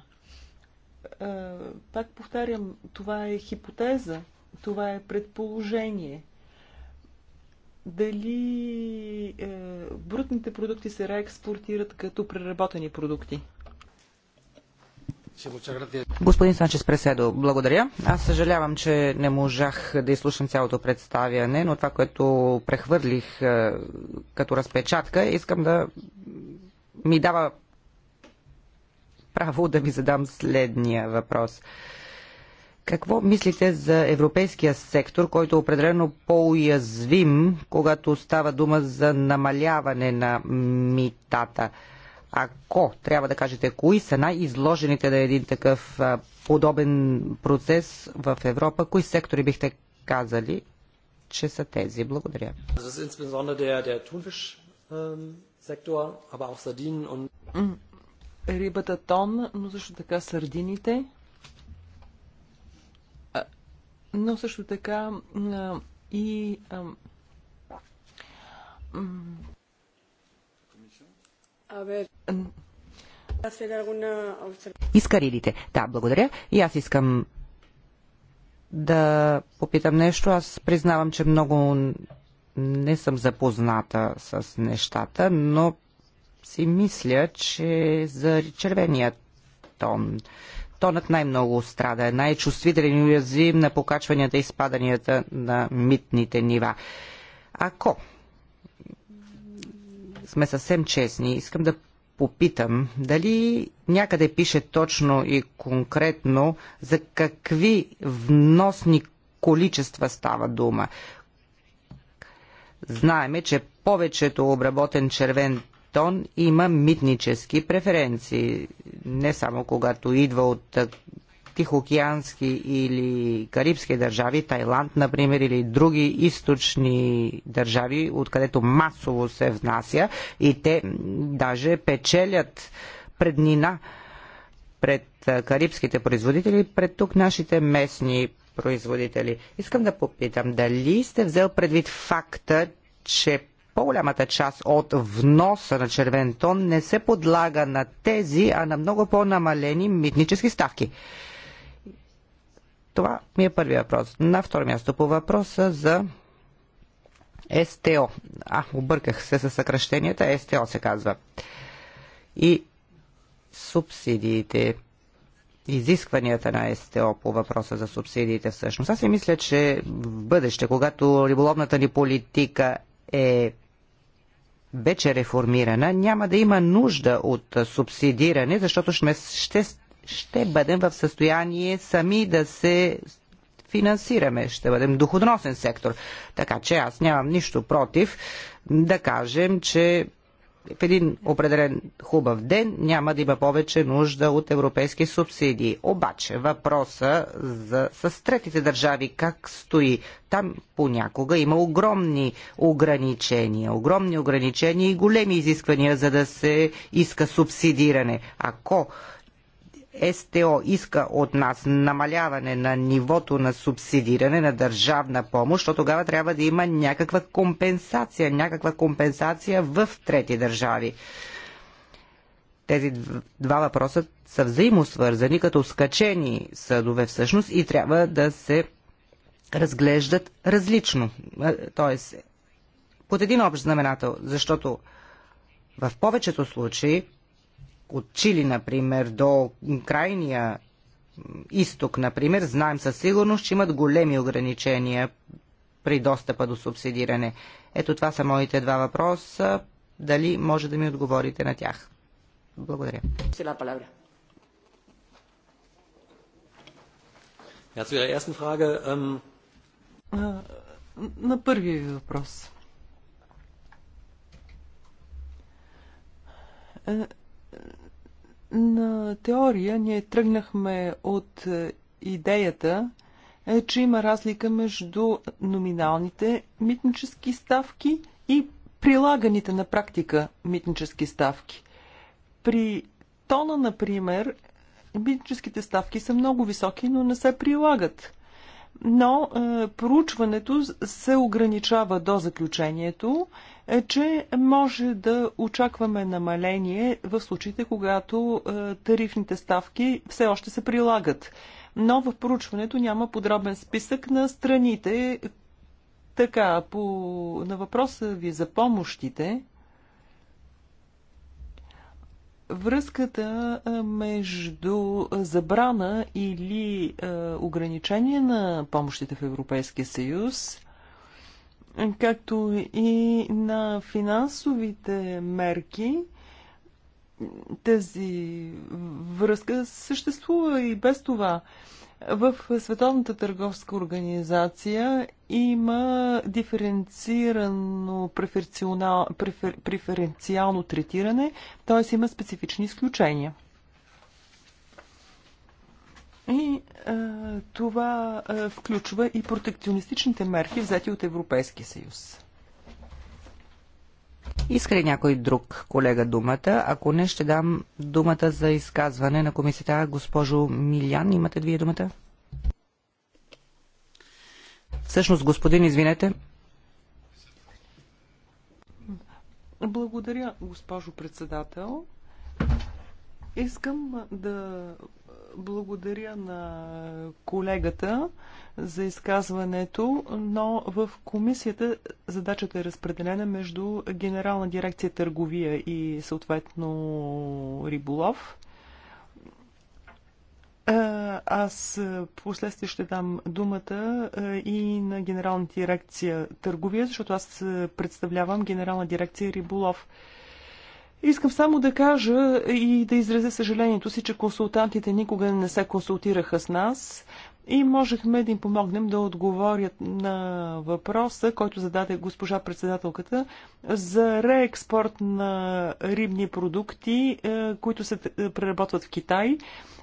Е, пак повтарям, това е хипотеза, това е предположение дали е, брутните продукти се реекспортират като преработени продукти? Господин Санчес Преседо, благодаря. Аз съжалявам, че не можах да изслушам цялото представяне, но това, което прехвърлих е, като разпечатка, искам да ми дава право да ви задам следния въпрос. Е, какво мислите за европейския сектор, който е определено по-уязвим, когато става дума за намаляване на митата? Ако трябва да кажете, кои са най-изложените на един такъв подобен процес в Европа, кои сектори бихте казали, че са тези? Благодаря. Ähm, рибата тон, но също така сърдините но също така и Искарилите. Да, благодаря. И аз искам да попитам нещо. Аз признавам, че много не съм запозната с нещата, но си мисля, че за червения тон тонът най-много страда, най-чувствителен и уязвим на покачванията и спаданията на митните нива. Ако сме съвсем честни, искам да попитам дали някъде пише точно и конкретно за какви вносни количества става дума. Знаеме, че повечето обработен червен тон има митнически преференции. Не само когато идва от тихоокеански или карибски държави, Тайланд, например, или други източни държави, откъдето масово се внася и те даже печелят преднина пред карибските производители, пред тук нашите местни производители. Искам да попитам, дали сте взел предвид факта, че по-голямата част от вноса на червен тон не се подлага на тези, а на много по-намалени митнически ставки. Това ми е първи въпрос. На второ място по въпроса за СТО. А, обърках се с съкръщенията. СТО се казва. И субсидиите, изискванията на СТО по въпроса за субсидиите всъщност. Аз си мисля, че в бъдеще, когато риболовната ни политика е вече реформирана, няма да има нужда от субсидиране, защото ще, ще, ще бъдем в състояние сами да се финансираме, ще бъдем доходносен сектор. Така че аз нямам нищо против да кажем, че в един определен хубав ден няма да има повече нужда от европейски субсидии. Обаче въпроса за, с третите държави как стои? Там понякога има огромни ограничения, огромни ограничения и големи изисквания, за да се иска субсидиране. Ако СТО иска от нас намаляване на нивото на субсидиране на държавна помощ, то тогава трябва да има някаква компенсация, някаква компенсация в трети държави. Тези два въпроса са взаимосвързани, като скачени съдове всъщност и трябва да се разглеждат различно. Тоест, под един общ знаменател, защото в повечето случаи от Чили, например, до крайния изток, например, знаем със сигурност, че имат големи ограничения при достъпа до субсидиране. Ето това са моите два въпроса. Дали може да ми отговорите на тях? Благодаря. Ähm, на първия ви въпрос. Е, на теория ние тръгнахме от е, идеята, е, че има разлика между номиналните митнически ставки и прилаганите на практика митнически ставки. При тона, например, митническите ставки са много високи, но не се прилагат но е, проучването се ограничава до заключението, е, че може да очакваме намаление в случаите, когато е, тарифните ставки все още се прилагат. Но в проучването няма подробен списък на страните. Така, по, на въпроса ви за помощите, връзката между забрана или ограничение на помощите в Европейския съюз, както и на финансовите мерки, тази връзка съществува и без това. В Световната търговска организация има диференцирано префер, преференциално третиране, т.е. има специфични изключения. И а, е, това а, е, включва и протекционистичните мерки, взети от Европейския съюз. Иска ли някой друг колега думата? Ако не, ще дам думата за изказване на комисията. Госпожо Милян, имате вие думата? Всъщност, господин, извинете. Благодаря, госпожо председател. Искам да благодаря на колегата за изказването, но в комисията задачата е разпределена между Генерална дирекция търговия и съответно риболов. Е, аз последствие ще дам думата е, и на Генерална дирекция търговия, защото аз представлявам Генерална дирекция риболов. Искам само да кажа и да изразя съжалението си, че консултантите никога не се консултираха с нас и можехме да им помогнем да отговорят на въпроса, който зададе госпожа председателката за реекспорт на рибни продукти, е, които се преработват в Китай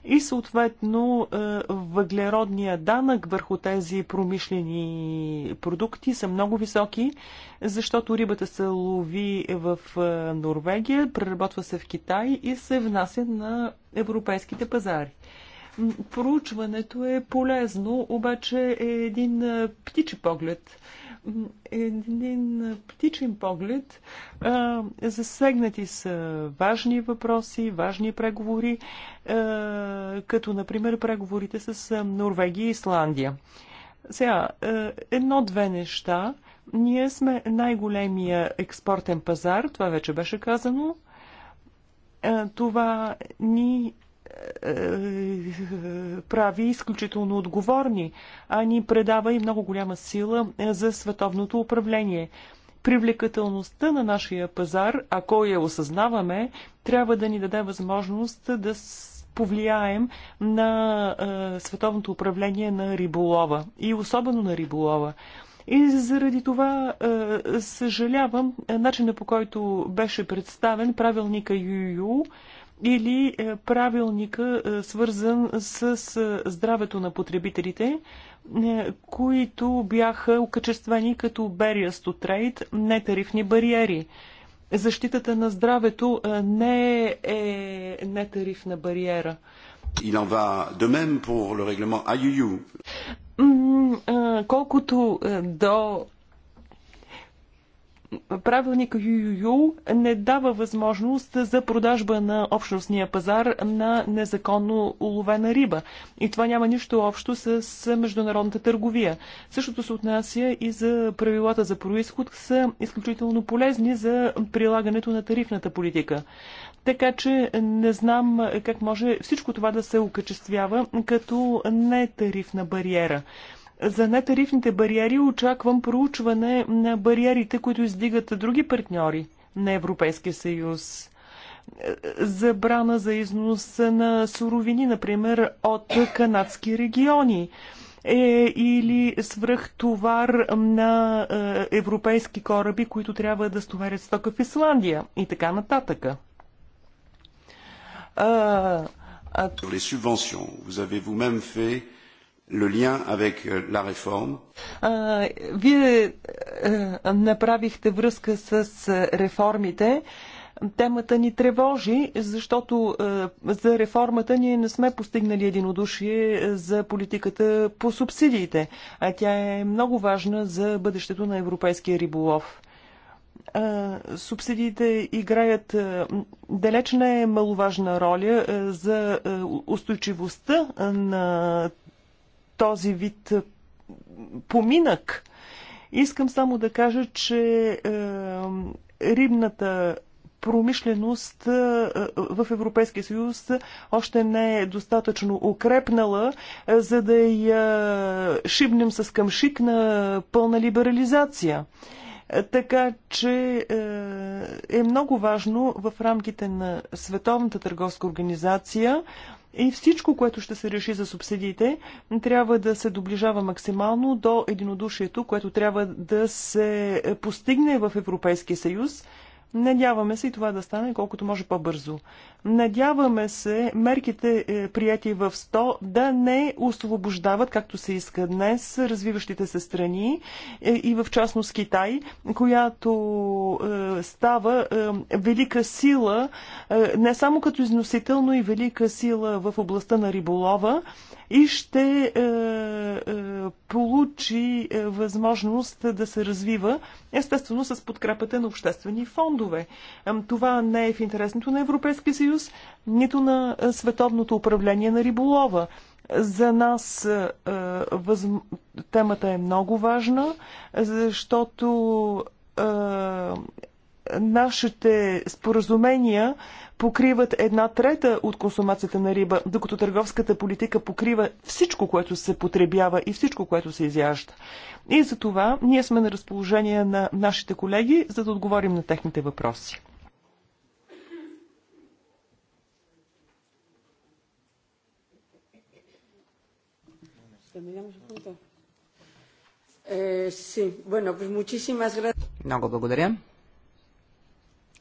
и съответно е, въглеродния данък върху тези промишлени продукти са много високи, защото рибата се лови в е, Норвегия, преработва се в Китай и се внася на европейските пазари проучването е полезно, обаче е един птичи поглед. Един птичен поглед. Засегнати са важни въпроси, важни преговори, като например преговорите с Норвегия и Исландия. Сега, едно-две неща. Ние сме най-големия експортен пазар, това вече беше казано. Това ни е, прави изключително отговорни, а ни предава и много голяма сила е, за световното управление. Привлекателността на нашия пазар, ако я осъзнаваме, трябва да ни даде възможност да повлияем на е, световното управление на риболова и особено на риболова. И заради това е, съжалявам е, начина по който беше представен правилника ЮЮ. Ю, или е, правилника, е, свързан с е, здравето на потребителите, които бяха окачествени като barriers to trade, нетарифни бариери. Защитата на здравето не е нетарифна бариера. Il en va de même pour le règlement IUU. Колкото до правилник ЮЮЮ не дава възможност за продажба на общностния пазар на незаконно уловена риба. И това няма нищо общо с международната търговия. Същото се отнася и за правилата за происход, са изключително полезни за прилагането на тарифната политика. Така че не знам как може всичко това да се окачествява като нетарифна бариера. За нетарифните бариери очаквам проучване на бариерите, които издигат други партньори на Европейския съюз. Забрана за износ на суровини, например, от канадски региони е, или свръхтовар на е, европейски кораби, които трябва да стоварят стока в Исландия и така нататък. А, а... Les subventions, vous avez vous-même fait le lien avec euh, la réforme. Вие е, направихте връзка с е, реформите. Темата ни тревожи, защото е, за реформата ние не сме постигнали единодушие за политиката по субсидиите, а тя е много важна за бъдещето на европейския риболов субсидиите играят далеч не е маловажна роля за устойчивостта на този вид е, поминък. Искам само да кажа, че е, рибната промишленост е, в Европейския съюз още не е достатъчно укрепнала, е, за да я шибнем с къмшик на пълна либерализация. Така че е много важно в рамките на Световната търговска организация и всичко, което ще се реши за субсидиите, трябва да се доближава максимално до единодушието, което трябва да се постигне в Европейския съюз Надяваме се и това да стане колкото може по-бързо. Надяваме се мерките, е, прияти в 100, да не освобождават, както се иска днес, развиващите се страни е, и в частност Китай, която е, става велика сила не само като износител, но и велика сила в областта на риболова, и ще е, е, получи е, възможност да се развива, естествено с подкрепата на обществени фондове. Е, това не е в интересното на Европейския съюз, нито на е, световното управление на риболова. За нас е, е въз... темата е много важна, защото е, нашите споразумения покриват една трета от консумацията на риба, докато търговската политика покрива всичко, което се потребява и всичко, което се изяжда. И за това ние сме на разположение на нашите колеги, за да отговорим на техните въпроси. Eh, Много благодаря.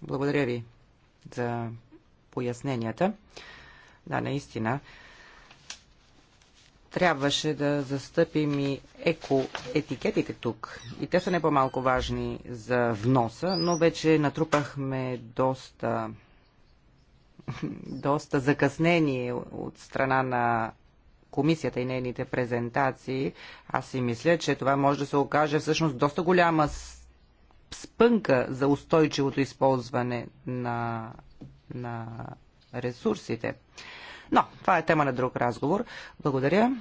Благодаря ви за поясненията. Да, наистина. Трябваше да застъпим и екоетикетите тук. И те са не по-малко важни за вноса, но вече натрупахме доста, доста закъснение от страна на комисията и нейните презентации, аз си мисля, че това може да се окаже всъщност доста голяма спънка за устойчивото използване на на ресурсите. Но това е тема на друг разговор. Благодаря.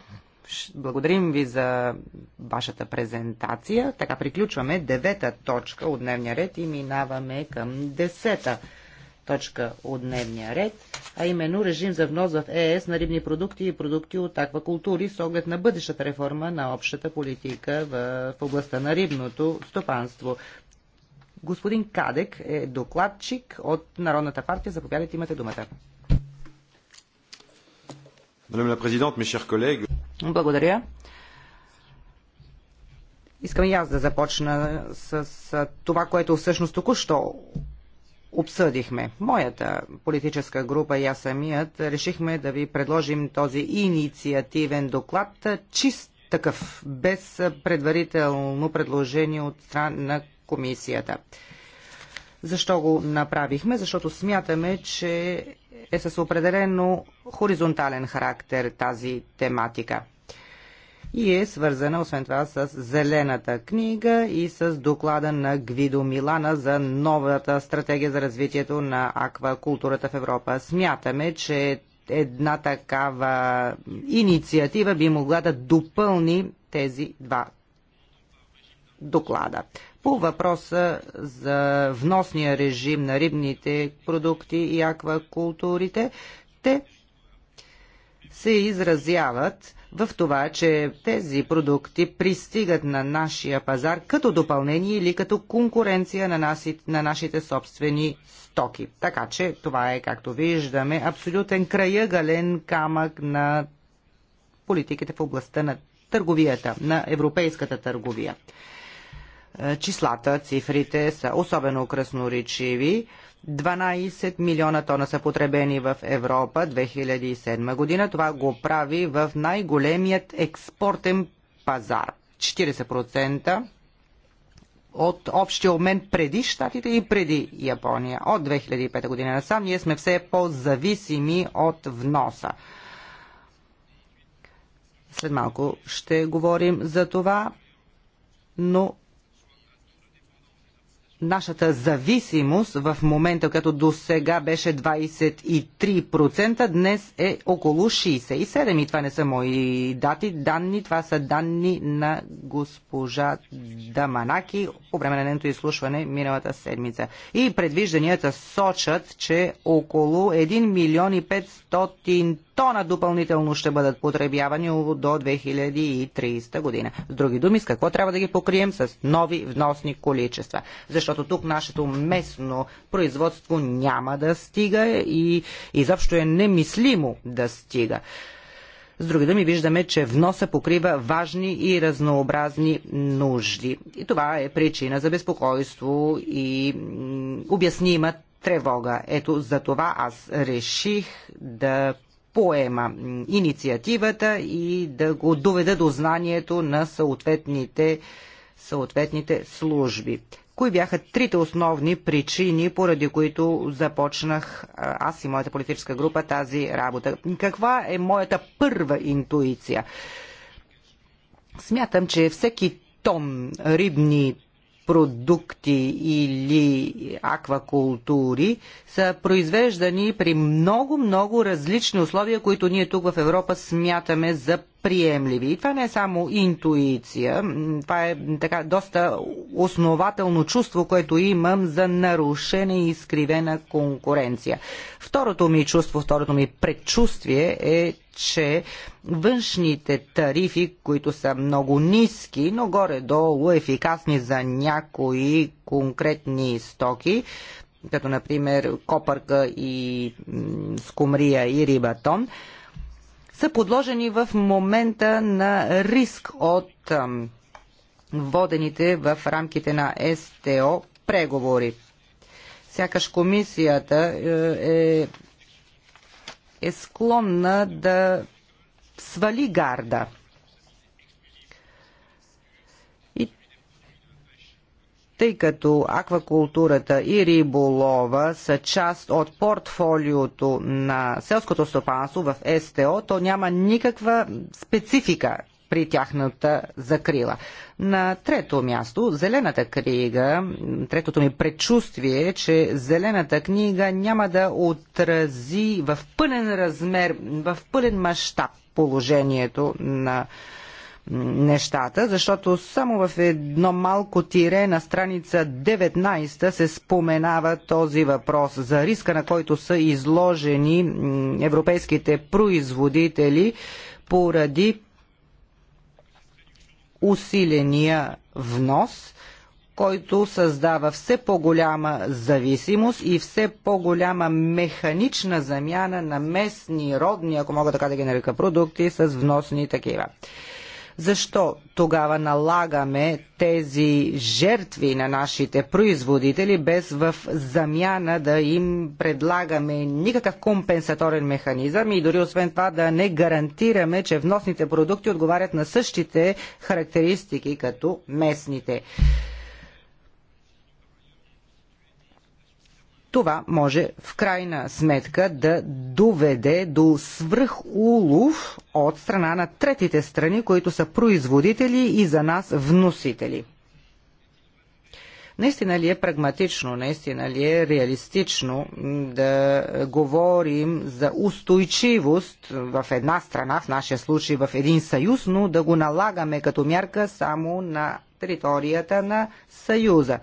Благодарим ви за вашата презентация. Така приключваме девета точка от дневния ред и минаваме към десета точка от дневния ред, а именно режим за внос в ЕС на рибни продукти и продукти от аквакултури с оглед на бъдещата реформа на общата политика в областта на рибното стопанство. Господин Кадек е докладчик от Народната партия. Заповядайте, имате думата. Благодаря. Искам и аз да започна с това, което всъщност току-що обсъдихме. Моята политическа група и аз самият решихме да ви предложим този инициативен доклад, чист такъв, без предварително предложение от страна на комисията. Защо го направихме? Защото смятаме, че е с определено хоризонтален характер тази тематика. И е свързана, освен това, с Зелената книга и с доклада на Гвидо Милана за новата стратегия за развитието на аквакултурата в Европа. Смятаме, че една такава инициатива би могла да допълни тези два доклада по въпроса за вносния режим на рибните продукти и аквакултурите, те се изразяват в това, че тези продукти пристигат на нашия пазар като допълнение или като конкуренция на, наси, на нашите собствени стоки. Така че това е, както виждаме, абсолютен краягален камък на политиките в областта на търговията, на европейската търговия. Е, числата, цифрите са особено красноречиви. 12 милиона тона са потребени в Европа 2007 година. Това го прави в най-големият експортен пазар. 40% от общия обмен преди Штатите и преди Япония. От 2005 година насам ние сме все по-зависими от вноса. След малко ще говорим за това, но нашата зависимост в момента, като до сега беше 23%, днес е около 67%. И това не са мои дати, данни, това са данни на госпожа Даманаки по време на нейното изслушване миналата седмица. И предвижданията сочат, че около 1 милион и 500 тона допълнително ще бъдат потребявани до 2030 година. С други думи, с какво трябва да ги покрием? С нови вносни количества. Защото тук нашето местно производство няма да стига и изобщо е немислимо да стига. С други думи, виждаме, че вноса покрива важни и разнообразни нужди. И това е причина за безпокойство и обяснима тревога. Ето за това аз реших да поема инициативата и да го доведа до знанието на съответните, съответните служби. Кои бяха трите основни причини, поради които започнах аз и моята политическа група тази работа? Каква е моята първа интуиция? Смятам, че всеки тон рибни продукти или аквакултури са произвеждани при много-много различни условия, които ние тук в Европа смятаме за приемливи. И това не е само интуиция, това е така доста основателно чувство, което имам за нарушена и изкривена конкуренция. Второто ми чувство, второто ми предчувствие е, че външните тарифи, които са много ниски, но горе-долу ефикасни за някои конкретни стоки, като например копърка и скумрия и рибатон, са подложени в момента на риск от водените в рамките на СТО преговори. Сякаш комисията е, е, е склонна да свали гарда тъй като аквакултурата и риболова са част от портфолиото на селското стопанство в СТО, то няма никаква специфика при тяхната закрила. На трето място, Зелената книга, третото ми предчувствие е, че Зелената книга няма да отрази в пълен размер, в пълен мащаб положението на нещата, защото само в едно малко тире на страница 19 се споменава този въпрос за риска, на който са изложени европейските производители поради усиления внос, който създава все по-голяма зависимост и все по-голяма механична замяна на местни, родни, ако мога така да ги нарека, продукти с вносни такива. Защо тогава налагаме тези жертви на нашите производители, без в замяна да им предлагаме никакъв компенсаторен механизъм и дори освен това да не гарантираме, че вносните продукти отговарят на същите характеристики като местните? Това може в крайна сметка да доведе до свръхулов от страна на третите страни, които са производители и за нас вносители. Наистина ли е прагматично, наистина ли е реалистично да говорим за устойчивост в една страна, в нашия случай в един съюз, но да го налагаме като мярка само на територията на съюза?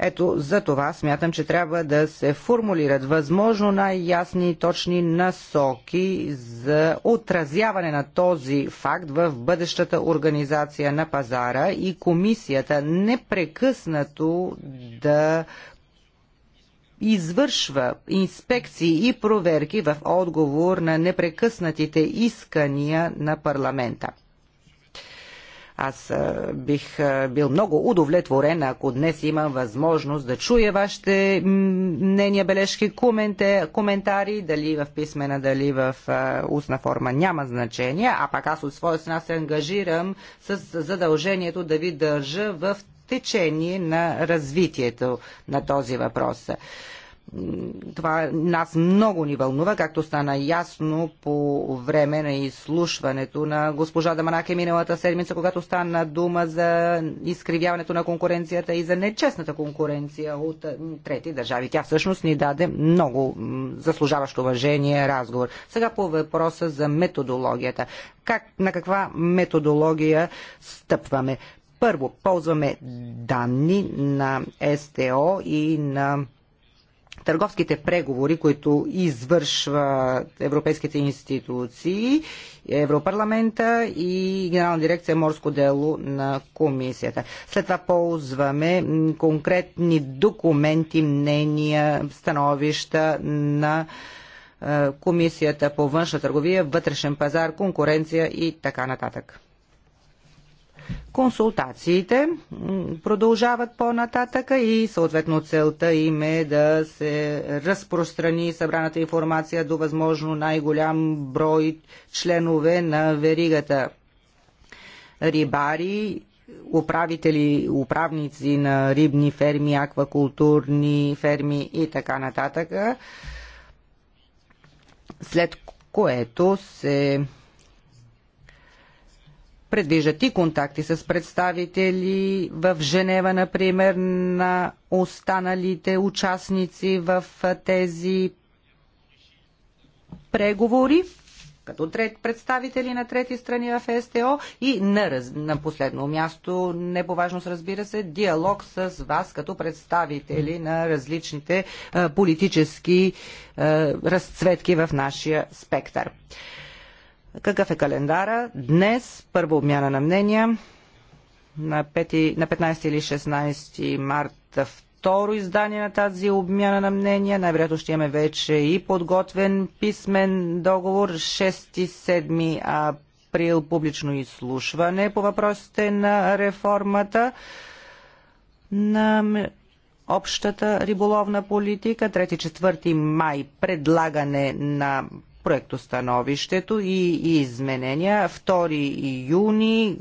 Ето за това смятам, че трябва да се формулират възможно най-ясни и точни насоки за отразяване на този факт в бъдещата организация на пазара и комисията непрекъснато да извършва инспекции и проверки в отговор на непрекъснатите искания на парламента. Аз бих бил много удовлетворен, ако днес имам възможност да чуя вашите мнения, бележки, коментари, дали в писмена, дали в устна форма, няма значение. А пак аз от своя страна се ангажирам с задължението да ви държа в течение на развитието на този въпрос това нас много ни вълнува, както стана ясно по време на изслушването на госпожа Даманаке миналата седмица, когато стана дума за изкривяването на конкуренцията и за нечестната конкуренция от трети държави. Тя всъщност ни даде много заслужаващо уважение разговор. Сега по въпроса за методологията. Как, на каква методология стъпваме? Първо, ползваме данни на СТО и на търговските преговори, които извършва европейските институции, Европарламента и Генерална дирекция Морско дело на комисията. След това ползваме конкретни документи, мнения, становища на е, Комисията по външна търговия, вътрешен пазар, конкуренция и така нататък. Консултациите продължават по-нататъка и съответно целта им е да се разпространи събраната информация до възможно най-голям брой членове на веригата рибари, управители, управници на рибни ферми, аквакултурни ферми и така нататък, след което се предвиждат и контакти с представители в Женева, например, на останалите участници в тези преговори, като трет, представители на трети страни в е СТО и на, раз, на последно място, не по важност разбира се, диалог с вас като представители на различните а, политически а, разцветки в нашия спектър. Какъв е календара? Днес първо обмяна на мнения на, 5, на 15 или 16 марта второ издание на тази обмяна на мнения. Най-вероятно ще имаме вече и подготвен писмен договор 6-7 април публично изслушване по въпросите на реформата на общата риболовна политика, 3-4 май предлагане на проектостановището и изменения. 2 юни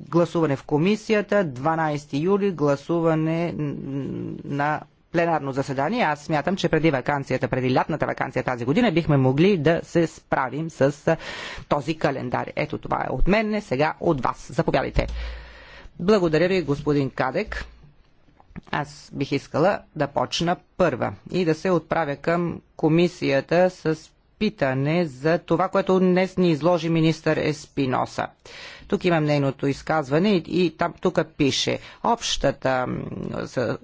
гласуване в комисията, 12 юли гласуване на пленарно заседание. Аз смятам, че преди вакансията, преди лятната вакансия тази година бихме могли да се справим с този календар. Ето това е от мен, сега от вас. Заповядайте. Благодаря ви, господин Кадек. Аз бих искала да почна първа и да се отправя към комисията с питане за това, което днес ни изложи министър Еспиноса. Тук имам нейното изказване и, и там тук пише общата,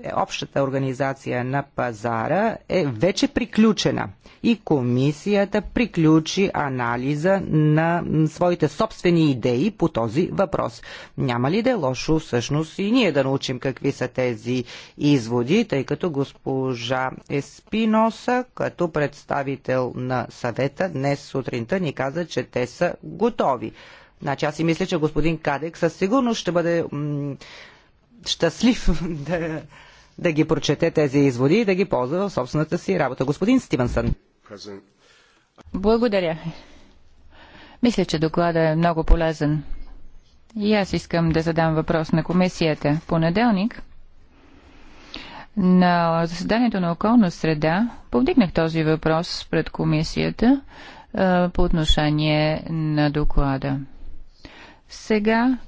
е, общата организация на пазара е вече приключена и комисията приключи анализа на своите собствени идеи по този въпрос. Няма ли да е лошо всъщност и ние да научим какви са тези изводи, тъй като госпожа Еспиноса, като представител на съвета, днес сутринта ни каза, че те са готови. Значи аз си мисля, че господин Кадек със сигурност ще бъде щастлив да, да ги прочете тези изводи и да ги ползва в собствената си работа. Господин Стивенсън. Благодаря. Мисля, че докладът е много полезен. И аз искам да задам въпрос на комисията. Понеделник на заседанието на околна среда повдигнах този въпрос пред комисията по отношение на доклада. Сега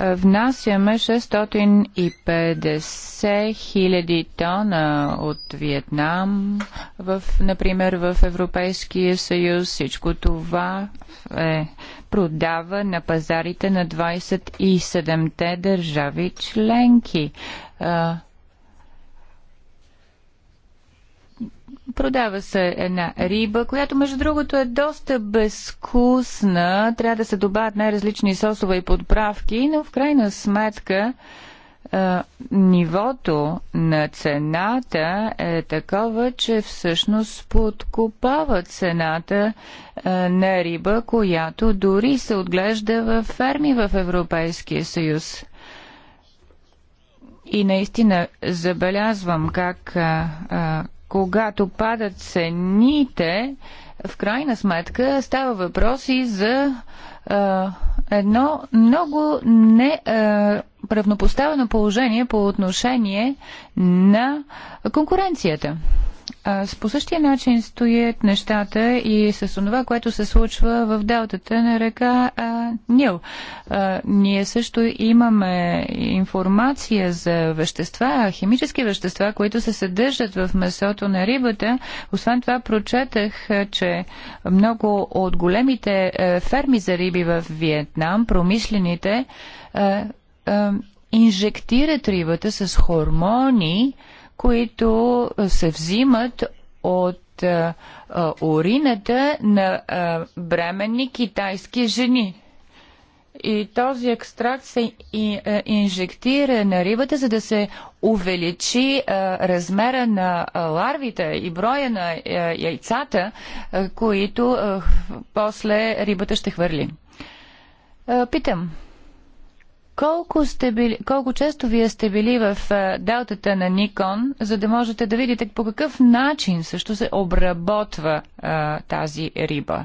е, внасяме 650 хиляди тона от Виетнам, в, например в Европейския съюз. Всичко това е, продава на пазарите на 27-те държави членки. Е, Продава се една риба, която между другото е доста безкусна. Трябва да се добавят най-различни сосове и подправки, но в крайна сметка нивото на цената е такова, че всъщност подкупава цената на риба, която дори се отглежда в ферми в Европейския съюз. И наистина забелязвам как когато падат цените, в крайна сметка става въпрос и за а, едно много не а, равнопоставено положение по отношение на конкуренцията по същия начин стоят нещата и с това, което се случва в делтата на река а, Нил. А, ние също имаме информация за вещества, химически вещества, които се съдържат в месото на рибата. Освен това, прочетах, че много от големите ферми за риби в Виетнам, промишлените, а, инжектират рибата с хормони, които се взимат от а, а, урината на а, бременни китайски жени. И този екстракт се и, а, инжектира на рибата, за да се увеличи а, размера на а, ларвите и броя на а, яйцата, а, които а, после рибата ще хвърли. А, питам. Колко, сте били, колко често вие сте били в делтата на Никон, за да можете да видите по какъв начин също се обработва а, тази риба?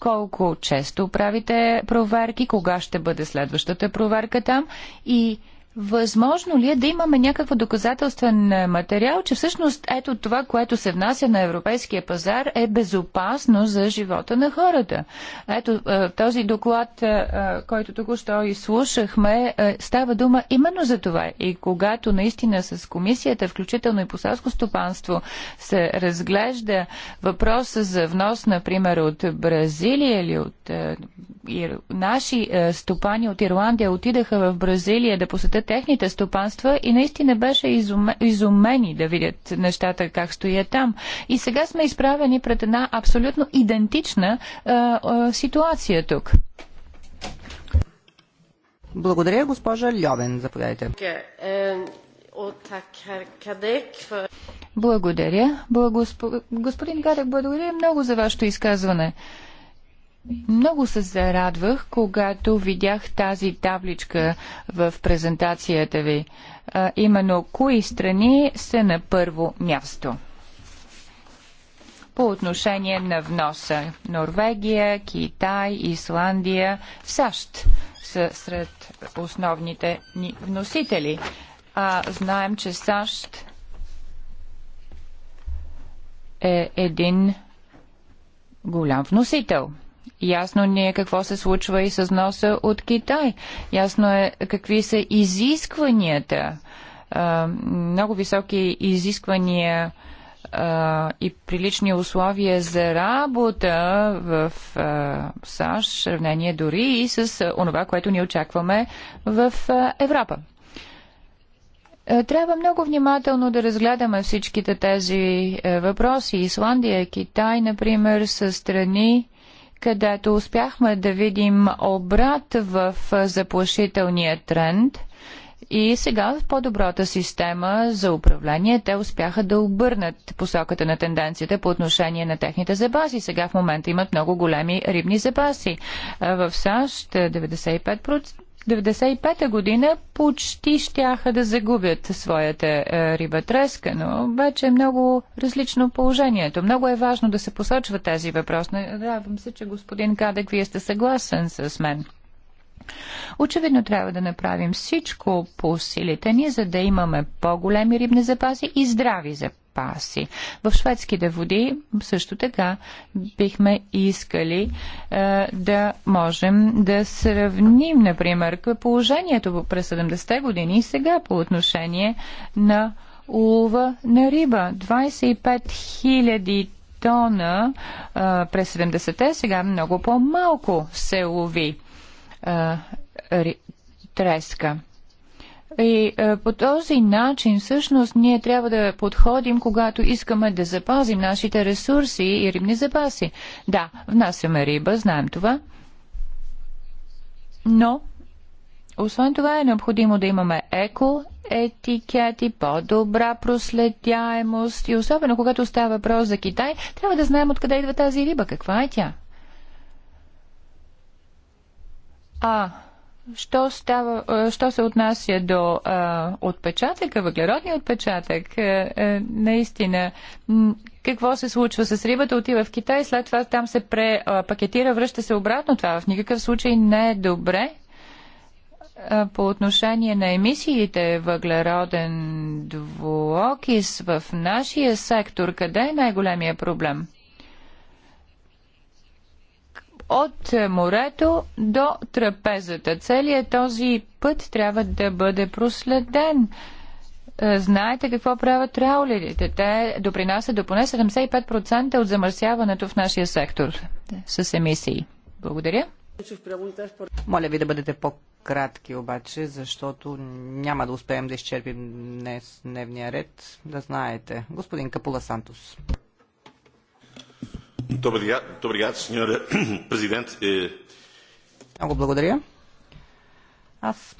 Колко често правите проверки, кога ще бъде следващата проверка там и Възможно ли е да имаме някакъв доказателствен е, материал, че всъщност ето това, което се внася на европейския пазар е безопасно за живота на хората? Ето е, този доклад, е, който току-що изслушахме, става дума именно за това. И когато наистина с комисията, включително и по селско стопанство, се разглежда въпроса за внос, например, от Бразилия или от наши стопани от Ирландия отидаха в Бразилия да посетят техните стопанства и наистина беше изуме, изумени да видят нещата как стоят там. И сега сме изправени пред една абсолютно идентична а, а, ситуация тук. Благодаря, госпожа Льовен. Заповядайте. Е, е, благодаря. Госпо... Господин Гадек, благодаря много за вашето изказване. Много се зарадвах, когато видях тази табличка в презентацията ви. А, именно кои страни са на първо място? По отношение на вноса. Норвегия, Китай, Исландия, САЩ са сред основните ни вносители. А знаем, че САЩ е един голям вносител – Ясно ни е какво се случва и с носа от Китай. Ясно е какви са изискванията. Много високи изисквания и прилични условия за работа в САЩ, в сравнение дори и с онова, което ни очакваме в Европа. Трябва много внимателно да разгледаме всичките тези въпроси. Исландия, Китай, например, са страни, където успяхме да видим обрат в заплашителния тренд – и сега в по-добрата система за управление те успяха да обърнат посоката на тенденцията по отношение на техните запаси. Сега в момента имат много големи рибни запаси. В САЩ 95%, 95-та година почти щяха да загубят своята е, риба треска, но вече е много различно положението. Много е важно да се посочва тази въпрос. Надявам се, че господин Кадек, вие сте съгласен с мен. Очевидно трябва да направим всичко по силите ни, за да имаме по-големи рибни запаси и здрави запаси. В шведските води също така бихме искали е, да можем да сравним, например, е положението през 70-те години и сега по отношение на улова на риба. 25 000 тона е, през 70-те, сега много по-малко се лови треска. И по този начин, всъщност, ние трябва да подходим, когато искаме да запазим нашите ресурси и рибни запаси. Да, внасяме риба, знаем това. Но, освен това е необходимо да имаме еко, етикети, по-добра проследяемост и особено когато става въпрос за Китай, трябва да знаем откъде идва тази риба, каква е тя. А Що, става, е, що се отнася до а, е, отпечатъка, въглеродния отпечатък, а, е, а, наистина, какво се случва с рибата, отива в Китай, след това там се препакетира, връща се обратно. Това в никакъв случай не е добре а, по отношение на емисиите въглероден двуокис в нашия сектор. Къде е най-големия проблем? от морето до трапезата. Целият този път трябва да бъде проследен. Е, знаете какво правят траулерите. Те допринасят до поне 75% от замърсяването в нашия сектор с емисии. Благодаря. Моля ви да бъдете по-кратки обаче, защото няма да успеем да изчерпим днес дневния ред. Да знаете. Господин Капула Сантос. Eh, Много благодаря. Аз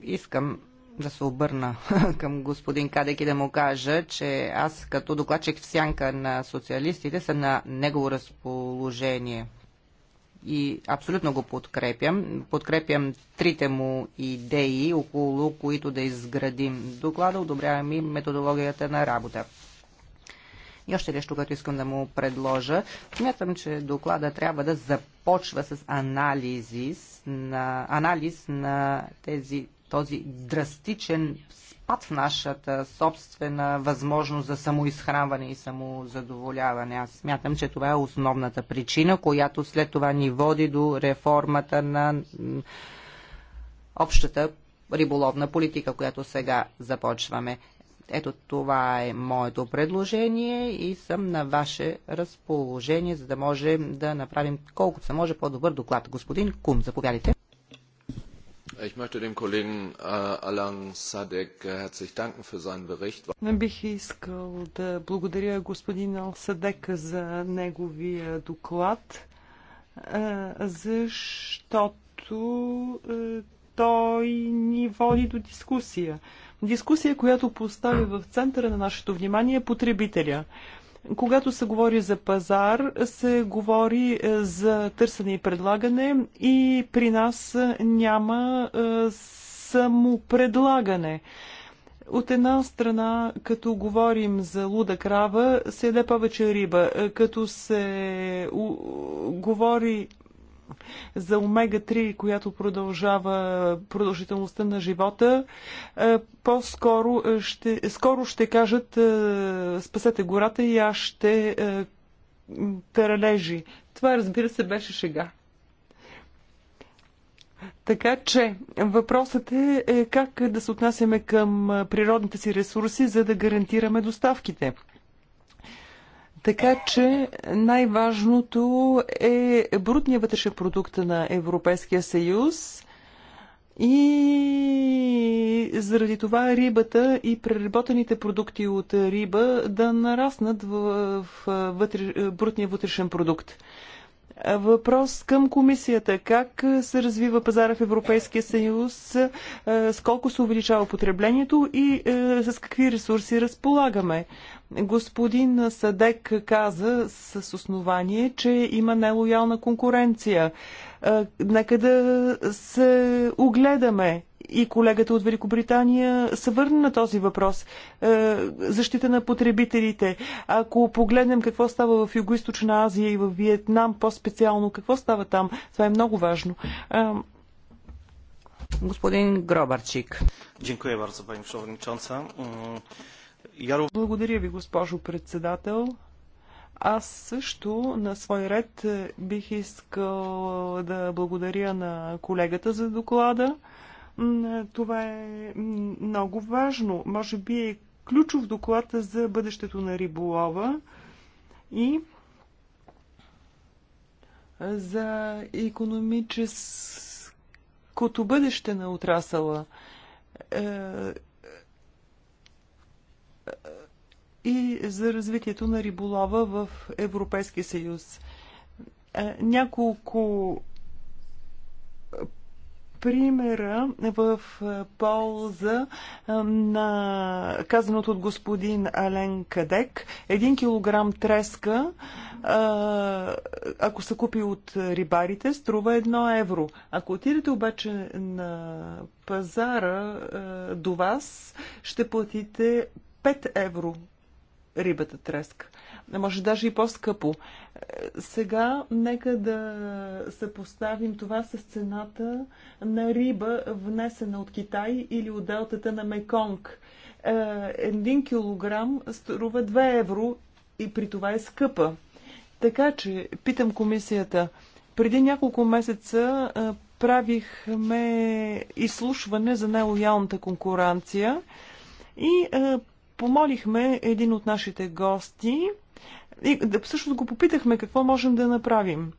искам да се обърна към господин Кадек и да му кажа, че аз като докладчик в сянка на социалистите съм на негово разположение и абсолютно го подкрепям. Подкрепям трите му идеи, около които да изградим доклада, одобряваме и методологията на работа. И още нещо, което искам да му предложа. Смятам, че доклада трябва да започва с анализис на, анализ на тези, този драстичен спад в нашата собствена възможност за самоизхранване и самозадоволяване. Аз смятам, че това е основната причина, която след това ни води до реформата на общата риболовна политика, която сега започваме. Ето това е моето предложение и съм на ваше разположение, за да можем да направим колкото се може по-добър доклад. Господин Кум, заповядайте. Ich möchte dem Kollegen äh, Alan Sadek äh, herzlich danken für seinen Bericht. Бих искал да благодаря господин Алсадек за неговия доклад, защото той ни води до дискусия. Дискусия, която постави в центъра на нашето внимание потребителя. Когато се говори за пазар, се говори е, за търсене и предлагане и при нас няма е, само предлагане. От една страна, като говорим за луда крава, се яде повече риба. Е, като се говори за омега-3, която продължава продължителността на живота, е, по-скоро е, ще, скоро ще кажат е, спасете гората и аз ще таралежи. Това, разбира се, беше шега. Така че въпросът е как да се отнасяме към природните си ресурси, за да гарантираме доставките. Така че най-важното е брутния вътрешен продукт на Европейския съюз и заради това рибата и преработените продукти от риба да нараснат в, вътре, брутния вътрешен продукт. Въпрос към комисията. Как се развива пазара в Европейския съюз? С колко се увеличава потреблението и с какви ресурси разполагаме? Господин Садек каза с основание, че има нелоялна конкуренция. Нека да се огледаме и колегата от Великобритания се върна на този въпрос. Е, защита на потребителите. Ако погледнем какво става в юго Азия и в Виетнам, по-специално какво става там, това е много важно. Е, господин Гробарчик. Благодаря ви, госпожо председател. Аз също на свой ред бих искал да благодаря на колегата за доклада. Това е много важно. Може би е ключов доклад за бъдещето на риболова и за економическото бъдеще на отрасъла. Е, е, и за развитието на риболова в Европейския съюз. Е, няколко примера в полза на казаното от господин Ален Кадек. Един килограм треска, ако се купи от рибарите, струва едно евро. Ако отидете обаче на пазара до вас, ще платите 5 евро рибата треска може даже и по-скъпо. Е, сега нека да съпоставим това с цената на риба, внесена от Китай или от делтата на Меконг. Е, един килограм струва 2 евро и при това е скъпа. Така че, питам комисията, преди няколко месеца е, правихме изслушване за нелоялната конкуренция и помолихме един от нашите гости и всъщност го попитахме какво можем да направим.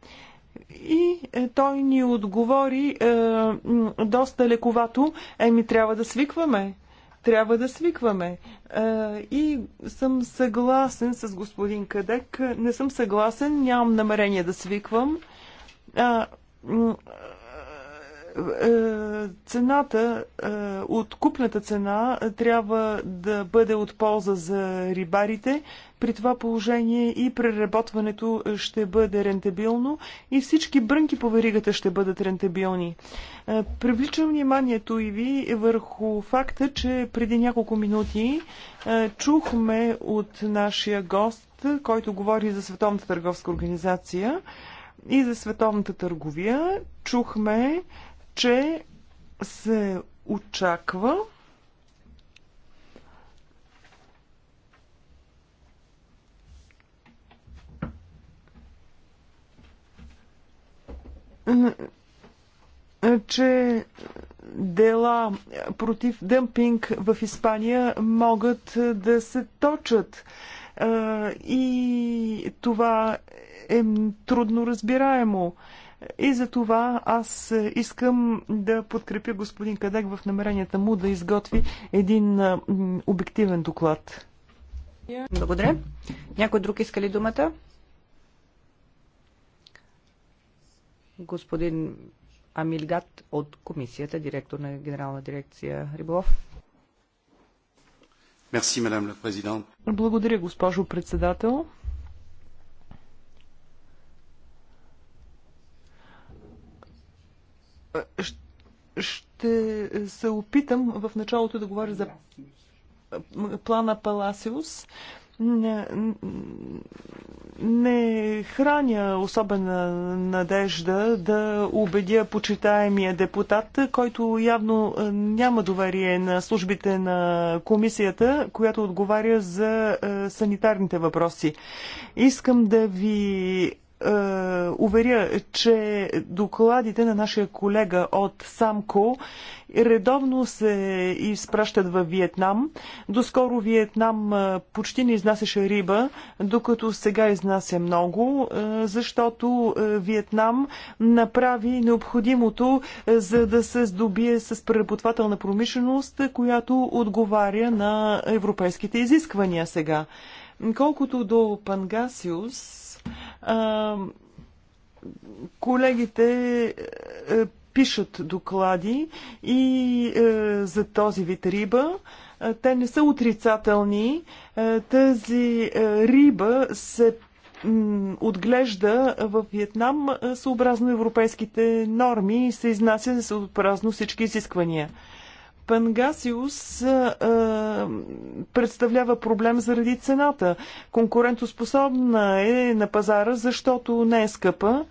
И е, той ни отговори е, доста лековато, еми трябва да свикваме. Трябва да свикваме. Е, и съм съгласен с господин Кадек. Не съм съгласен, нямам намерение да свиквам. Е, е, цената, е, откупната цена трябва да бъде от полза за рибарите. При това положение и преработването ще бъде рентабилно и всички брънки по веригата ще бъдат рентабилни. Е, привличам вниманието и ви върху факта, че преди няколко минути чухме от нашия гост, който говори за Световната търговска организация и за световната търговия, чухме че се очаква че дела против дъмпинг в Испания могат да се точат. И това е трудно разбираемо. И за това аз искам да подкрепя господин Кадек в намеренията му да изготви един обективен доклад. Благодаря. Някой друг иска ли думата? Господин Амилгат от комисията, директор на Генерална дирекция Риболов. Благодаря, госпожо председател. Ще се опитам в началото да говоря за плана Паласиус. Не, не храня особена надежда да убедя почитаемия депутат, който явно няма доверие на службите на комисията, която отговаря за е, санитарните въпроси. Искам да ви е, уверя, че докладите на нашия колега от Самко редовно се изпращат във Виетнам. Доскоро Виетнам е, почти не изнасяше риба, докато сега изнася много, е, защото Виетнам направи необходимото за да се здобие с преработвателна промишленост, която отговаря на европейските изисквания сега. Колкото до Пангасиус, колегите е, пишат доклади и е, за този вид риба. Те не са отрицателни. Е, тази риба се отглежда в Виетнам съобразно европейските норми и се изнася съобразно всички изисквания. Пангасиус а, а, представлява проблем заради цената. Конкурентоспособна е на пазара, защото не е скъпа.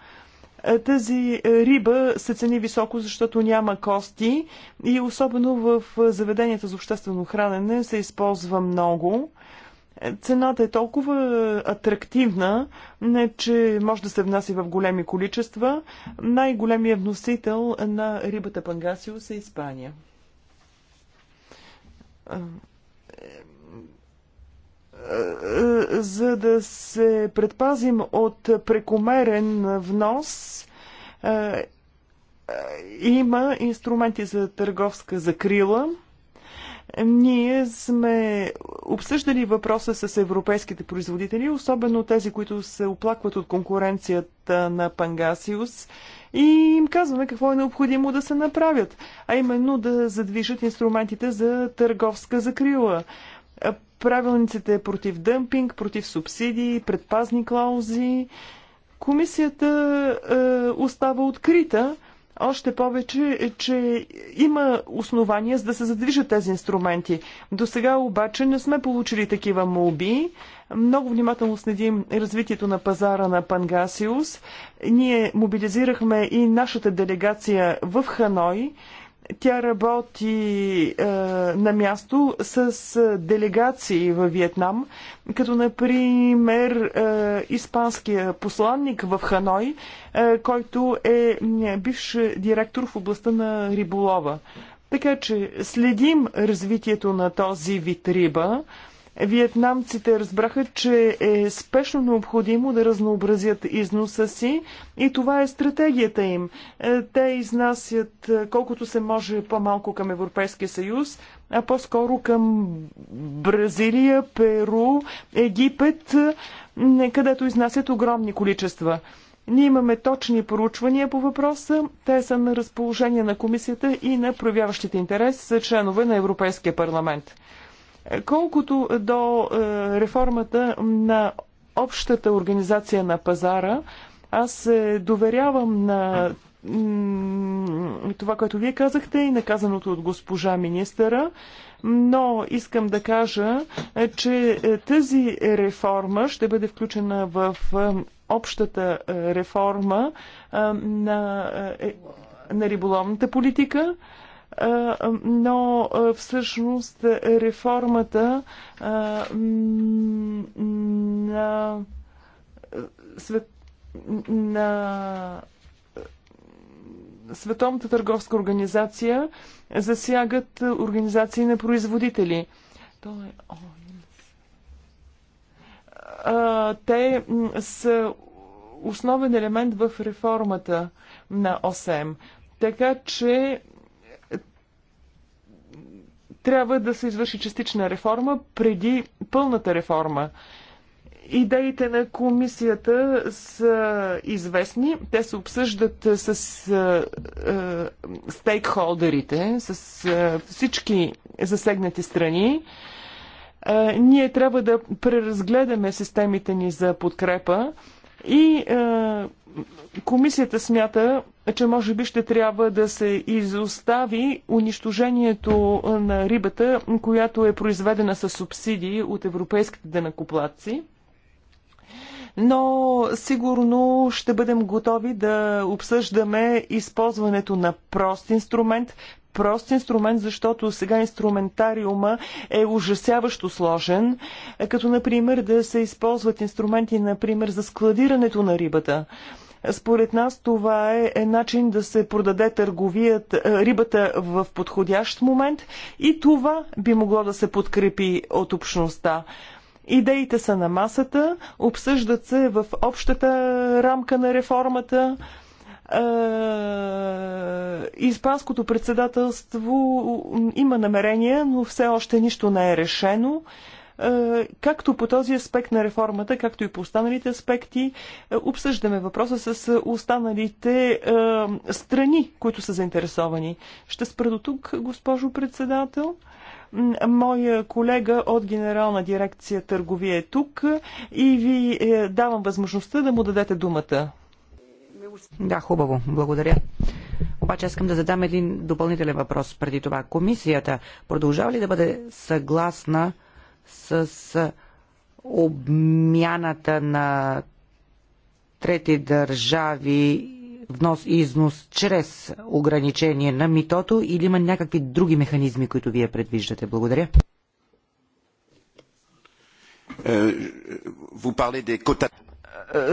Тази риба се цени високо, защото няма кости и особено в заведенията за обществено хранене се използва много. Цената е толкова атрактивна, че може да се внася в големи количества. Най-големият вносител на рибата пангасиус е Испания за да се предпазим от прекомерен внос, е, е, има инструменти за търговска закрила. Ние сме обсъждали въпроса с европейските производители, особено тези, които се оплакват от конкуренцията на Пангасиус и им казваме какво е необходимо да се направят, а именно да задвижат инструментите за търговска закрила. Правилниците против дъмпинг, против субсидии, предпазни клаузи. Комисията е, остава открита още повече, че има основания за да се задвижат тези инструменти. До сега обаче не сме получили такива молби. Много внимателно следим развитието на пазара на Пангасиус. Ние мобилизирахме и нашата делегация в Ханой. Тя работи е, на място с е, делегации във Виетнам, като например е, испанския посланник в Ханой, е, който е, е бивш директор в областта на риболова. Така че следим развитието на този вид риба. Е, Виетнамците разбраха, че е спешно необходимо да разнообразят износа си и това е стратегията им. Е, те изнасят е, колкото се може по-малко към Европейския съюз, а по-скоро към Бразилия, Перу, Египет, е, където изнасят огромни количества. Ние имаме точни поручвания по въпроса. Те са на разположение на комисията и на проявяващите интерес за членове на Европейския парламент. Колкото до е, реформата на общата организация на пазара, аз доверявам на това, което вие казахте и наказаното от госпожа министъра, но искам да кажа, е, че е, тази реформа ще бъде включена в общата реформа на, на риболовната политика но всъщност реформата на свет на Световната търговска организация засягат организации на производители. Е те са основен елемент в реформата на ОСМ. Така че трябва да се извърши частична реформа преди пълната реформа. Идеите на комисията са известни. Те се обсъждат с а, а, стейкхолдерите, с а, всички засегнати страни. А, ние трябва да преразгледаме системите ни за подкрепа. И е, комисията смята, че може би ще трябва да се изостави унищожението е, на рибата, която е произведена с субсидии от европейските денакоплатци но сигурно ще бъдем готови да обсъждаме използването на прост инструмент, прост инструмент, защото сега инструментариума е ужасяващо сложен, като например да се използват инструменти например за складирането на рибата. Според нас това е, е начин да се продаде търговият, е, рибата в подходящ момент и това би могло да се подкрепи от общността. Идеите са на масата, обсъждат се в общата рамка на реформата. Е, Испанското председателство има намерение, но все още нищо не е решено е, както по този аспект на реформата, както и по останалите аспекти, е, обсъждаме въпроса с останалите страни, които са заинтересовани. Ще спра до тук, госпожо председател. Моя колега от Генерална дирекция търговия е тук и ви давам възможността да му дадете думата. Да, хубаво. Благодаря. Обаче искам да задам един допълнителен въпрос преди това. Комисията продължава ли да бъде съгласна с обмяната на трети държави внос и износ чрез ограничение на митото или има някакви други механизми, които вие предвиждате? Благодаря. Е,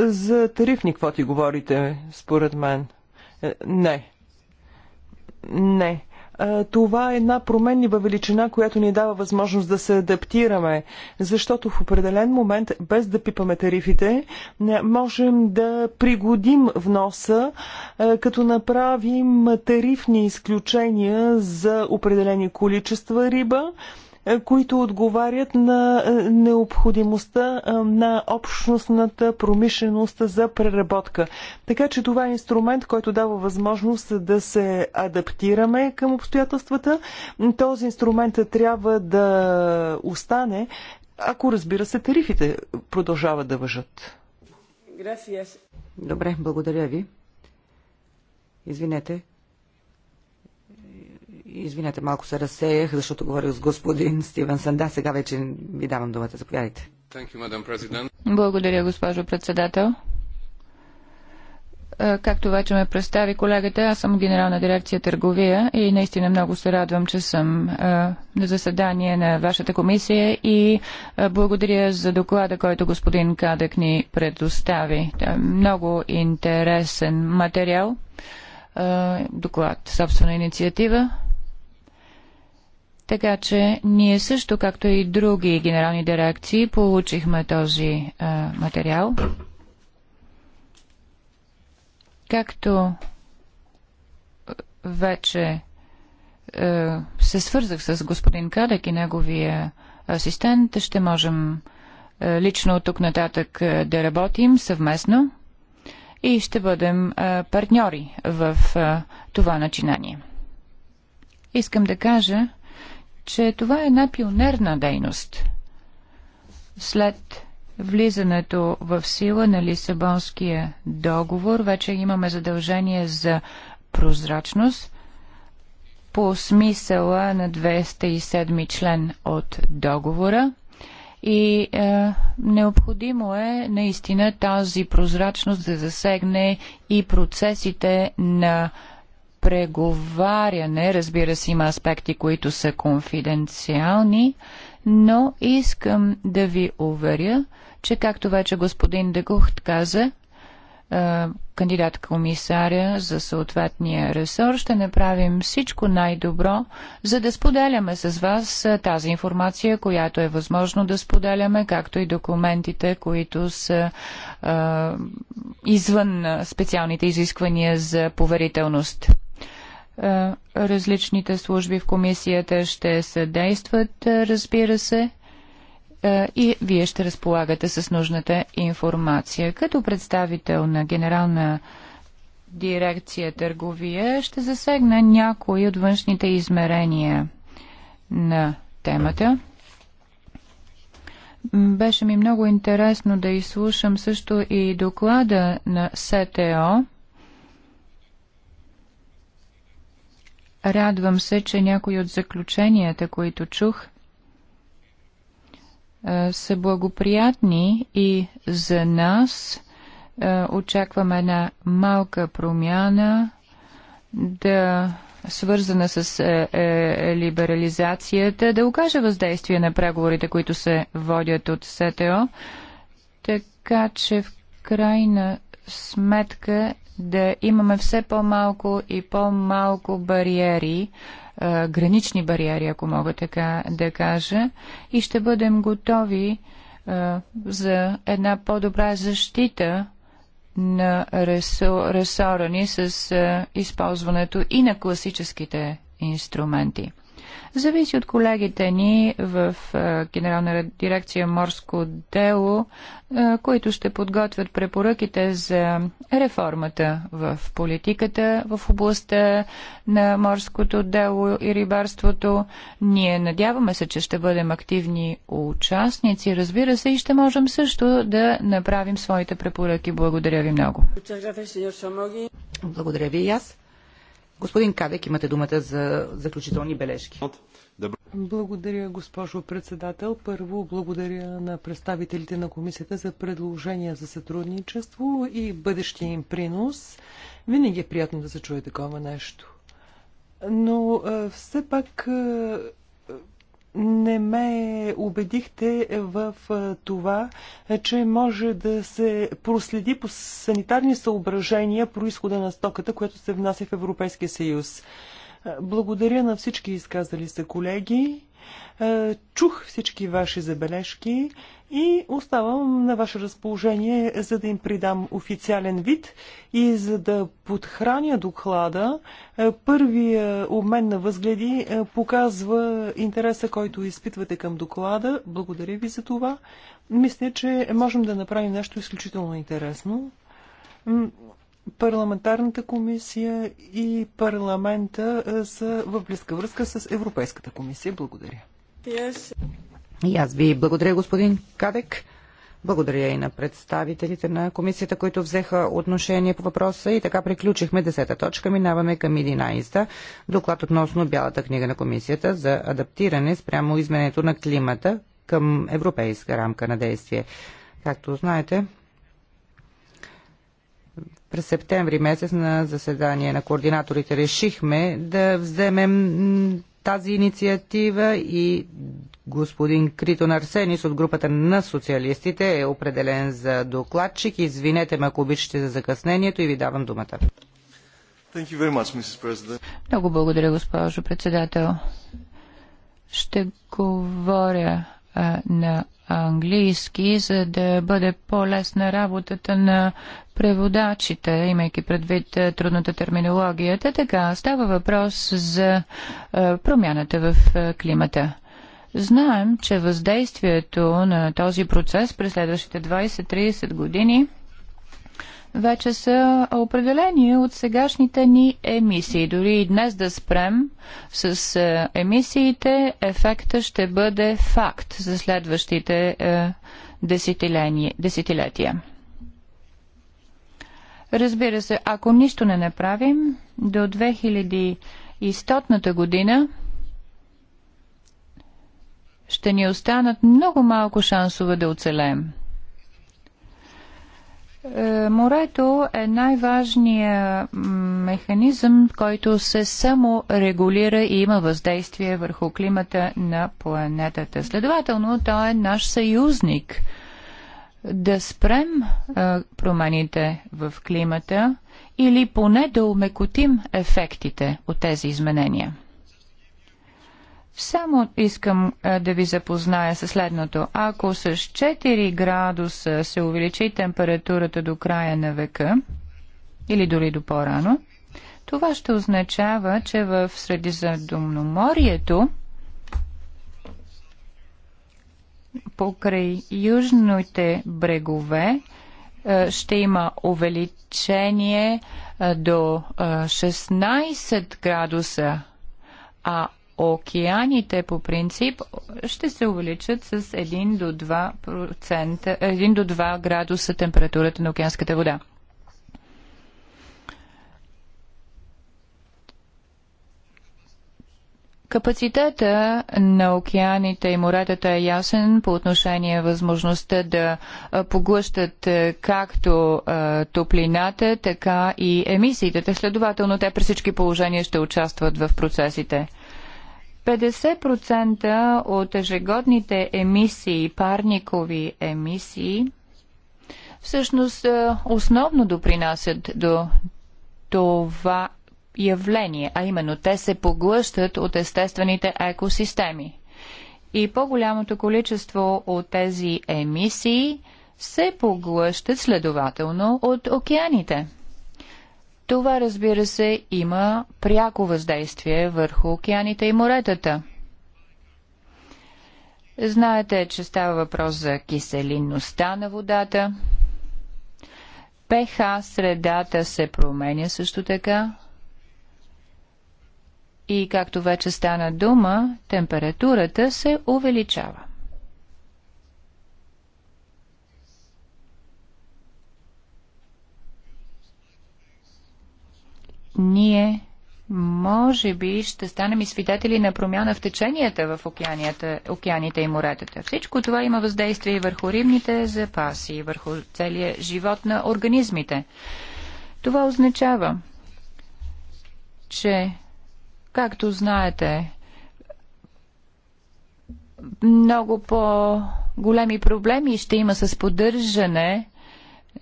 за тарифни квоти говорите, според мен. Е, не. Не. Това е една променлива величина, която ни дава възможност да се адаптираме, защото в определен момент, без да пипаме тарифите, можем да пригодим вноса, е, като направим тарифни изключения за определени количества риба, е, които отговарят на е, необходимостта е, на общностната промишленост за преработка. Така че това е инструмент, който дава възможност да се адаптираме към обстоятелствата. Този инструмент трябва да остане, ако разбира се тарифите продължават да въжат. Добре, благодаря ви. Извинете, Извинете, малко се разсеях, защото говорих с господин Стивен Санда. Сега вече ви давам думата. Заповядайте. Благодаря, госпожо председател. Е, както вече ме представи колегата, аз съм генерална дирекция търговия и наистина много се радвам, че съм е, на заседание на вашата комисия и е, благодаря за доклада, който господин Кадък ни предостави. Много интересен материал, доклад, собствена инициатива. Така че ние също, както и други генерални дирекции, получихме този а, материал. Както вече а, се свързах с господин Кадък и неговия асистент, ще можем а, лично от тук нататък а, да работим съвместно и ще бъдем а, партньори в а, това начинание. Искам да кажа, че това е една пионерна дейност. След влизането в сила на Лисабонския договор вече имаме задължение за прозрачност по смисъла на 207 член от договора. И е, необходимо е наистина тази прозрачност да засегне и процесите на преговаряне. Разбира се, има аспекти, които са конфиденциални, но искам да ви уверя, че както вече господин Дегухт каза, е, кандидат комисаря за съответния ресор, ще направим всичко най-добро, за да споделяме с вас е, тази информация, която е възможно да споделяме, както и документите, които са е, извън специалните изисквания за поверителност. Е, различните служби в комисията ще съдействат, е, разбира се, е, и вие ще разполагате с нужната информация. Като представител на генерална дирекция търговия ще засегна някои от външните измерения на темата. Беше ми много интересно да изслушам също и доклада на СТО Радвам се, че някои от заключенията, които чух, е, са благоприятни и за нас. Е, Очакваме една малка промяна да свързана с е, е, либерализацията, да окаже въздействие на преговорите, които се водят от СТО. Така че в крайна сметка да имаме все по-малко и по-малко бариери, е, гранични бариери, ако мога така да кажа, и ще бъдем готови е, за една по-добра защита на ресора ни с е, използването и на класическите инструменти зависи от колегите ни в е, Генерална дирекция Морско дело, е, които ще подготвят препоръките за реформата в политиката в областта на морското дело и рибарството. Ние надяваме се, че ще бъдем активни участници, разбира се, и ще можем също да направим своите препоръки. Благодаря ви много. Благодаря ви и аз. Господин Кадек, имате думата за заключителни бележки. Благодаря, госпожо председател. Първо, благодаря на представителите на комисията за предложения за сътрудничество и бъдещия им принос. Винаги е приятно да се чуе такова нещо. Но все пак не ме убедихте в това, че може да се проследи по санитарни съображения происхода на стоката, която се внася в Европейския съюз. Благодаря на всички изказали се колеги. Е, чух всички ваши забележки и оставам на ваше разположение, за да им придам официален вид и за да подхраня доклада. Е, първия обмен на възгледи е, показва интереса, който изпитвате към доклада. Благодаря ви за това. Мисля, че можем да направим нещо изключително интересно парламентарната комисия и парламента е, са в близка връзка с Европейската комисия. Благодаря. Yes. И аз ви благодаря, господин Кадек. Благодаря и на представителите на комисията, които взеха отношение по въпроса. И така приключихме 10-та точка. Минаваме към 11-та. Доклад относно Бялата книга на комисията за адаптиране спрямо изменението на климата към европейска рамка на действие. Както знаете, през септември месец на заседание на координаторите решихме да вземем тази инициатива и господин Критон Арсенис от групата на социалистите е определен за докладчик. Извинете ме, ако обичате за закъснението и ви давам думата. Much, Много благодаря, госпожо председател. Ще говоря на английски, за да бъде по-лесна работата на преводачите, имайки предвид трудната терминология. Та така, става въпрос за промяната в климата. Знаем, че въздействието на този процес през следващите 20-30 години – вече са определени от сегашните ни емисии. Дори и днес да спрем с е, емисиите, ефекта ще бъде факт за следващите е, десетилетия. Разбира се, ако нищо не направим, до 2100 година ще ни останат много малко шансове да оцелеем. Е, морето е най-важният механизъм, който се само регулира и има въздействие върху климата на планетата. Следователно, то е наш съюзник. Да спрем е, промените в климата или поне да умекотим ефектите от тези изменения. Само искам е, да ви запозная със следното. Ако с 4 градуса се увеличи температурата до края на века, или дори до по-рано, това ще означава, че в Средиземноморието, покрай южните брегове, е, ще има увеличение е, до 16 градуса, а океаните по принцип ще се увеличат с 1 до 2, 1 до 2 градуса температурата на океанската вода. Капацитета на океаните и моретата е ясен по отношение възможността да поглъщат както топлината, така и емисиите. Следователно, те при всички положения ще участват в процесите. 50% от ежегодните емисии, парникови емисии, всъщност е, основно допринасят до това явление, а именно те се поглъщат от естествените екосистеми. И по-голямото количество от тези емисии се поглъщат следователно от океаните – това, разбира се, има пряко въздействие върху океаните и моретата. Знаете, че става въпрос за киселинността на водата. ПХ средата се променя също така. И както вече стана дума, температурата се увеличава. ние може би ще станем и свидетели на промяна в теченията в океаните и моретата. Всичко това има въздействие и върху рибните запаси, и върху целия живот на организмите. Това означава, че, както знаете, много по-големи проблеми ще има с поддържане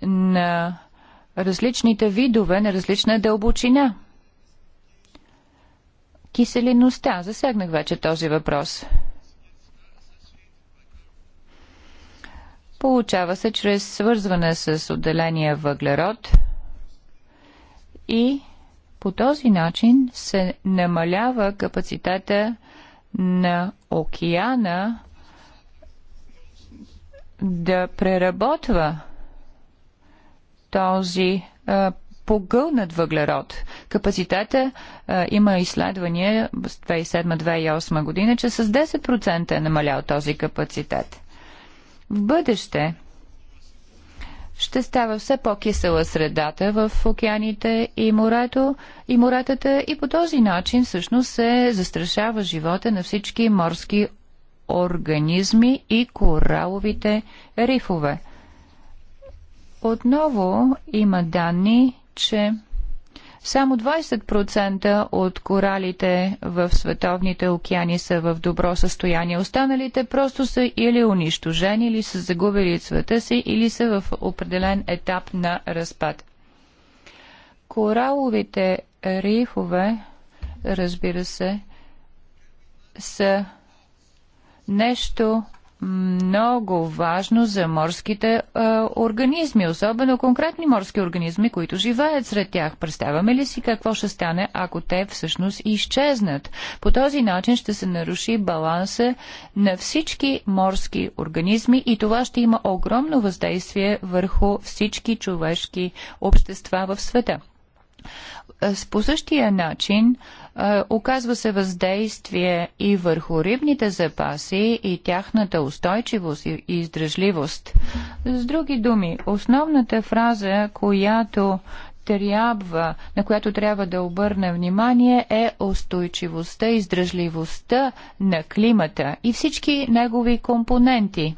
на различните видове на различна дълбочина. Киселиността. Засегнах вече този въпрос. Получава се чрез свързване с отделения въглерод и по този начин се намалява капацитета на океана да преработва този а, погълнат въглерод. Капацитета а, има изследвания 2007-2008 година, че с 10% е намалял този капацитет. В бъдеще ще става все по-кисела средата в океаните и морето и моретата и по този начин всъщност се застрашава живота на всички морски организми и кораловите рифове. Отново има данни, че само 20% от коралите в световните океани са в добро състояние. Останалите просто са или унищожени, или са загубили цвета си, или са в определен етап на разпад. Кораловите рифове, разбира се, са нещо много важно за морските а, е, организми, особено конкретни морски организми, които живеят сред тях. Представяме ли си какво ще стане, ако те всъщност изчезнат? По този начин ще се наруши баланса на всички морски организми и това ще има огромно въздействие върху всички човешки общества в света. Е, по същия начин е, оказва се въздействие и върху рибните запаси и тяхната устойчивост и издръжливост. С други думи, основната фраза, която трябва, на която трябва да обърна внимание е устойчивостта, и издръжливостта на климата и всички негови компоненти.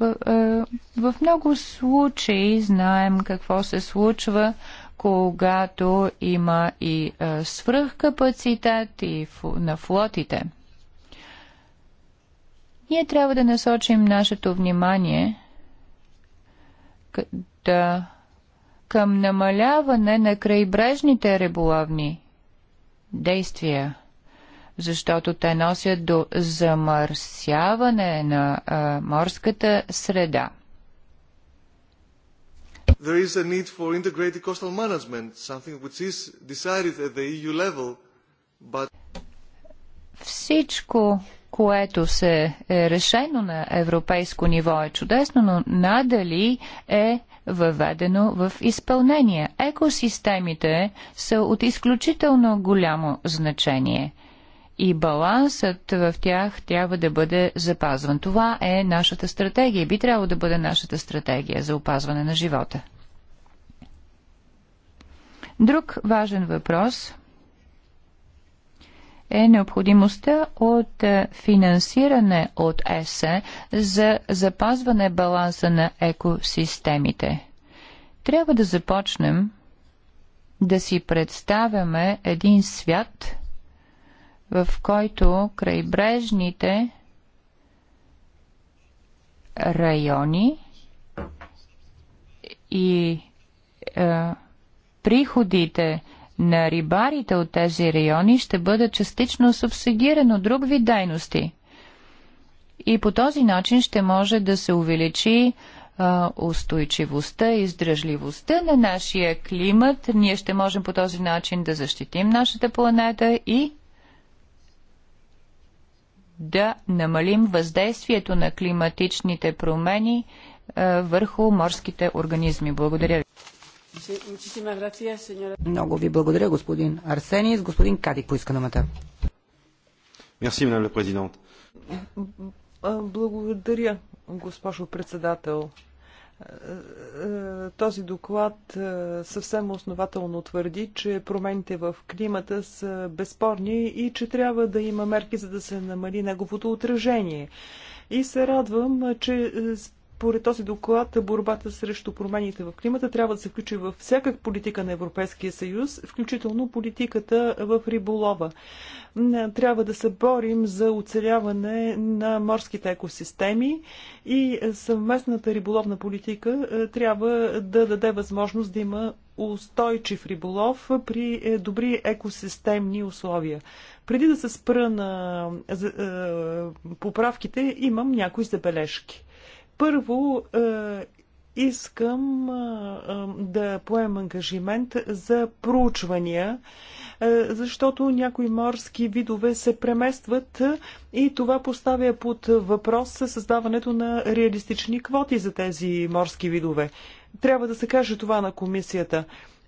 В, е, в много случаи знаем какво се случва когато има и е, свръхкапацитет и на флотите. Ние трябва да насочим нашето внимание да, към намаляване на крайбрежните риболовни действия, защото те носят до замърсяване на а, е, морската среда – there is a need for integrated coastal management, something which is decided at the EU level, but... Всичко, което се е решено на европейско ниво е чудесно, но надали е въведено в изпълнение. Екосистемите са от изключително голямо значение и балансът в тях трябва да бъде запазван. Това е нашата стратегия, би трябвало да бъде нашата стратегия за опазване на живота. Друг важен въпрос е необходимостта от финансиране от ЕСЕ за запазване баланса на екосистемите. Трябва да започнем да си представяме един свят – в който крайбрежните райони и е, приходите на рибарите от тези райони ще бъдат частично субсидирани от друг вид дайности. И по този начин ще може да се увеличи е, устойчивостта и издръжливостта на нашия климат. Ние ще можем по този начин да защитим нашата планета и да намалим въздействието на климатичните промени е, върху морските организми. Благодаря ви. Много ви благодаря, господин Арсений. Господин Кадик поиска намата. Мерси, мадам президент. Благодаря, госпожо председател този доклад е, съвсем основателно твърди, че промените в климата са безспорни и че трябва да има мерки, за да се намали неговото отражение. И се радвам, че е, според този доклад, борбата срещу промените в климата трябва да се включи във всяка политика на Европейския съюз, включително политиката в риболова. Трябва да се борим за оцеляване на морските екосистеми и съвместната риболовна политика е, трябва да даде възможност да има устойчив риболов при е, добри екосистемни условия. Преди да се спра на е, поправките, имам някои забележки. Първо, е, искам е, е, да поем ангажимент за проучвания, защото някои морски видове се преместват и това поставя под въпрос създаването на реалистични квоти за тези морски видове. Трябва да се каже това на комисията.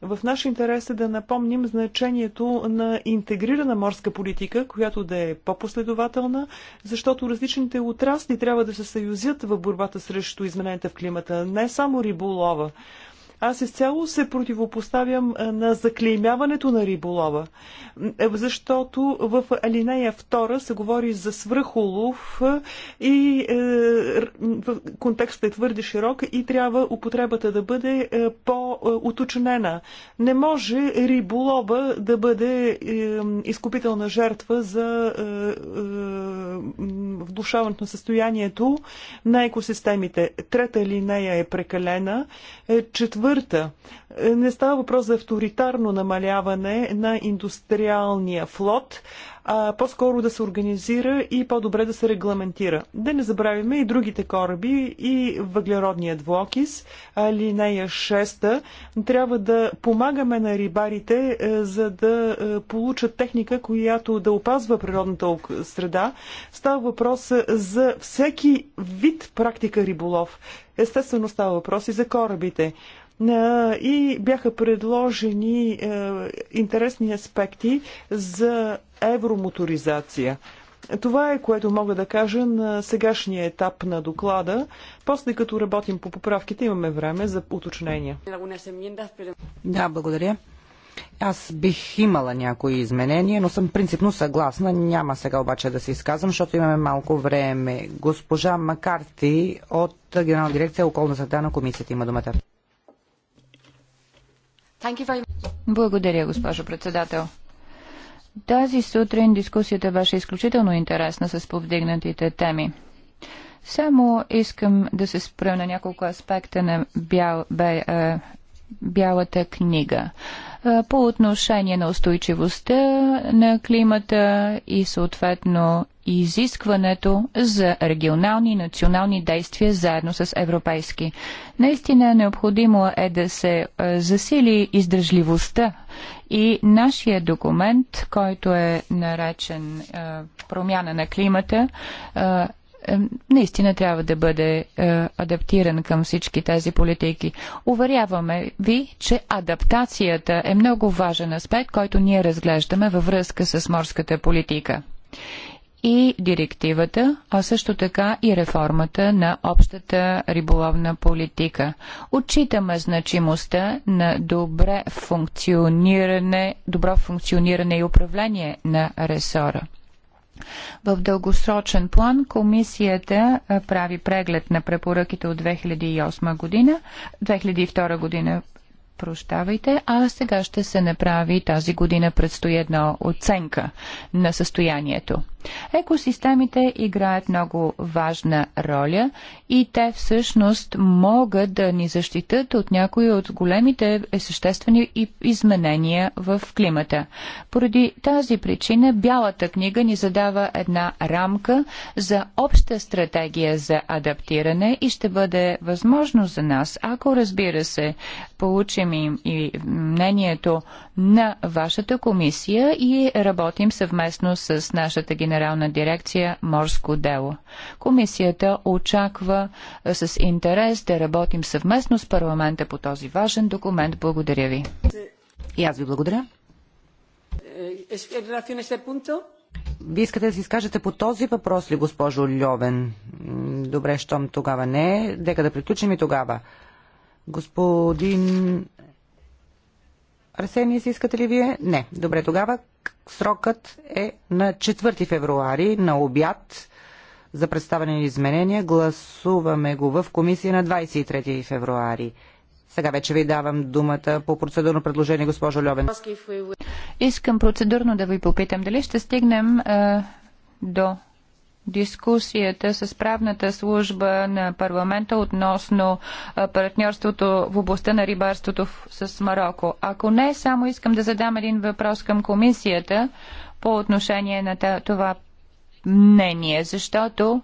В наш интерес е да напомним значението на интегрирана морска политика, която да е по-последователна, защото различните отрасли трябва да се съюзят в борбата срещу измененията в климата, не само риболова. Аз изцяло се противопоставям на заклеймяването на риболова, е, защото в алинея 2 се говори за свръхолов и е, контекстът е твърде широк и трябва употребата да бъде е, по-уточнена. Не може риболова да бъде е, изкупителна жертва за е, е на състоянието на екосистемите. Трета линея е прекалена. Четвър четвърта. Е, не става въпрос за авторитарно намаляване на индустриалния флот, а по-скоро да се организира и по-добре да се регламентира. Да не забравяме и другите кораби и въглеродният двуокис, линия 6. Трябва да помагаме на рибарите, е, за да е, получат техника, която да опазва природната среда. Става въпрос за всеки вид практика риболов. Естествено става въпрос и за корабите и бяха предложени е, интересни аспекти за евромоторизация. Това е което мога да кажа на сегашния етап на доклада. После като работим по поправките имаме време за уточнения. Да, благодаря. Аз бих имала някои изменения, но съм принципно съгласна. Няма сега обаче да се изказвам, защото имаме малко време. Госпожа Макарти от Генерална дирекция околна среда на комисията има думата. Благодаря, госпожо председател. Тази сутрин дискусията беше изключително интересна с повдигнатите теми. Само искам да се спра на няколко аспекта на бял, бе, е, бялата книга по отношение на устойчивостта на климата и съответно изискването за регионални и национални действия заедно с европейски. Наистина необходимо е да се засили издържливостта и нашия документ, който е наречен промяна на климата, е, наистина трябва да бъде е, адаптиран към всички тези политики. Уверяваме ви, че адаптацията е много важен аспект, който ние разглеждаме във връзка с морската политика и директивата, а също така и реформата на общата риболовна политика. Отчитаме значимостта на добре функциониране, добро функциониране и управление на ресора. В дългосрочен план комисията прави преглед на препоръките от 2008 година, 2002 година прощавайте, а сега ще се направи тази година предстои една оценка на състоянието. Екосистемите играят много важна роля и те всъщност могат да ни защитат от някои от големите съществени изменения в климата. Поради тази причина Бялата книга ни задава една рамка за обща стратегия за адаптиране и ще бъде възможно за нас, ако разбира се, получим и мнението на вашата комисия и работим съвместно с нашата генерация. Генерална дирекция Морско дело. Комисията очаква е, с интерес да работим съвместно с парламента по този важен документ. Благодаря ви. И аз ви благодаря. Ви искате да си изкажете по този въпрос ли, госпожо Льовен? Добре, щом тогава не. Дека да приключим и тогава. Господин Арсений, си искате ли вие? Не. Добре, тогава Срокът е на 4 февруари на обяд за представяне на изменения. Гласуваме го в комисия на 23 февруари. Сега вече ви давам думата по процедурно предложение, госпожо Льовен. Искам процедурно да ви попитам дали ще стигнем е, до дискусията с правната служба на парламента относно партньорството в областта на рибарството с Марокко. Ако не, само искам да задам един въпрос към комисията по отношение на това мнение, защото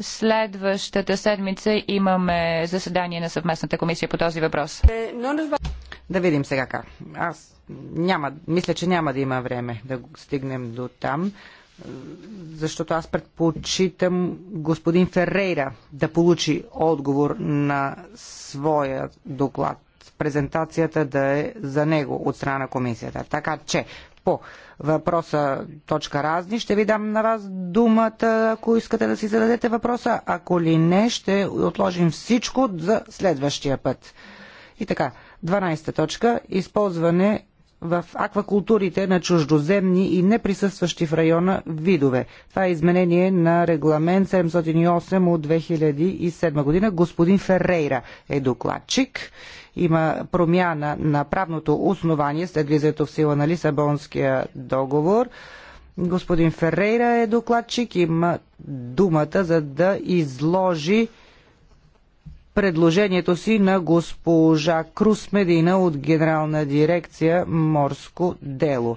следващата седмица имаме заседание на съвместната комисия по този въпрос. Да видим сега как. Аз няма, мисля, че няма да има време да стигнем до там защото аз предпочитам господин Феррейра да получи отговор на своя доклад. Презентацията да е за него от страна на комисията. Така че, по въпроса точка разни, ще ви дам на вас думата, ако искате да си зададете въпроса. Ако ли не, ще отложим всичко за следващия път. И така, 12 точка. Използване в аквакултурите на чуждоземни и неприсъстващи в района видове. Това е изменение на регламент 708 от 2007 година. Господин Феррейра е докладчик. Има промяна на правното основание след влизането в сила на Лисабонския договор. Господин Феррейра е докладчик. Има думата за да изложи предложението си на госпожа Крус Медина от Генерална дирекция Морско дело.